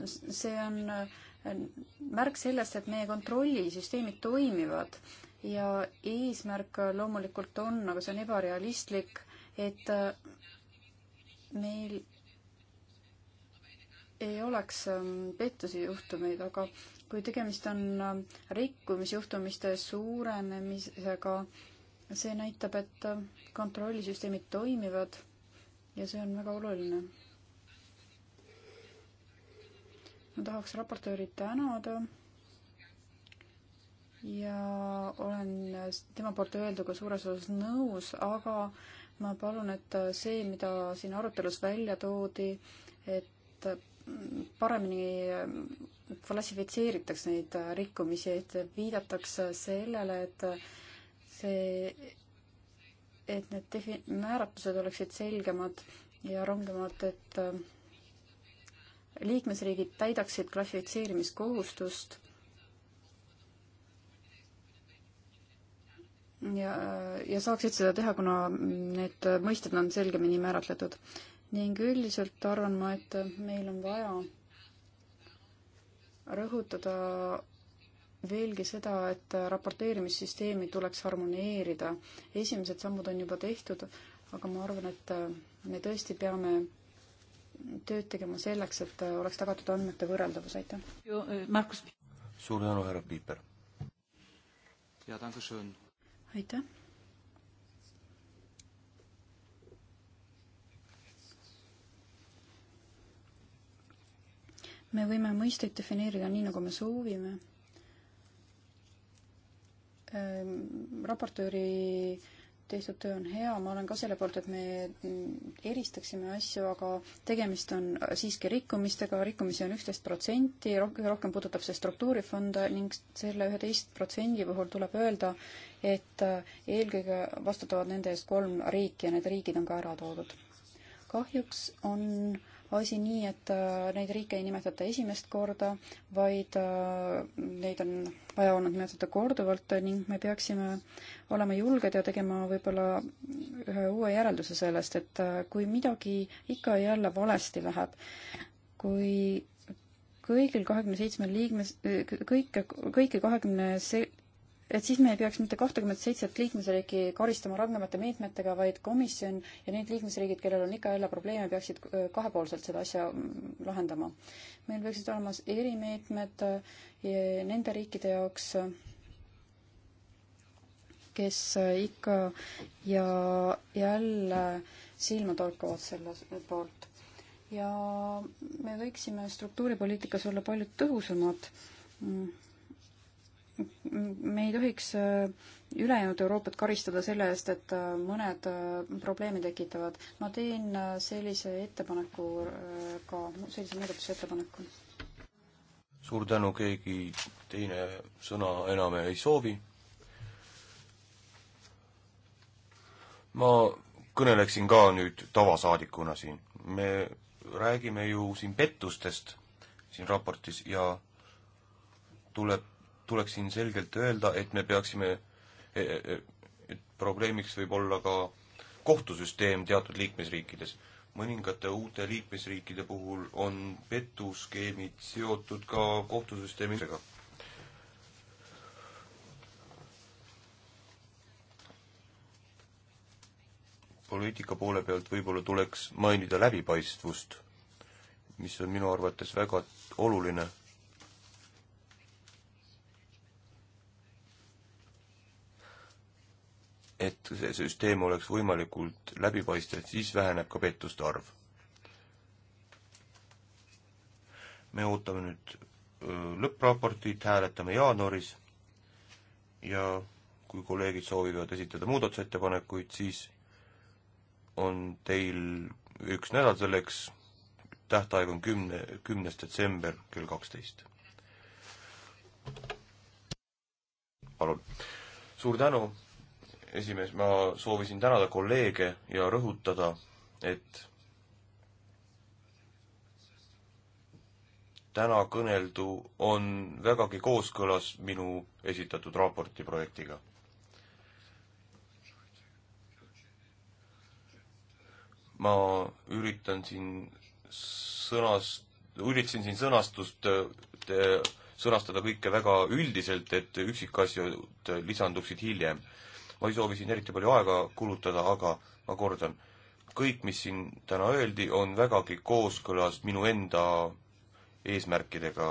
see on äh, märk sellest, et meie kontrollisüsteemid toimivad ja eesmärk loomulikult on, aga see on ebarealistlik, et meil ei oleks ähm, pettuse juhtumeid, aga kui tegemist on ähm, rikkumisjuhtumiste suurenemisega, see näitab, et ähm, kontrollisüsteemid toimivad ja see on väga oluline. ma tahaks raportööri tänada ja olen tema poolt öelduga suures osas nõus, aga ma palun, et äh, see, mida siin arutelus välja toodi, et äh, paremini klassifitseeritakse neid rikkumisi, et viidatakse sellele, et see, et need defi-, määratlused oleksid selgemad ja rangemad, et liikmesriigid täidaksid klassifitseerimiskohustust ja, ja saaksid seda teha, kuna need mõisted on selgemini määratletud ning üldiselt arvan ma, et meil on vaja rõhutada veelgi seda, et raporteerimissüsteemi tuleks harmoneerida. esimesed sammud on juba tehtud, aga ma arvan, et me tõesti peame tööd tegema selleks, et oleks tagatud andmete võrreldavus, aitäh. Äh, Markus. suur tänu, härra Piiper. aitäh me võime mõisteid defineerida nii, nagu me soovime. Ehm, raportööri tehtud töö on hea, ma olen ka selle poolt, et me eristaksime asju, aga tegemist on siiski rikkumistega, rikkumisi on üksteist protsenti, rohkem puudutab see struktuurifonde ning selle üheteist protsendi puhul tuleb öelda, et äh, eelkõige vastutavad nende eest kolm riiki ja need riigid on ka ära toodud. kahjuks on äh, asi nii, et äh, neid riike ei nimetata esimest korda, vaid äh, neid on vaja olnud nimetada korduvalt ning me peaksime olema julged ja tegema võib-olla ühe uue järelduse sellest, et äh, kui midagi ikka ja jälle valesti läheb, kui kõigil kahekümne seitsmel liikmes, kõike, kõiki kahekümne se-, et siis me ei peaks mitte kahtekümmet seitset liikmesriiki karistama rangemate meetmetega, vaid komisjon ja need liikmesriigid, kellel on ikka jälle probleeme, peaksid äh, kahepoolselt seda asja mm, lahendama. meil peaksid olema erimeetmed äh, nende riikide jaoks, kes äh, ikka ja jälle silma torkavad selle poolt. ja me võiksime struktuuripoliitikas olla palju tõhusamad mm, me ei tohiks äh, ülejäänud Euroopat karistada selle eest, et äh, mõned äh, probleeme tekitavad. ma teen sellise ettepaneku ka, sellise muudatusettepaneku. suur tänu, keegi teine sõna enam ei soovi. ma kõneleksin ka nüüd tavasaadikuna siin. me räägime ju siin pettustest siin raportis ja tuleb tuleks siin selgelt öelda, et me peaksime, e, e, e, et probleemiks võib olla ka kohtusüsteem teatud liikmesriikides. mõningate uute liikmesriikide puhul on petuskeemid seotud ka kohtusüsteemiga. poliitika poole pealt võib-olla tuleks mainida läbipaistvust, mis on minu arvates väga oluline et see süsteem oleks võimalikult läbipaistev, siis väheneb ka pettuste arv. me ootame nüüd lõppraportit, hääletame jaanuaris ja kui kolleegid soovivad esitada muudatusettepanekuid, siis on teil üks nädal selleks, tähtaeg on kümne, kümnes detsember kell kaksteist. palun. suur tänu esimees, ma soovisin tänada kolleege ja rõhutada, et täna kõneldu on vägagi kooskõlas minu esitatud raporti projektiga. ma üritan siin sõnast, üritasin siin sõnastust te, sõnastada kõike väga üldiselt, et üksikasjad lisanduksid hiljem ma ei soovi siin eriti palju aega kulutada, aga ma kordan, kõik, mis siin täna öeldi, on vägagi kooskõlas minu enda eesmärkidega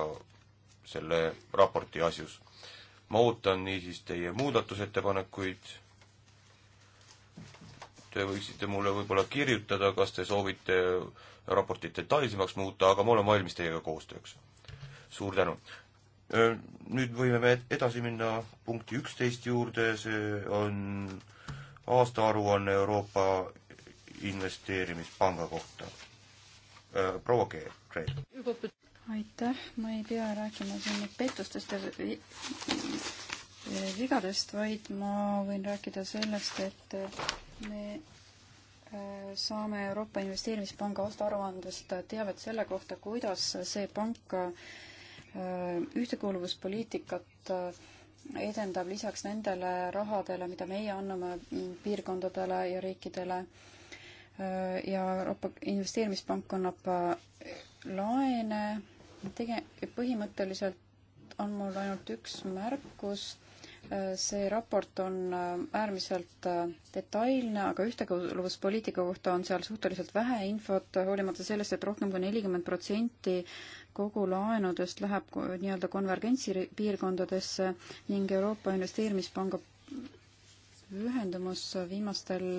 selle raporti asjus. ma ootan niisiis teie muudatusettepanekuid, te võiksite mulle võib-olla kirjutada, kas te soovite raportit detailsemaks muuta, aga ma olen valmis teiega koostööks. suur tänu! nüüd võime me edasi minna punkti üksteist juurde, see on aastaaruanne Euroopa Investeerimispanga kohta. proua Kreel. aitäh, ma ei pea rääkima siin nüüd pettustest ja vigadest, vaid ma võin rääkida sellest, et me saame Euroopa Investeerimispanga aastaaruandest teavet selle kohta, kuidas see pank Äh, ühtekuuluvuspoliitikat äh, edendab lisaks nendele rahadele, mida meie anname mm, piirkondadele ja riikidele äh, ja Euroopa Investeerimispank annab laene, tege-, põhimõtteliselt on mul ainult üks märkus Äh, see raport on äh, äärmiselt äh, detailne, aga ühtekuuluvuspoliitika kohta on seal suhteliselt vähe infot, hoolimata sellest, et rohkem kui nelikümmend protsenti kogu laenudest läheb nii-öelda konvergentsi piirkondadesse ning Euroopa Investeerimispanga ühendumus viimastel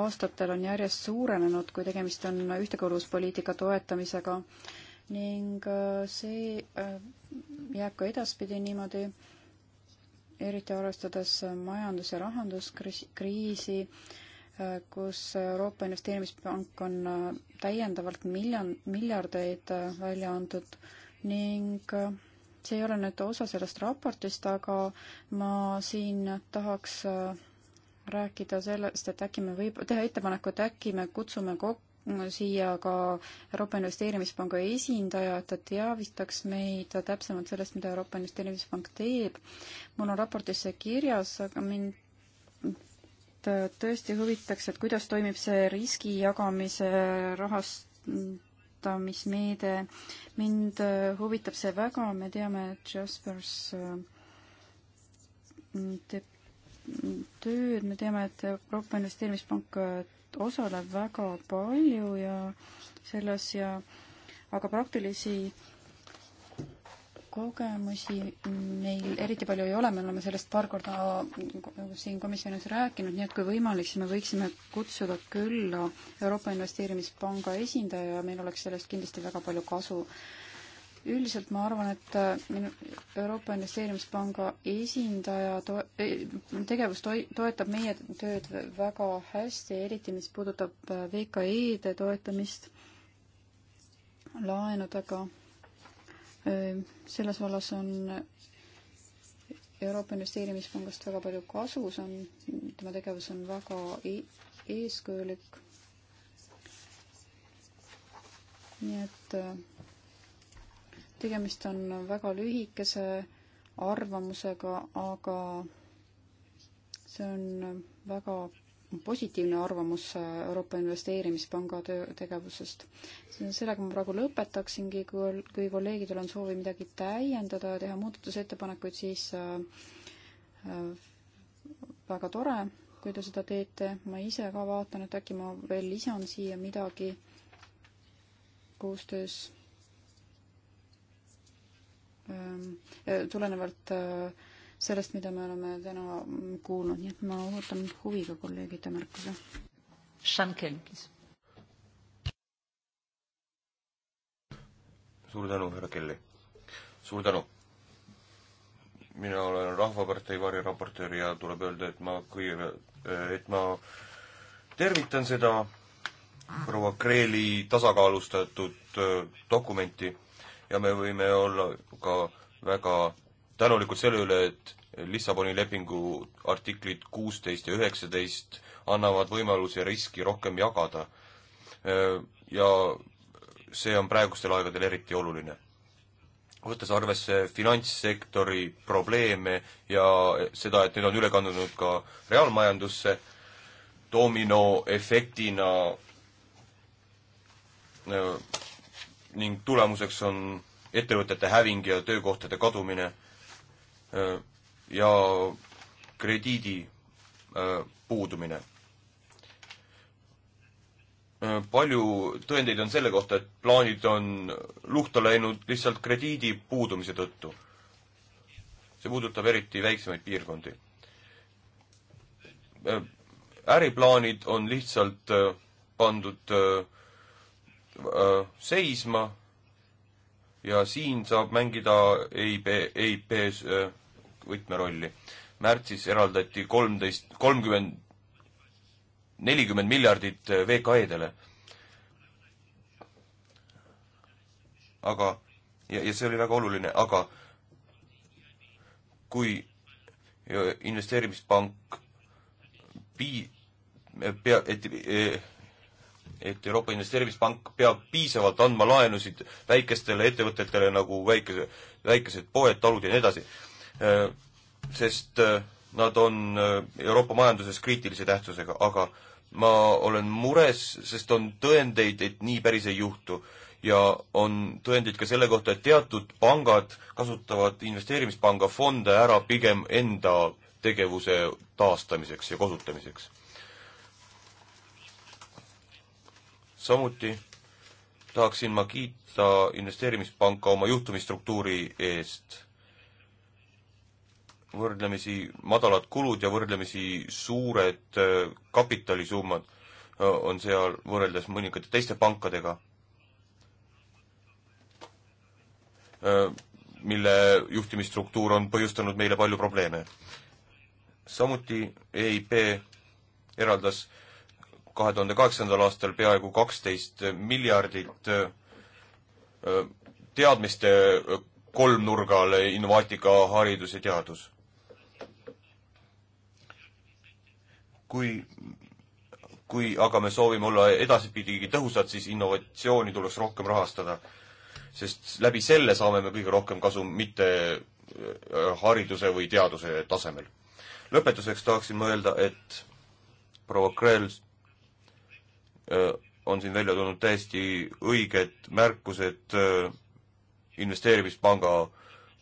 aastatel on järjest suurenenud, kui tegemist on ühtekuuluvuspoliitika toetamisega ning see jääb ka edaspidi niimoodi eriti arvestades majandus- ja rahanduskriisi, kus Euroopa Investeerimispank on äh, täiendavalt miljon, miljardeid äh, välja antud ning äh, see ei ole nüüd osa sellest raportist, aga ma siin tahaks rääkida sellest, et äkki me võib, teha ettepaneku, et äkki me kutsume kokku siia ka Euroopa Investeerimispanga esindaja, et ta teavitaks meid täpsemalt sellest, mida Euroopa Investeerimispank teeb. mul on raportis see kirjas, aga mind tõesti huvitaks, et kuidas toimib see riski jagamise rahastamismeede. mind huvitab see väga, me teame, et Jaspers äh, teeb tööd, me teame, et Euroopa Investeerimispank osaleb väga palju ja selles ja aga praktilisi kogemusi meil eriti palju ei ole, me oleme sellest paar korda siin komisjonis rääkinud, nii et kui võimalik, siis me võiksime kutsuda külla Euroopa Investeerimispanga esindaja ja meil oleks sellest kindlasti väga palju kasu üldiselt ma arvan, et äh, minu Euroopa Investeerimispanga esindaja to-, tegevus toi-, toetab meie tööd väga hästi, eriti mis puudutab äh, VKE-de toetamist laenudega. Äh, selles vallas on Euroopa Investeerimispangast väga palju kasu, see on, tema tegevus on väga e-, eeskujulik. nii et tegemist on väga lühikese arvamusega, aga see on väga positiivne arvamus Euroopa Investeerimispanga töö, tegevusest. sellega ma praegu lõpetaksingi, kui, kui kolleegidel on soovi midagi täiendada ja teha muudatusettepanekuid, siis äh, väga tore, kui te seda teete. ma ise ka vaatan, et äkki ma veel lisan siia midagi koostöös Ehm, eh, tulenevalt eh, sellest, mida me oleme täna kuulnud, nii et ma ootan huviga kolleegide märkuse. Sean Kelkis. suur tänu, härra Kelly. suur tänu. mina olen Rahvapartei variraportöör ja tuleb öelda, et ma kõigepealt, eh, et ma tervitan seda proua Kreeli tasakaalustatud dokumenti ja me võime olla ka väga tänulikud selle üle, et Lissaboni lepingu artiklid kuusteist ja üheksateist annavad võimaluse riski rohkem jagada. Äh, ja see on praegustel aegadel eriti oluline. võttes arvesse finantssektori probleeme ja seda, et need on üle kandunud ka reaalmajandusse, dominoefektina äh, ning tulemuseks on ettevõtete häving ja töökohtade kadumine äh, ja krediidi äh, puudumine. Äh, palju tõendeid on selle kohta, et plaanid on luhta läinud lihtsalt krediidi puudumise tõttu. see puudutab eriti väiksemaid piirkondi. äriplaanid on lihtsalt pandud äh, Äh, seisma ja siin saab mängida EIB, EIB-s äh, võtmerolli. märtsis eraldati kolmteist, kolmkümmend, nelikümmend miljardit äh, VKE-dele. aga, ja, ja see oli väga oluline, aga kui investeerimispank pii-, pea-, et et Euroopa Investeerimispank peab piisavalt andma laenusid väikestele ettevõtetele nagu väikese, väikesed poed, talud ja nii edasi. Äh, sest äh, nad on äh, Euroopa majanduses kriitilise tähtsusega, aga ma olen mures, sest on tõendeid, et nii päris ei juhtu. ja on tõendeid ka selle kohta, et teatud pangad kasutavad investeerimispanga fonde ära pigem enda tegevuse taastamiseks ja kasutamiseks samuti tahaksin ma kiita investeerimispanka oma juhtumistruktuuri eest. võrdlemisi madalad kulud ja võrdlemisi suured äh, kapitalisummad äh, on seal võrreldes mõningate teiste pankadega, äh, mille juhtimisstruktuur on põhjustanud meile palju probleeme. samuti EIP eraldas kahe tuhande kaheksandal aastal peaaegu kaksteist miljardit äh, teadmiste äh, kolmnurgale innovaatika, haridus ja teadus. kui, kui aga me soovime olla edaspidigi tõhusad, siis innovatsiooni tuleks rohkem rahastada. sest läbi selle saame me kõige rohkem kasu, mitte äh, hariduse või teaduse tasemel. lõpetuseks tahaksin ma öelda, et proua Krell on siin välja tulnud täiesti õiged märkused investeerimispanga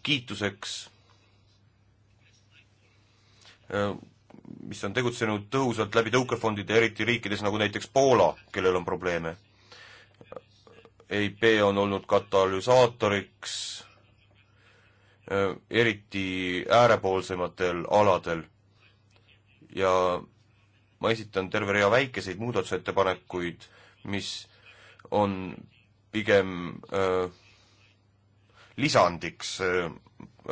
kiituseks, mis on tegutsenud tõhusalt läbi tõukefondide, eriti riikides nagu näiteks Poola, kellel on probleeme. EIP on olnud katalüsaatoriks eriti äärepoolsematel aladel ja ma esitan terve rea väikeseid muudatusettepanekuid, mis on pigem öö, lisandiks öö,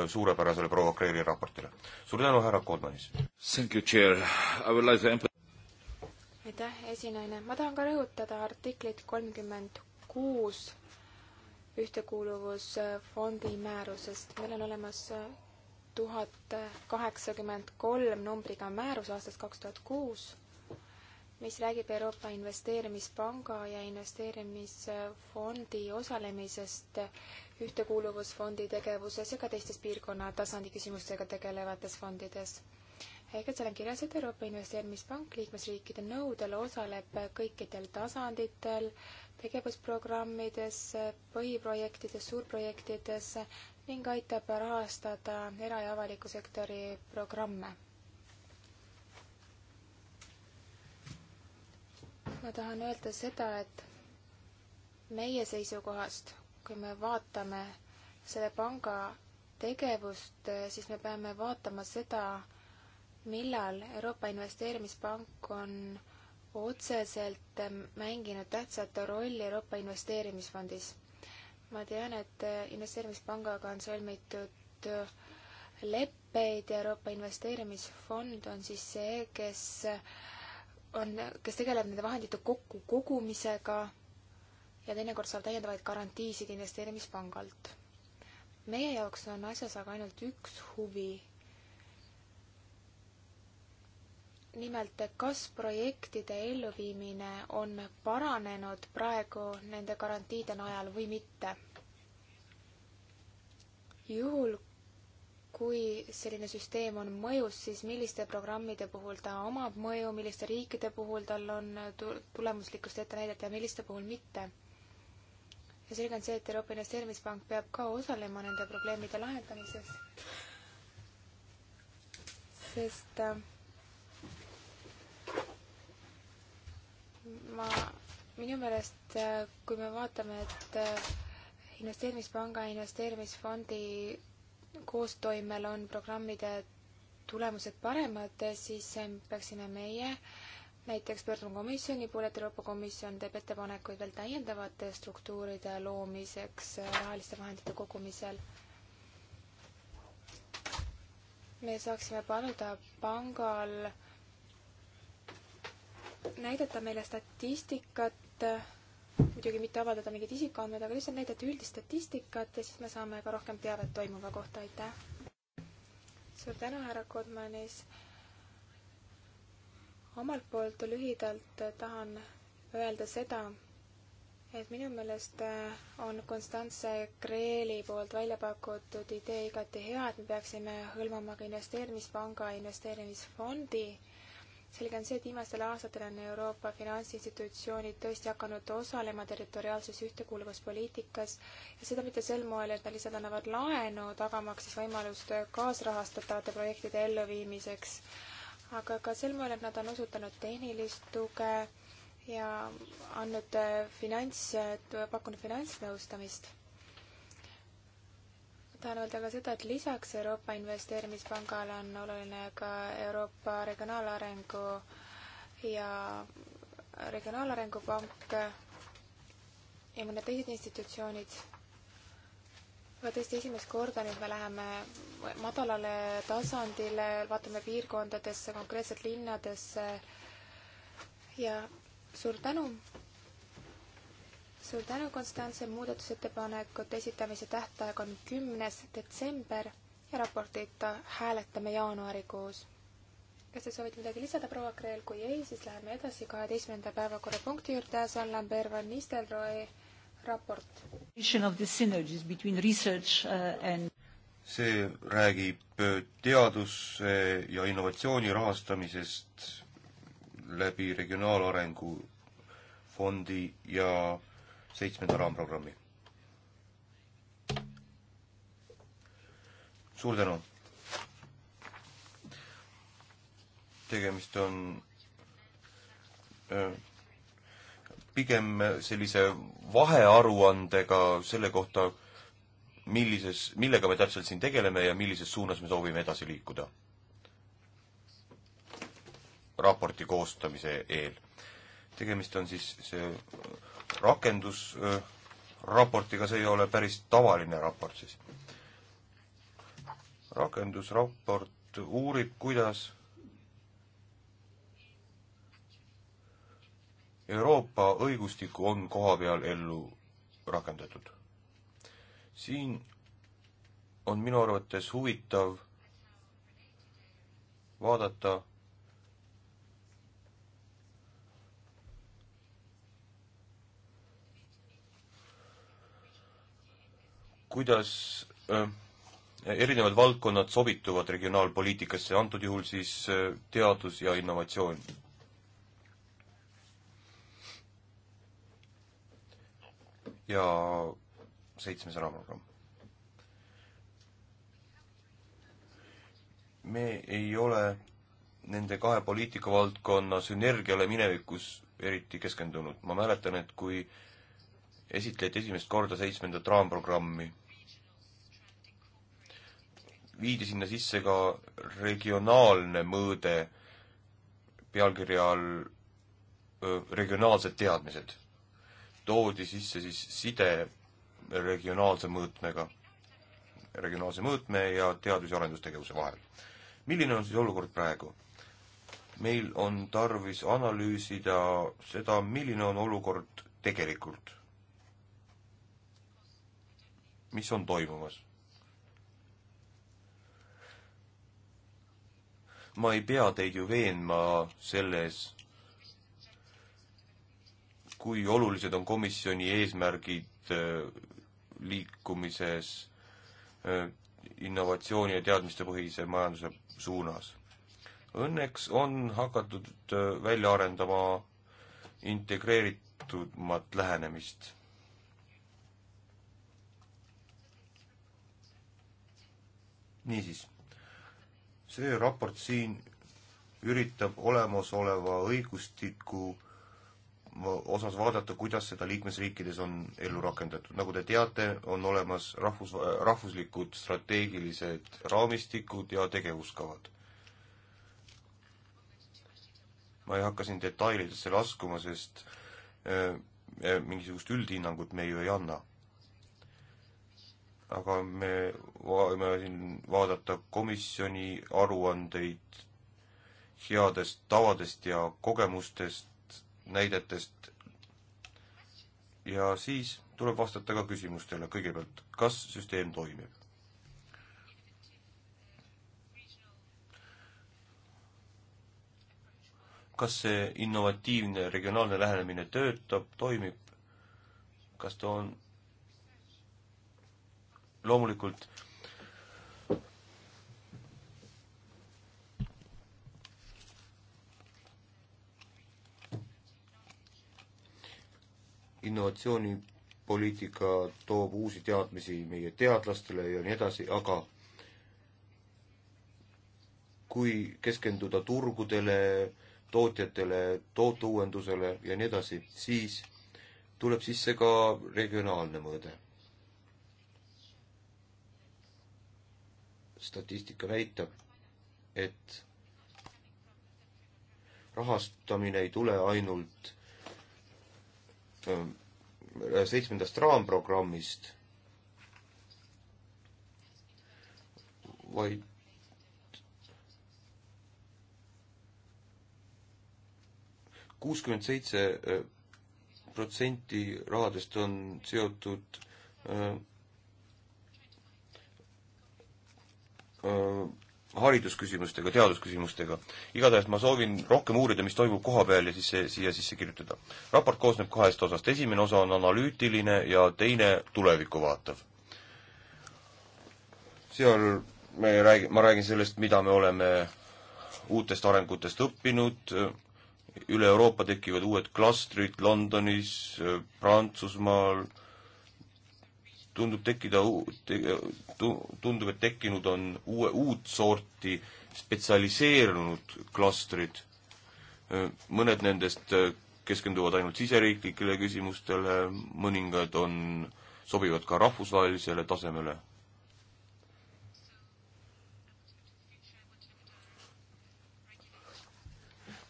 suurepärasele proua Kreeri raportile. suur tänu, härra Kodmanis! aitäh, esinaine! ma tahan ka rõhutada artiklit kolmkümmend kuus ühtekuuluvusfondi määrusest. meil on olemas tuhat kaheksakümmend kolm numbriga määrus aastast kaks tuhat kuus, mis räägib Euroopa Investeerimispanga ja investeerimisfondi osalemisest ühtekuuluvusfondi tegevuses ja ka teistes piirkonna tasandi küsimustega tegelevates fondides ega seal on kirjas, et Euroopa Investeerimispank liikmesriikide nõudel osaleb kõikidel tasanditel, tegevusprogrammides, põhiprojektides, suurprojektides, ning aitab rahastada era- ja avaliku sektori programme. ma tahan öelda seda, et meie seisukohast, kui me vaatame selle panga tegevust, siis me peame vaatama seda, millal Euroopa Investeerimispank on otseselt mänginud tähtsat rolli Euroopa Investeerimisfondis ma tean, et äh, investeerimispangaga on sõlmitud äh, leppeid ja Euroopa Investeerimisfond on siis see, kes äh, on, kes tegeleb nende vahendite kokku kogumisega ja teinekord saab täiendavaid garantiisid investeerimispangalt. meie jaoks on asjas aga ainult üks huvi nimelt, kas projektide elluviimine on paranenud praegu nende garantiide najal või mitte? juhul, kui selline süsteem on mõjus, siis milliste programmide puhul ta omab mõju, milliste riikide puhul tal on tulemuslikkust ette näidata ja milliste puhul mitte? ja selge on see, et Euroopa Investeerimispank peab ka osalema nende probleemide lahendamises, sest äh, ma, minu meelest, äh, kui me vaatame, et äh, investeerimispanga ja investeerimisfondi koostoimel on programmide tulemused paremad, siis peaksime meie näiteks pöörduma komisjoni poole, et Euroopa Komisjon teeb ettepanekuid veel täiendavate struktuuride loomiseks äh, rahaliste vahendite kogumisel. me saaksime paluda pangal näidata meile statistikat, muidugi mitte avaldada mingeid isikuandmeid, aga lihtsalt näidata üldist statistikat ja siis me saame ka rohkem teavet toimuva kohta, aitäh! suur tänu, härra Kodmanis! omalt poolt lühidalt tahan öelda seda, et minu meelest on Konstantse Kreeli poolt välja pakutud idee igati hea, et me peaksime hõlmama ka investeerimispanga investeerimisfondi selge on see, et viimastel aastatel on Euroopa finantsinstitutsioonid tõesti hakanud osalema territoriaalses ühtekuuluvuspoliitikas ja seda mitte sel moel, et nad lihtsalt annavad laenu, tagamaks siis võimalust kaasrahastatavate projektide elluviimiseks, aga ka sel moel, et nad on osutanud tehnilist tuge ja andnud äh, finants, äh, pakkunud finantsnõustamist tahan öelda ka seda, et lisaks Euroopa Investeerimispangale on oluline ka Euroopa Regionaalarengu ja Regionaalarengu Pank ja mõned teised institutsioonid. aga tõesti, esimest korda nüüd me läheme madalale tasandile, vaatame piirkondadesse, konkreetselt linnadesse ja suur tänu suur tänu, Konstantse, muudatusettepanekute esitamise tähtaeg on kümnes detsember ja raportit hääletame jaanuarikuus. kas te soovite midagi lisada, proua Kreel, kui ei, siis läheme edasi kaheteistkümnenda päevakorrapunkti juurde, see on Lambert van Nistelrooy raport. Uh, and... see räägib uh, teaduse ja innovatsiooni rahastamisest läbi regionaalarengu fondi ja seitsmenda raamprogrammi. suur tänu. tegemist on äh, pigem sellise vahearuandega selle kohta, millises, millega me täpselt siin tegeleme ja millises suunas me soovime edasi liikuda raporti koostamise eel. tegemist on siis see rakendusraportiga, see ei ole päris tavaline raport siis. rakendusraport uurib, kuidas Euroopa õigustikku on kohapeal ellu rakendatud. siin on minu arvates huvitav vaadata kuidas erinevad valdkonnad sobituvad regionaalpoliitikasse, antud juhul siis teadus ja innovatsioon? ja seitsmes raamprogramm. me ei ole nende kahe poliitikavaldkonna sünergiale minevikus eriti keskendunud. ma mäletan, et kui esitleti esimest korda seitsmendat raamprogrammi, viidi sinna sisse ka regionaalne mõõde pealkirja all regionaalsed teadmised. toodi sisse siis side regionaalse mõõtmega, regionaalse mõõtme ja teadus- ja arendustegevuse vahel. milline on siis olukord praegu? meil on tarvis analüüsida seda, milline on olukord tegelikult. mis on toimumas ma ei pea teid ju veenma selles, kui olulised on komisjoni eesmärgid äh, liikumises äh, innovatsiooni ja teadmistepõhise majanduse suunas. Õnneks on hakatud äh, välja arendama integreeritumat lähenemist niisiis see raport siin üritab olemasoleva õigustiku osas vaadata, kuidas seda liikmesriikides on ellu rakendatud. nagu te teate, on olemas rahvus, rahvuslikud strateegilised raamistikud ja tegevuskavad. ma ei hakka siin detailidesse laskuma, sest äh, äh mingisugust üldhinnangut me ju ei anna aga me võime siin vaadata komisjoni aruandeid headest tavadest ja kogemustest, näidetest ja siis tuleb vastata ka küsimustele kõigepealt, kas süsteem toimib? kas see innovatiivne regionaalne lähenemine töötab, toimib, kas ta on loomulikult innovatsioonipoliitika toob uusi teadmisi meie teadlastele ja nii edasi, aga kui keskenduda turgudele, tootjatele, tooteuuendusele ja nii edasi, siis tuleb sisse ka regionaalne mõõde. statistika näitab, et rahastamine ei tule ainult ähm, seitsmendast raamprogrammist, vaid kuuskümmend seitse äh, protsenti rahadest on seotud äh, haridusküsimustega, teadusküsimustega. igatahes ma soovin rohkem uurida, mis toimub kohapeal ja siis see siia sisse kirjutada. raport koosneb kahest osast, esimene osa on analüütiline ja teine tulevikku vaatav. seal me räägi-, ma räägin sellest, mida me oleme uutest arengutest õppinud, üle Euroopa tekivad uued klastrid Londonis, Prantsusmaal, tundub tekkida, tundub, et tekkinud on uue, uut sorti spetsialiseerunud klastrid. mõned nendest keskenduvad ainult siseriiklikele küsimustele, mõningad on, sobivad ka rahvusvahelisele tasemele.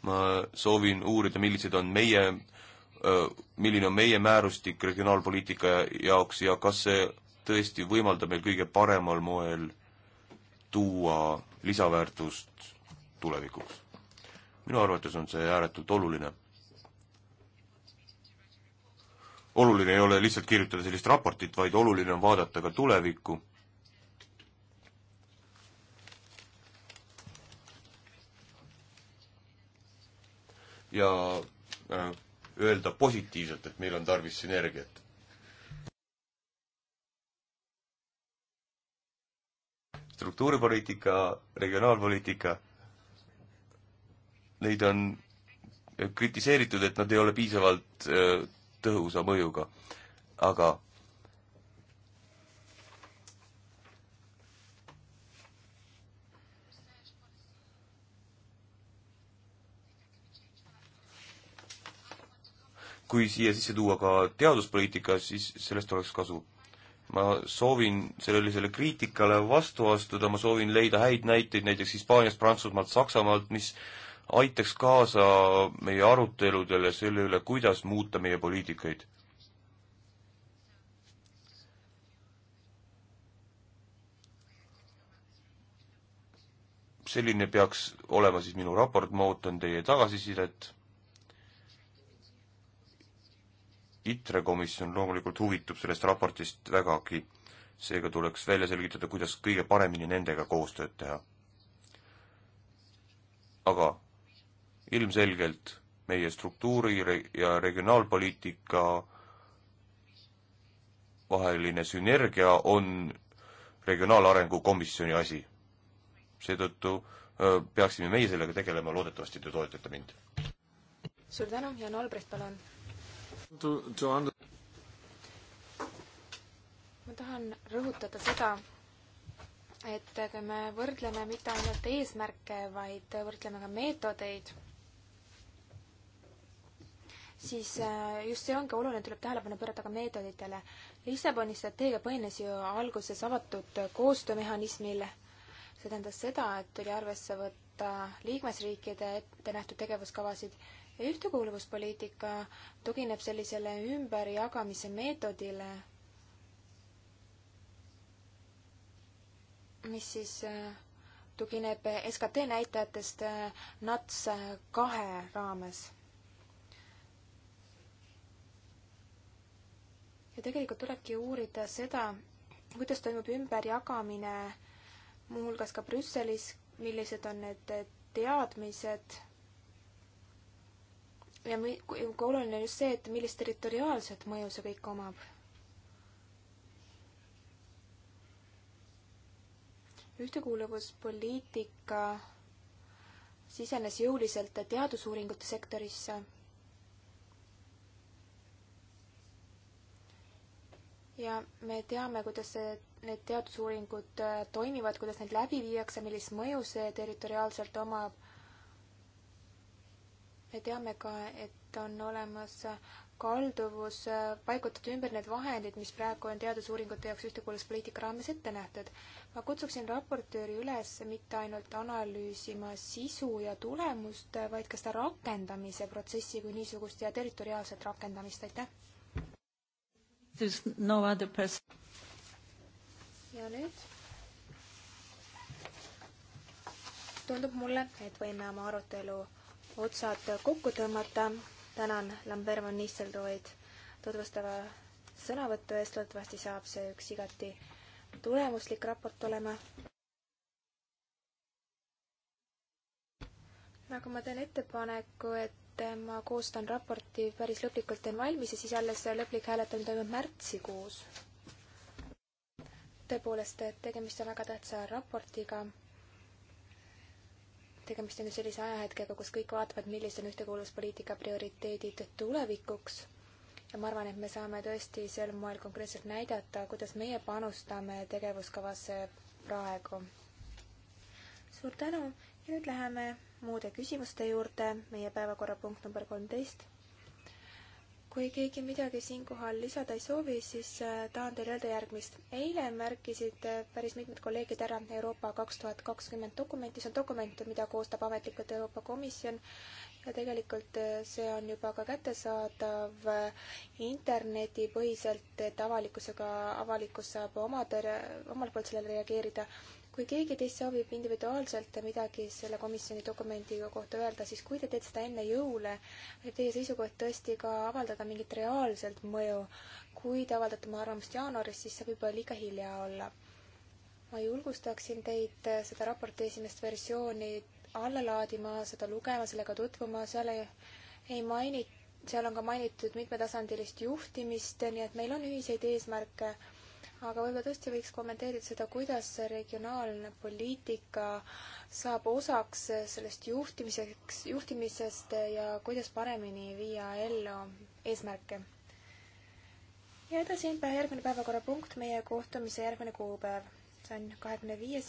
ma soovin uurida, millised on meie milline on meie määrustik regionaalpoliitika jaoks ja kas see tõesti võimaldab meil kõige paremal moel tuua lisaväärtust tulevikuks. minu arvates on see ääretult oluline. oluline ei ole lihtsalt kirjutada sellist raportit, vaid oluline on vaadata ka tulevikku. ja äh, öelda positiivselt, et meil on tarvis sünergiat. struktuuripoliitika, regionaalpoliitika, neid on kritiseeritud, et nad ei ole piisavalt äh, tõhusa mõjuga. aga kui siia sisse tuua ka teaduspoliitika, siis sellest oleks kasu. ma soovin sellisele kriitikale vastu astuda, ma soovin leida häid näiteid näiteks Hispaaniast, Prantsusmaalt, Saksamaalt, mis aitaks kaasa meie aruteludele selle üle, kuidas muuta meie poliitikaid. selline peaks olema siis minu raport, ma ootan teie tagasisidet ITRE komisjon loomulikult huvitub sellest raportist vägagi, seega tuleks välja selgitada, kuidas kõige paremini nendega koostööd teha. aga ilmselgelt meie struktuuri ja regionaalpoliitika vaheline sünergia on Regionaalarengu Komisjoni asi. seetõttu peaksime meie sellega tegelema, loodetavasti te toetate mind. suur tänu, Jan Albrecht, palun! ma tahan rõhutada seda, et kui me võrdleme mitte ainult eesmärke, vaid võrdleme ka meetodeid, siis äh, just see ongi oluline, tuleb tähelepanu pöörata ka meetoditele. Lissaboni strateegia põhines ju alguses avatud koostöömehhanismil. see tähendas seda, et tuli arvesse võtta liikmesriikide ette nähtud tegevuskavasid ühtekuuluvuspoliitika tugineb sellisele ümberjagamise meetodile, mis siis äh, tugineb SKT näitajatest äh, NATS äh, kahe raames. ja tegelikult tulebki uurida seda, kuidas toimub ümberjagamine muuhulgas ka Brüsselis, millised on need teadmised ja kui oluline on just see, et millist territoriaalset mõju see kõik omab. ühtekuuluvuspoliitika sisenes jõuliselt teadusuuringute sektorisse. ja me teame, kuidas see, need teadusuuringud äh, toimivad, kuidas neid läbi viiakse, millist mõju see territoriaalselt omab me teame ka, et on olemas kalduvus äh, paigutada ümber need vahendid, mis praegu on teadusuuringute jaoks ühtekuuluvuspoliitika raames ette nähtud. ma kutsuksin raportööri üles mitte ainult analüüsima sisu ja tulemust, äh, vaid ka seda rakendamise protsessi kui niisugust ja territoriaalset rakendamist, aitäh! No ja nüüd? tundub mulle, et võime oma arutelu otsad kokku tõmmata. tänan Lambert von Nistelrooid tutvustava sõnavõtu eest, loodetavasti saab see üks igati tulemuslik raport olema. aga nagu ma teen ettepaneku, et ma koostan raporti päris lõplikult, teen valmis ja siis alles lõplik hääletamine toimub märtsikuus. tõepoolest, tegemist on väga tähtsa raportiga tegemist on ju sellise ajahetkega, kus kõik vaatavad, millised on ühtekuuluvuspoliitika prioriteedid tulevikuks. ja ma arvan, et me saame tõesti sel moel konkreetselt näidata, kuidas meie panustame tegevuskavasse praegu. suur tänu ja nüüd läheme muude küsimuste juurde, meie päevakorrapunkt number kolmteist kui keegi midagi siinkohal lisada ei soovi, siis äh, tahan teile öelda järgmist. eile märkisid äh, päris mitmed kolleegid ära Euroopa kaks tuhat kakskümmend dokumenti, see on dokument, mida koostab ametlikult Euroopa Komisjon ja tegelikult äh, see on juba ka kättesaadav internetipõhiselt, et avalikkusega, avalikkus saab omad, omalt poolt sellele reageerida kui keegi teist soovib individuaalselt midagi selle komisjoni dokumendi kohta öelda, siis kui te teete seda enne jõule, võib teie seisukoht tõesti ka avaldada mingit reaalselt mõju. kui te avaldate oma arvamust jaanuaris, siis saab juba liiga hilja olla. ma julgustaksin teid seda raporti esimest versiooni alla laadima, seda lugema, sellega tutvuma, seal ei, ei mainita seal on ka mainitud mitmetasandilist juhtimist, nii et meil on ühiseid eesmärke aga võib-olla tõesti võiks kommenteerida seda, kuidas regionaalne poliitika saab osaks sellest juhtimiseks, juhtimisest ja kuidas paremini viia ellu eesmärke. ja edasi järgmine päevakorrapunkt, meie kohtumise järgmine kuupäev. see on kahekümne viies